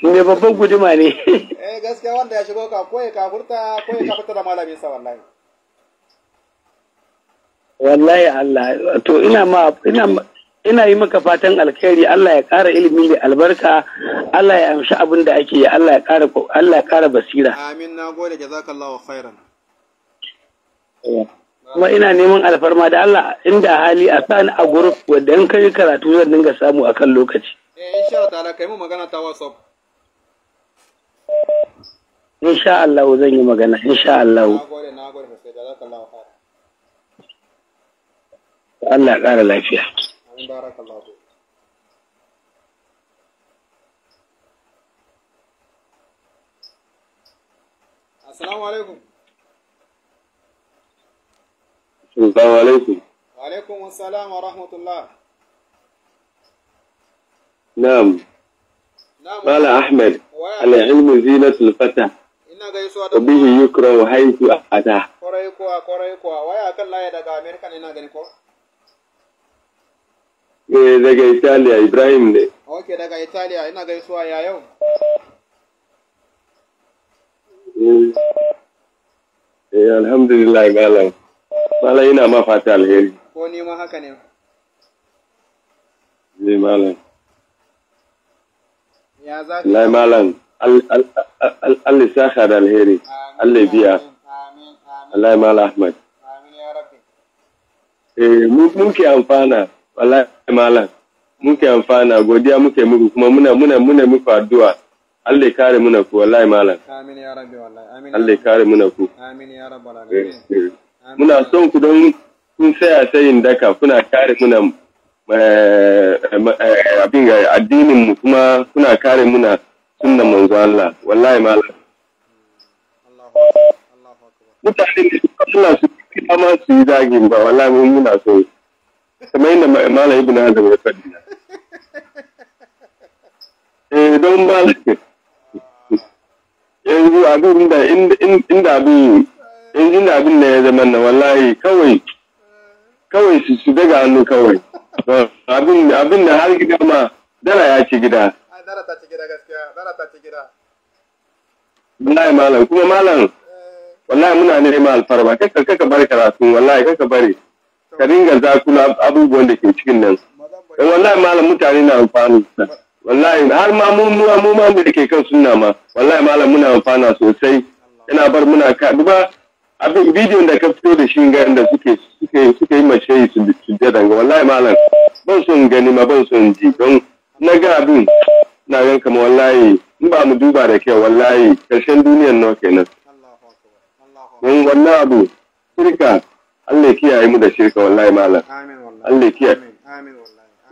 mai babban guduma ne eh gaskiya wanda ya shigo ka koyi kafurta koyi kafurta da malami sa wallahi wallahi Allah to ina ma ina ina yi maka fatan alkhairi Allah ya ƙara ilimi da albarka Allah ya amshi abin da ake Allah ya ƙara Allah ya ƙara basira amin nagode jazakallahu khairan kuma ina neman alfarma da Allah inda hali a sani a gurup wadda in kai karatu zan dinga samu a kan lokaci. Eh insha Allah kai mu magana ta WhatsApp. Insha Allah zan yi magana insha Allah. Allah ya ƙara lafiya. Assalamu alaikum. السلام عليكم وعليكم السلام ورحمة الله نعم نعم قال أحمد العلم زينة الفتى وبه يكره حيث أتى daga Italiya Ibrahim ne. Ok, daga Italiya ina gaisuwa ya yau. Eh, alhamdulillah galau. Mala yana ma fata alheri. Ko neman haka ne. Zai malam. Ya za ka. Lai malam. Allah saka da alheri. Allah biya. Allah mala Ahmad. Eh mun ke amfana. Wallahi malam. Mun ke amfana godiya muke muku kuma muna muna muna muku addu'a. Allah ya kare muna ku wallahi malam. Amin ya rabbi wallahi. Amin. Allah ya kare muna ku. Amin ya rabbi eh, alamin. Eh. muna son ku don kun saya sayin daka kuna kare muna eh, eh, abin addinin mu kuma kuna kare muna sunnan manzo Allah wallahi malam mutane da suka suna su kira ma su yi zagin ba wallahi mun muna so kamar yadda malam ibnu hazm ya faɗi eh don malam yanzu abin da inda abin in ina abin da ya zama na wallahi kawai kawai su su daga hannu kawai abin da har gida ma dara ya ce gida dara ta gida gaskiya dara ta gida wallahi malam kuma malam eh. wallahi muna neman alfarma kaka kaka bar karatu wallahi kaka bari ka ringa zakuna abubuwan da ke cikin nan eh, wallahi malam mutane na amfani wallahi har ma mu mu ma da ke kan sunna ma wallahi malam muna amfana sosai yana bar muna ka duba abin bidiyon da ka fito da shi ga da suke suke suke yi mace su sujjada danga wallahi malam ban son gani ma ban son ji don na ga abin na gan kama wallahi in ba mu duba da kyau wallahi karshen duniyan nawa kenan don wannan abu shirka Allah ya kiyaye mu da shirka wallahi malam Allah ya kiyaye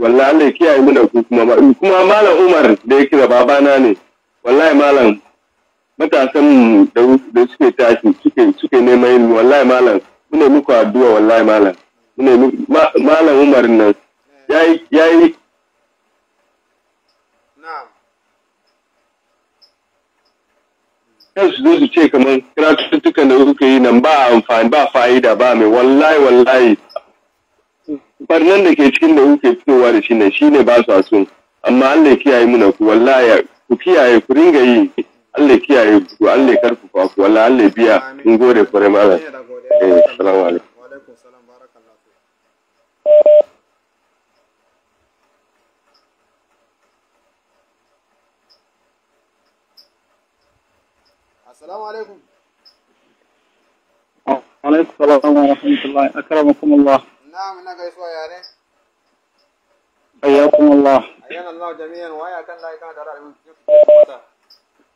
wallahi Allah kiyaye mu da kuma kuma malam Umar da yake da babana ne wallahi malam matasan da suke tashi suke neman yin wallahi malam mune muku addu'a wallahi malam mune malam Umar nan yayi yayi kan su zo su ce kamar karatuttukan da kuka yi nan ba amfani ba fa'ida ba mai wallahi wallahi barnan da ke cikin da kuke fitowa da shi ne shi ne ba su so amma Allah ya kiyaye muna ku wallahi ku kiyaye ku ringa yi Allah kiyaye ku Allah karfafa ku wallahi Allah biya mun gode ma Allah eh salamu alaikum wa alaikum salam barakallahu alaikum salam wa rahmatullahi akramakum Allah na'am ina نعم إنك يسوى يا ري حياكم الله حيانا الله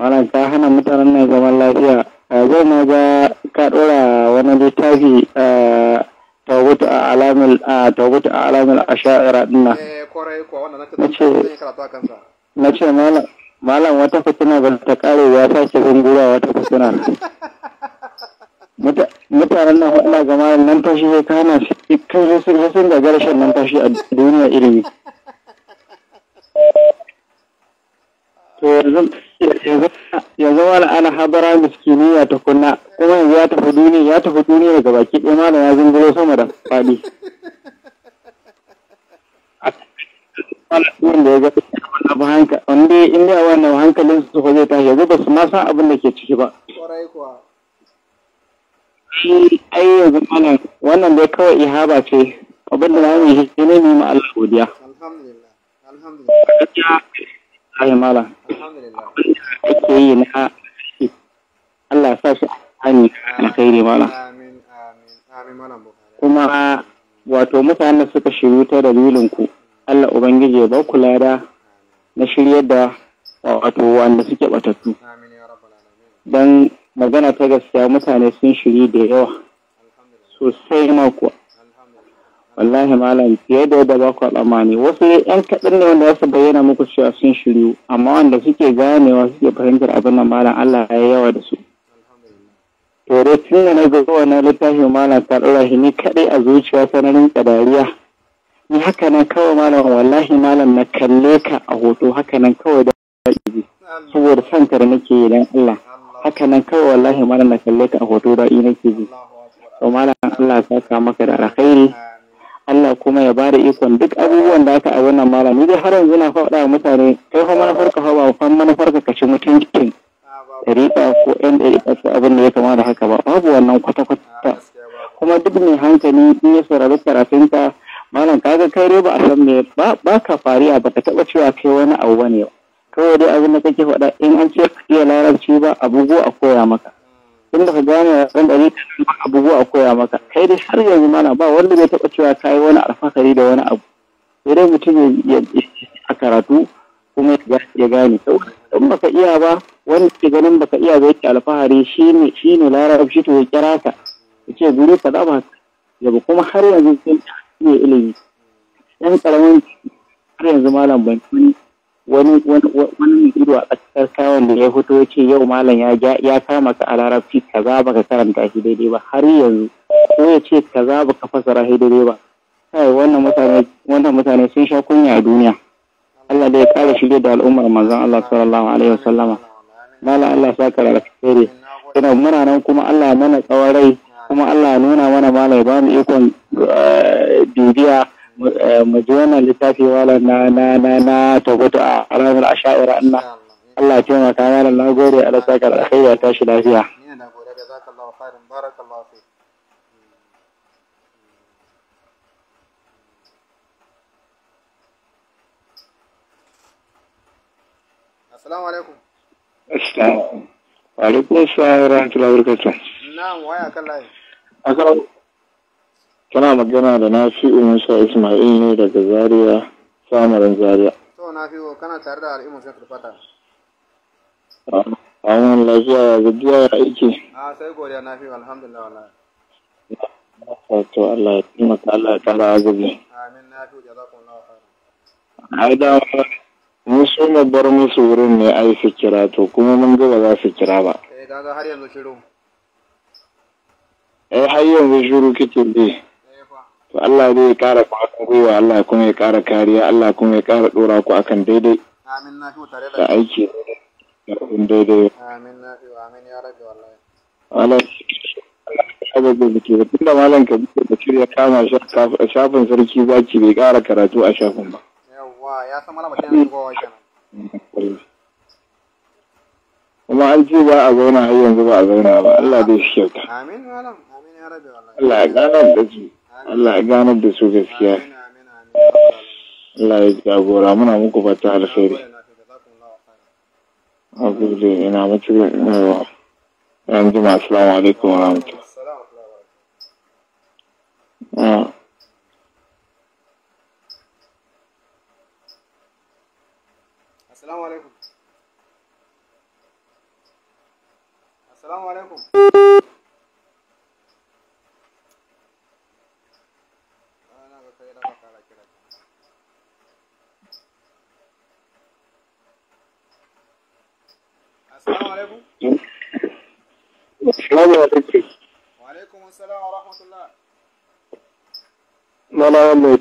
malam ka hana mutanen nan zaman lafiya a zai ma ga ka dora wani littafi a tawbatu a alamil a tawbatu a alamil sha'ira dinnan na ce malam malam wata fitina ba ta kare ya sake gungura wata fitina mutanen nan faɗa ga malam nan fashi sai ka hana kai sun da garshen nan fashi a duniya iri. to yanzu wani ana habara miskiniya ta kunna kuma yanzu ya tafi duniya ya tafi duniya daga baki ɗaya ma da ya zunguro sama da faɗi. Wanda in da wannan hankalin su zai tashi yanzu ba su ma abin da ke ciki ba. Shi ai yanzu mana, wannan dai kawai ihaba ce abin da na yi shi ne mu ayi mala Ake yi na Allah sa shi ani alkhairi mala Kuma wato mutanen suka shiru ta dalilin ku Allah ubangiji ba ku lada na shiryar da wato wanda suke batattu. Dan magana ta gaskiya mutane sun shiri da yawa sosai mako wallahi malam fiye da yadda ba ku tsammani wasu yan kaɗan ne wanda su bayyana muku cewa sun shiryu amma wanda suke ganewa suke fahimtar abin nan malam Allah ya yi yawa da su to dai tun da na wa na littafin malam ta ɗora shi ni kaɗai a zuciya sanarin tsadariya. ni haka nan kawai malam wallahi malam na kalle ka a hoto haka nan kawai da saboda son ka da nake yi dan Allah haka nan kawai wallahi malam na kalle ka a hoto da nake yi. to malam Allah ya saka maka da alkhairi Allah kuma ya bada ikon duk abubuwan da aka a wannan malam ni dai har yanzu na faɗa wa mutane kai fa manufar ka fa ba fa manufar ka kaci mutuncin riba ko ɗan ɗaya ko abin da ya kama da haka ba babu wannan kwata kwata kuma duk mai hankali in ya saurari karatun ka malam kaga kai dai ba a san me ba ka fariya ba ka taɓa cewa kai wani abu bane ba kawai dai abin da kake faɗa in an ce iya larabci ba abubuwa a koya maka in baka gane yatsun ɗari abubuwa a koya maka kai dai har yanzu mana ba wanda bai taɓa cewa ka yi wani alfahari da wani abu sai dai mutum ya a karatu kuma ya gane in baka iya ba wani ke ganin baka iya zai ke alfahari shine shine shi to ya kira ka ya ce guri ka zaba ba kuma har yanzu sun ne ilimi yan karamin har yanzu malam ban wani wani ido a tsakar kawon da ya fito ya ce yau malam ya ya kama ka a larabci kaza baka karanta shi daidai ba har yanzu ko ya ce kaza baka fasara shi daidai ba kai wannan mutane wannan mutane sun sha kunya a duniya Allah da ya kara shirye da al'ummar manzon Allah sallallahu alaihi wasallama malam Allah sa ka rarrafe ina muna nan kuma Allah mana tsawon rai kuma Allah nuna mana mala ya ba mu ikon dubiya eh, mu littafi wala na na na na tabbata a alamar asha'ira inna Allah ya taimaka malam na gode Allah saka alkhairi ya tashi lafiya Assalamu alaikum. Assalamu alaikum. Wa alaikum assalam wa rahmatullahi wa barakatuh. Na'am waya Kana magana da Nafi'u Musa Ismail ne daga Zaria, samarin Zaria. To Nafi'u kana tare da al'imu ka Fata. Amin ah, ah, lafiya ya gajiya ya aiki. A ah, sai godiya Nafi'u alhamdulillah wallahi. Wato Allah ya ta Allah ya kara azumi. Amin Nafi'u jazakumullahu khairan. Ai da mun so mu bar musu wurin ne ai su kira to kuma mun ga ba za su kira ba. Eh kaga har yanzu shiru. Eh har yanzu shiru kike dai. to Allah ne ya kara ku akan gwiwa Allah kuma ya kara kariya Allah kuma ya kara dora ku akan daidai amin na fi tare da aiki da kun daidai amin na fi amin ya rabbi wallahi Allah sababin da ke tun da malam ka da shirya kama shafin sarki ki bai kara karatu a shafin ba yawwa ya san mana kenan kuma an ce ba a zauna har yanzu ba a zauna ba Allah bai shi kyauta amin malam amin ya rabbi wallahi Allah ya kara da su Allah ya ganar da su gaskiya Allah ya jagora muna muku fata alkhairi Abubuwa ina mutuwa yawa yan jima asalamu alaikum wa rahmatullahi Assalamu alaikum. Assalamu alaikum. Assalamu alaikum. Wa alaikum wa rahmatullah. Mana mai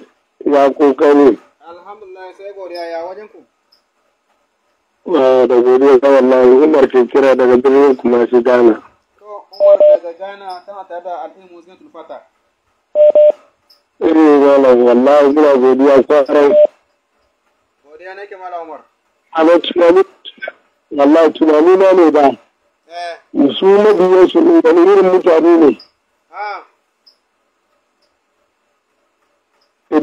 ya kokari. Alhamdulillah sai godiya ya wajen ku. da godiya ga wallahi Umar ke kira daga birnin kuma shi Ghana. To Umar daga Ghana tana tare da wallahi godiya kwarai. Godiya nake Umar. Allah tunani na ne ba eh. su mabiyan su ne da irin mutane ne ah.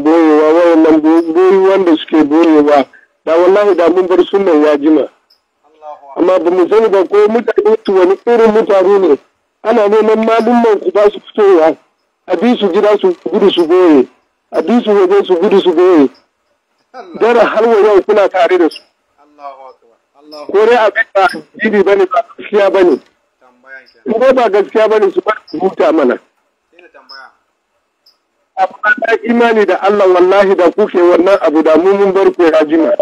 boyewa wayannan boyi wanda suke boyewa da wallahi da mun bar sunan ya jima amma ba mu sani ba ko mutane su wani irin mutane ne ana neman malumman ku ba su fitowa a bi su gida su gudu su goye a bi su waje su gudu su goye. dara har wa yau kuna tare da su ko dai a ba gidi bane ba gaskiya bane ko ba gaskiya bane su bar huta mana abu na imani da Allah wallahi da kuke wannan abu da mu mun bar ku ya jima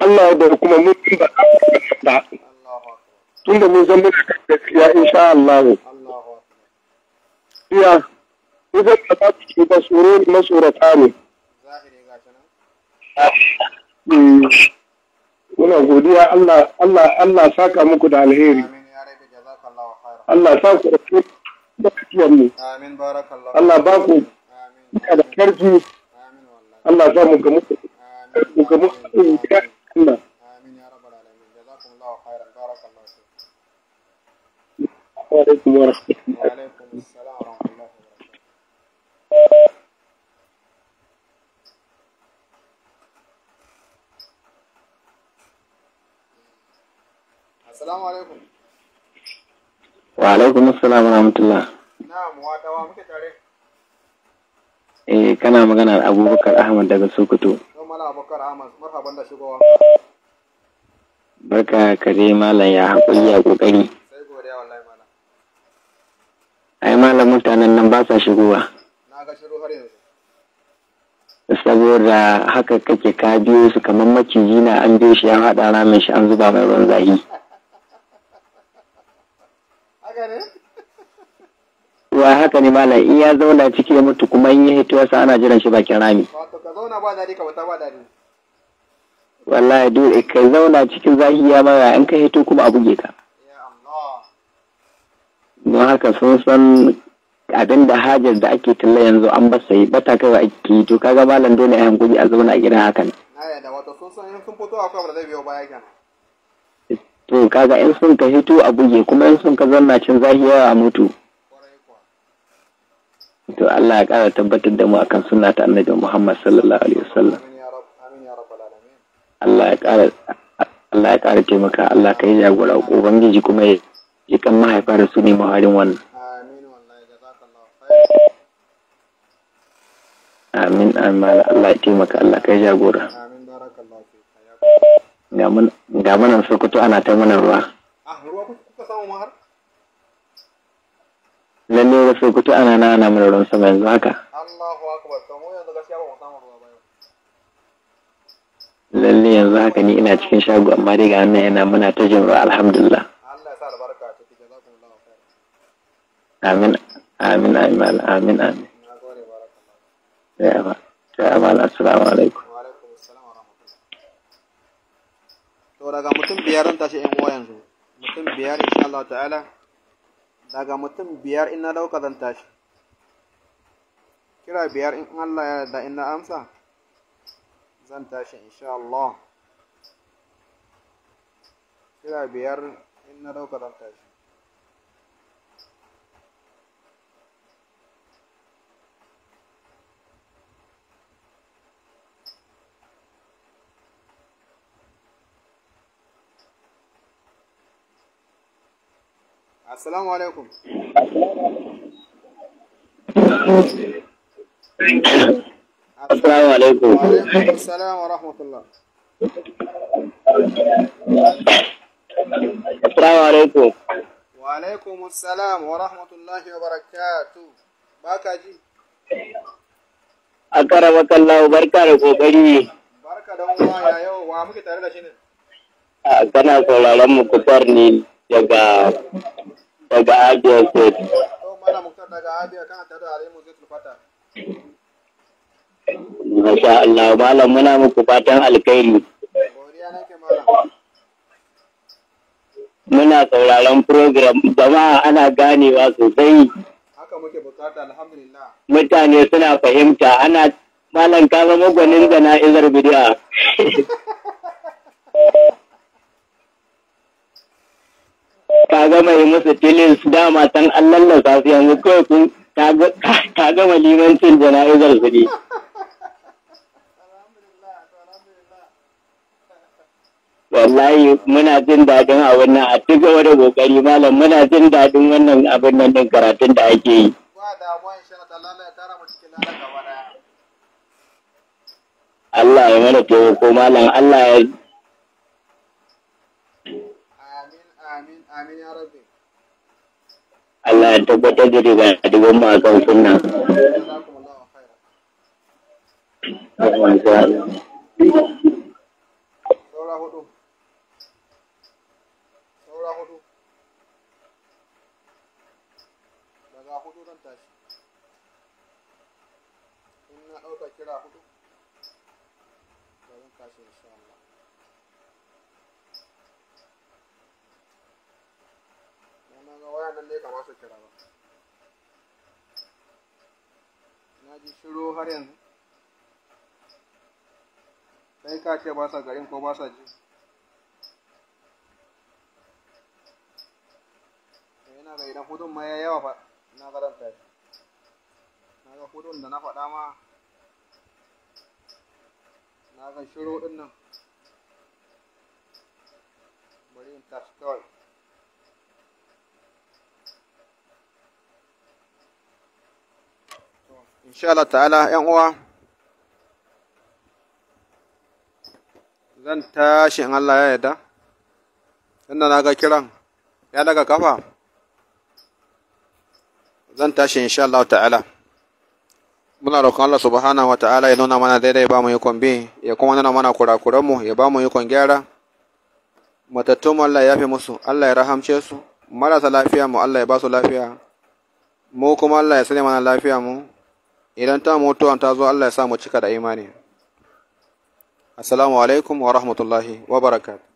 Allah da kuma mun ba ba tunda mun zama da gaskiya insha Allah ya idan ka ba ki ba tsoro masorata ne zahiri ga muna godiya Allah Allah Allah saka muku da alheri Allah sa ku da kiyar amin barakallahu Allah ba ku da karfi Allah sa mu ga mu mu ga mu Allah وعليكم ورحمة الله وعليكم السلام ورحمة الله وبركاته Assalamu alaikum. Wa alaikum assalam wa rahmatullah. Na'am, wa dawa muke tare. Eh, kana magana da Abubakar Ahmad daga Sokoto. Yau mala Abubakar Ahmad, marhaban da shigowa. Barka ka dai malam ya haƙuri ya ƙoƙari. Sai godiya wallahi malam. Ai malam mutanen nan ba sa shigowa. Na ga shiru har yanzu. Saboda haka kake ka biyo su kamar maciji na an biyo shi ya haɗa ramin shi an zuba mai ruwan zahi. wa haka ne malam in ya zauna ciki ya mutu kuma in yi hito yasa ana jiran shi bakin rami wato ka zauna ba dare ka ba dare wallahi dole ka zauna cikin ya mara in ka hito kuma a buge ka don haka sun san abin da hajar da ake talla yanzu an ba sai bata kai ake yi to kaga malam dole a hankuli a zauna a gidan hakan na yadda wato sun san in sun fito akwai da zai biyo baya kenan to kaga in sun ka hito a buge kuma in sun ka zanna cin zahiya a mutu to Allah ya kara tabbatar da mu akan sunna ta annabi Muhammad sallallahu alaihi wasallam Allah ya kara Allah ya kara taimaka Allah ka yi jagora bangiji kuma ya yi kan mahaifa da su ne muharin wannan amin amin Allah ya taimaka Allah ka yi jagora ga manan sokoto ana ta mana ruwa lalle da sokoto ana na ana mana ruwan sama yanzu haka lalle yanzu haka ni ina cikin shago amma dai ga hannun yana mana ta jin ruwa alhamdulillah amin amin amin amin amin ya ba ta amal assalamu alaikum daga mutum biyar zan tashi yan uwa yanzu mutum biyar insha Allah ta'ala daga mutum biyar ina dauka zan tashi kira biyar in Allah ya da ina amsa zan tashi insha Allah kira biyar ina dauka zan tashi Assalamu alaikum. Assalamu alaikum. Wa alaikum assalam wa rahmatullah. Assalamu alaikum. Wa alaikum assalam wa rahmatullahi wa barakatuh. Baka ji. Akara makallahu barka da kokari. Barka da uwa ya yau wa muke tare da shi ne. A ah, Kana sauraron mu kubar ne daga daga Abia State. Masha Allah, malam muna muku fatan alkhairi. Muna sauraron program jama'a ana ganewa sosai. Haka muke bukata alhamdulillah. Mutane suna fahimta ana malam kama magwanin zana izar bidiya. ka gama yi musu tilin su dama san an lallasa su yanzu kawai kun ka gama limancin jana'izar su ne. wallahi muna jin daɗin abin nan a duk wani kokari malam muna jin daɗin wannan abin nan din karatun da ake yi Allah ya mana taimako malam Allah ya Amin ya rabbi. Allah ya tabbatar da riga a dubban mu a sunna. Saura hudu. Saura hudu. Daga hudu zan tashi. ɗauka kira hudu. ga wayannan ne kamar su kira ba na ji shiru har yanzu sai ka ce ba sa garin ko ba sa ji yana ga idan hudun ma ya yawa fa na karanta shi na ga hudun da na faɗa ma na ga shiru ɗin nan bari in tashi kawai insha Allah ta'ala ‘yan uwa zan tashi in Allah ya yarda inda na ga kiran ya daga kafa zan tashi insha Allah ta'ala muna roƙon Allah subhanahu wa ta'ala ya nuna mana daidai ba mu yi kwambi ya kuma nuna mana kurakuranmu ya ba mu yi gyara matattun Allah ya fi musu Allah ya rahamce su marasa lafiya mu Allah ya ba su lafiya mu kuma Allah ya sani mana lafiya mu idan ta mutuwan ta zo Allah ya sa mu cika da imani assalamu alaikum wa rahmatullahi wa barakatuh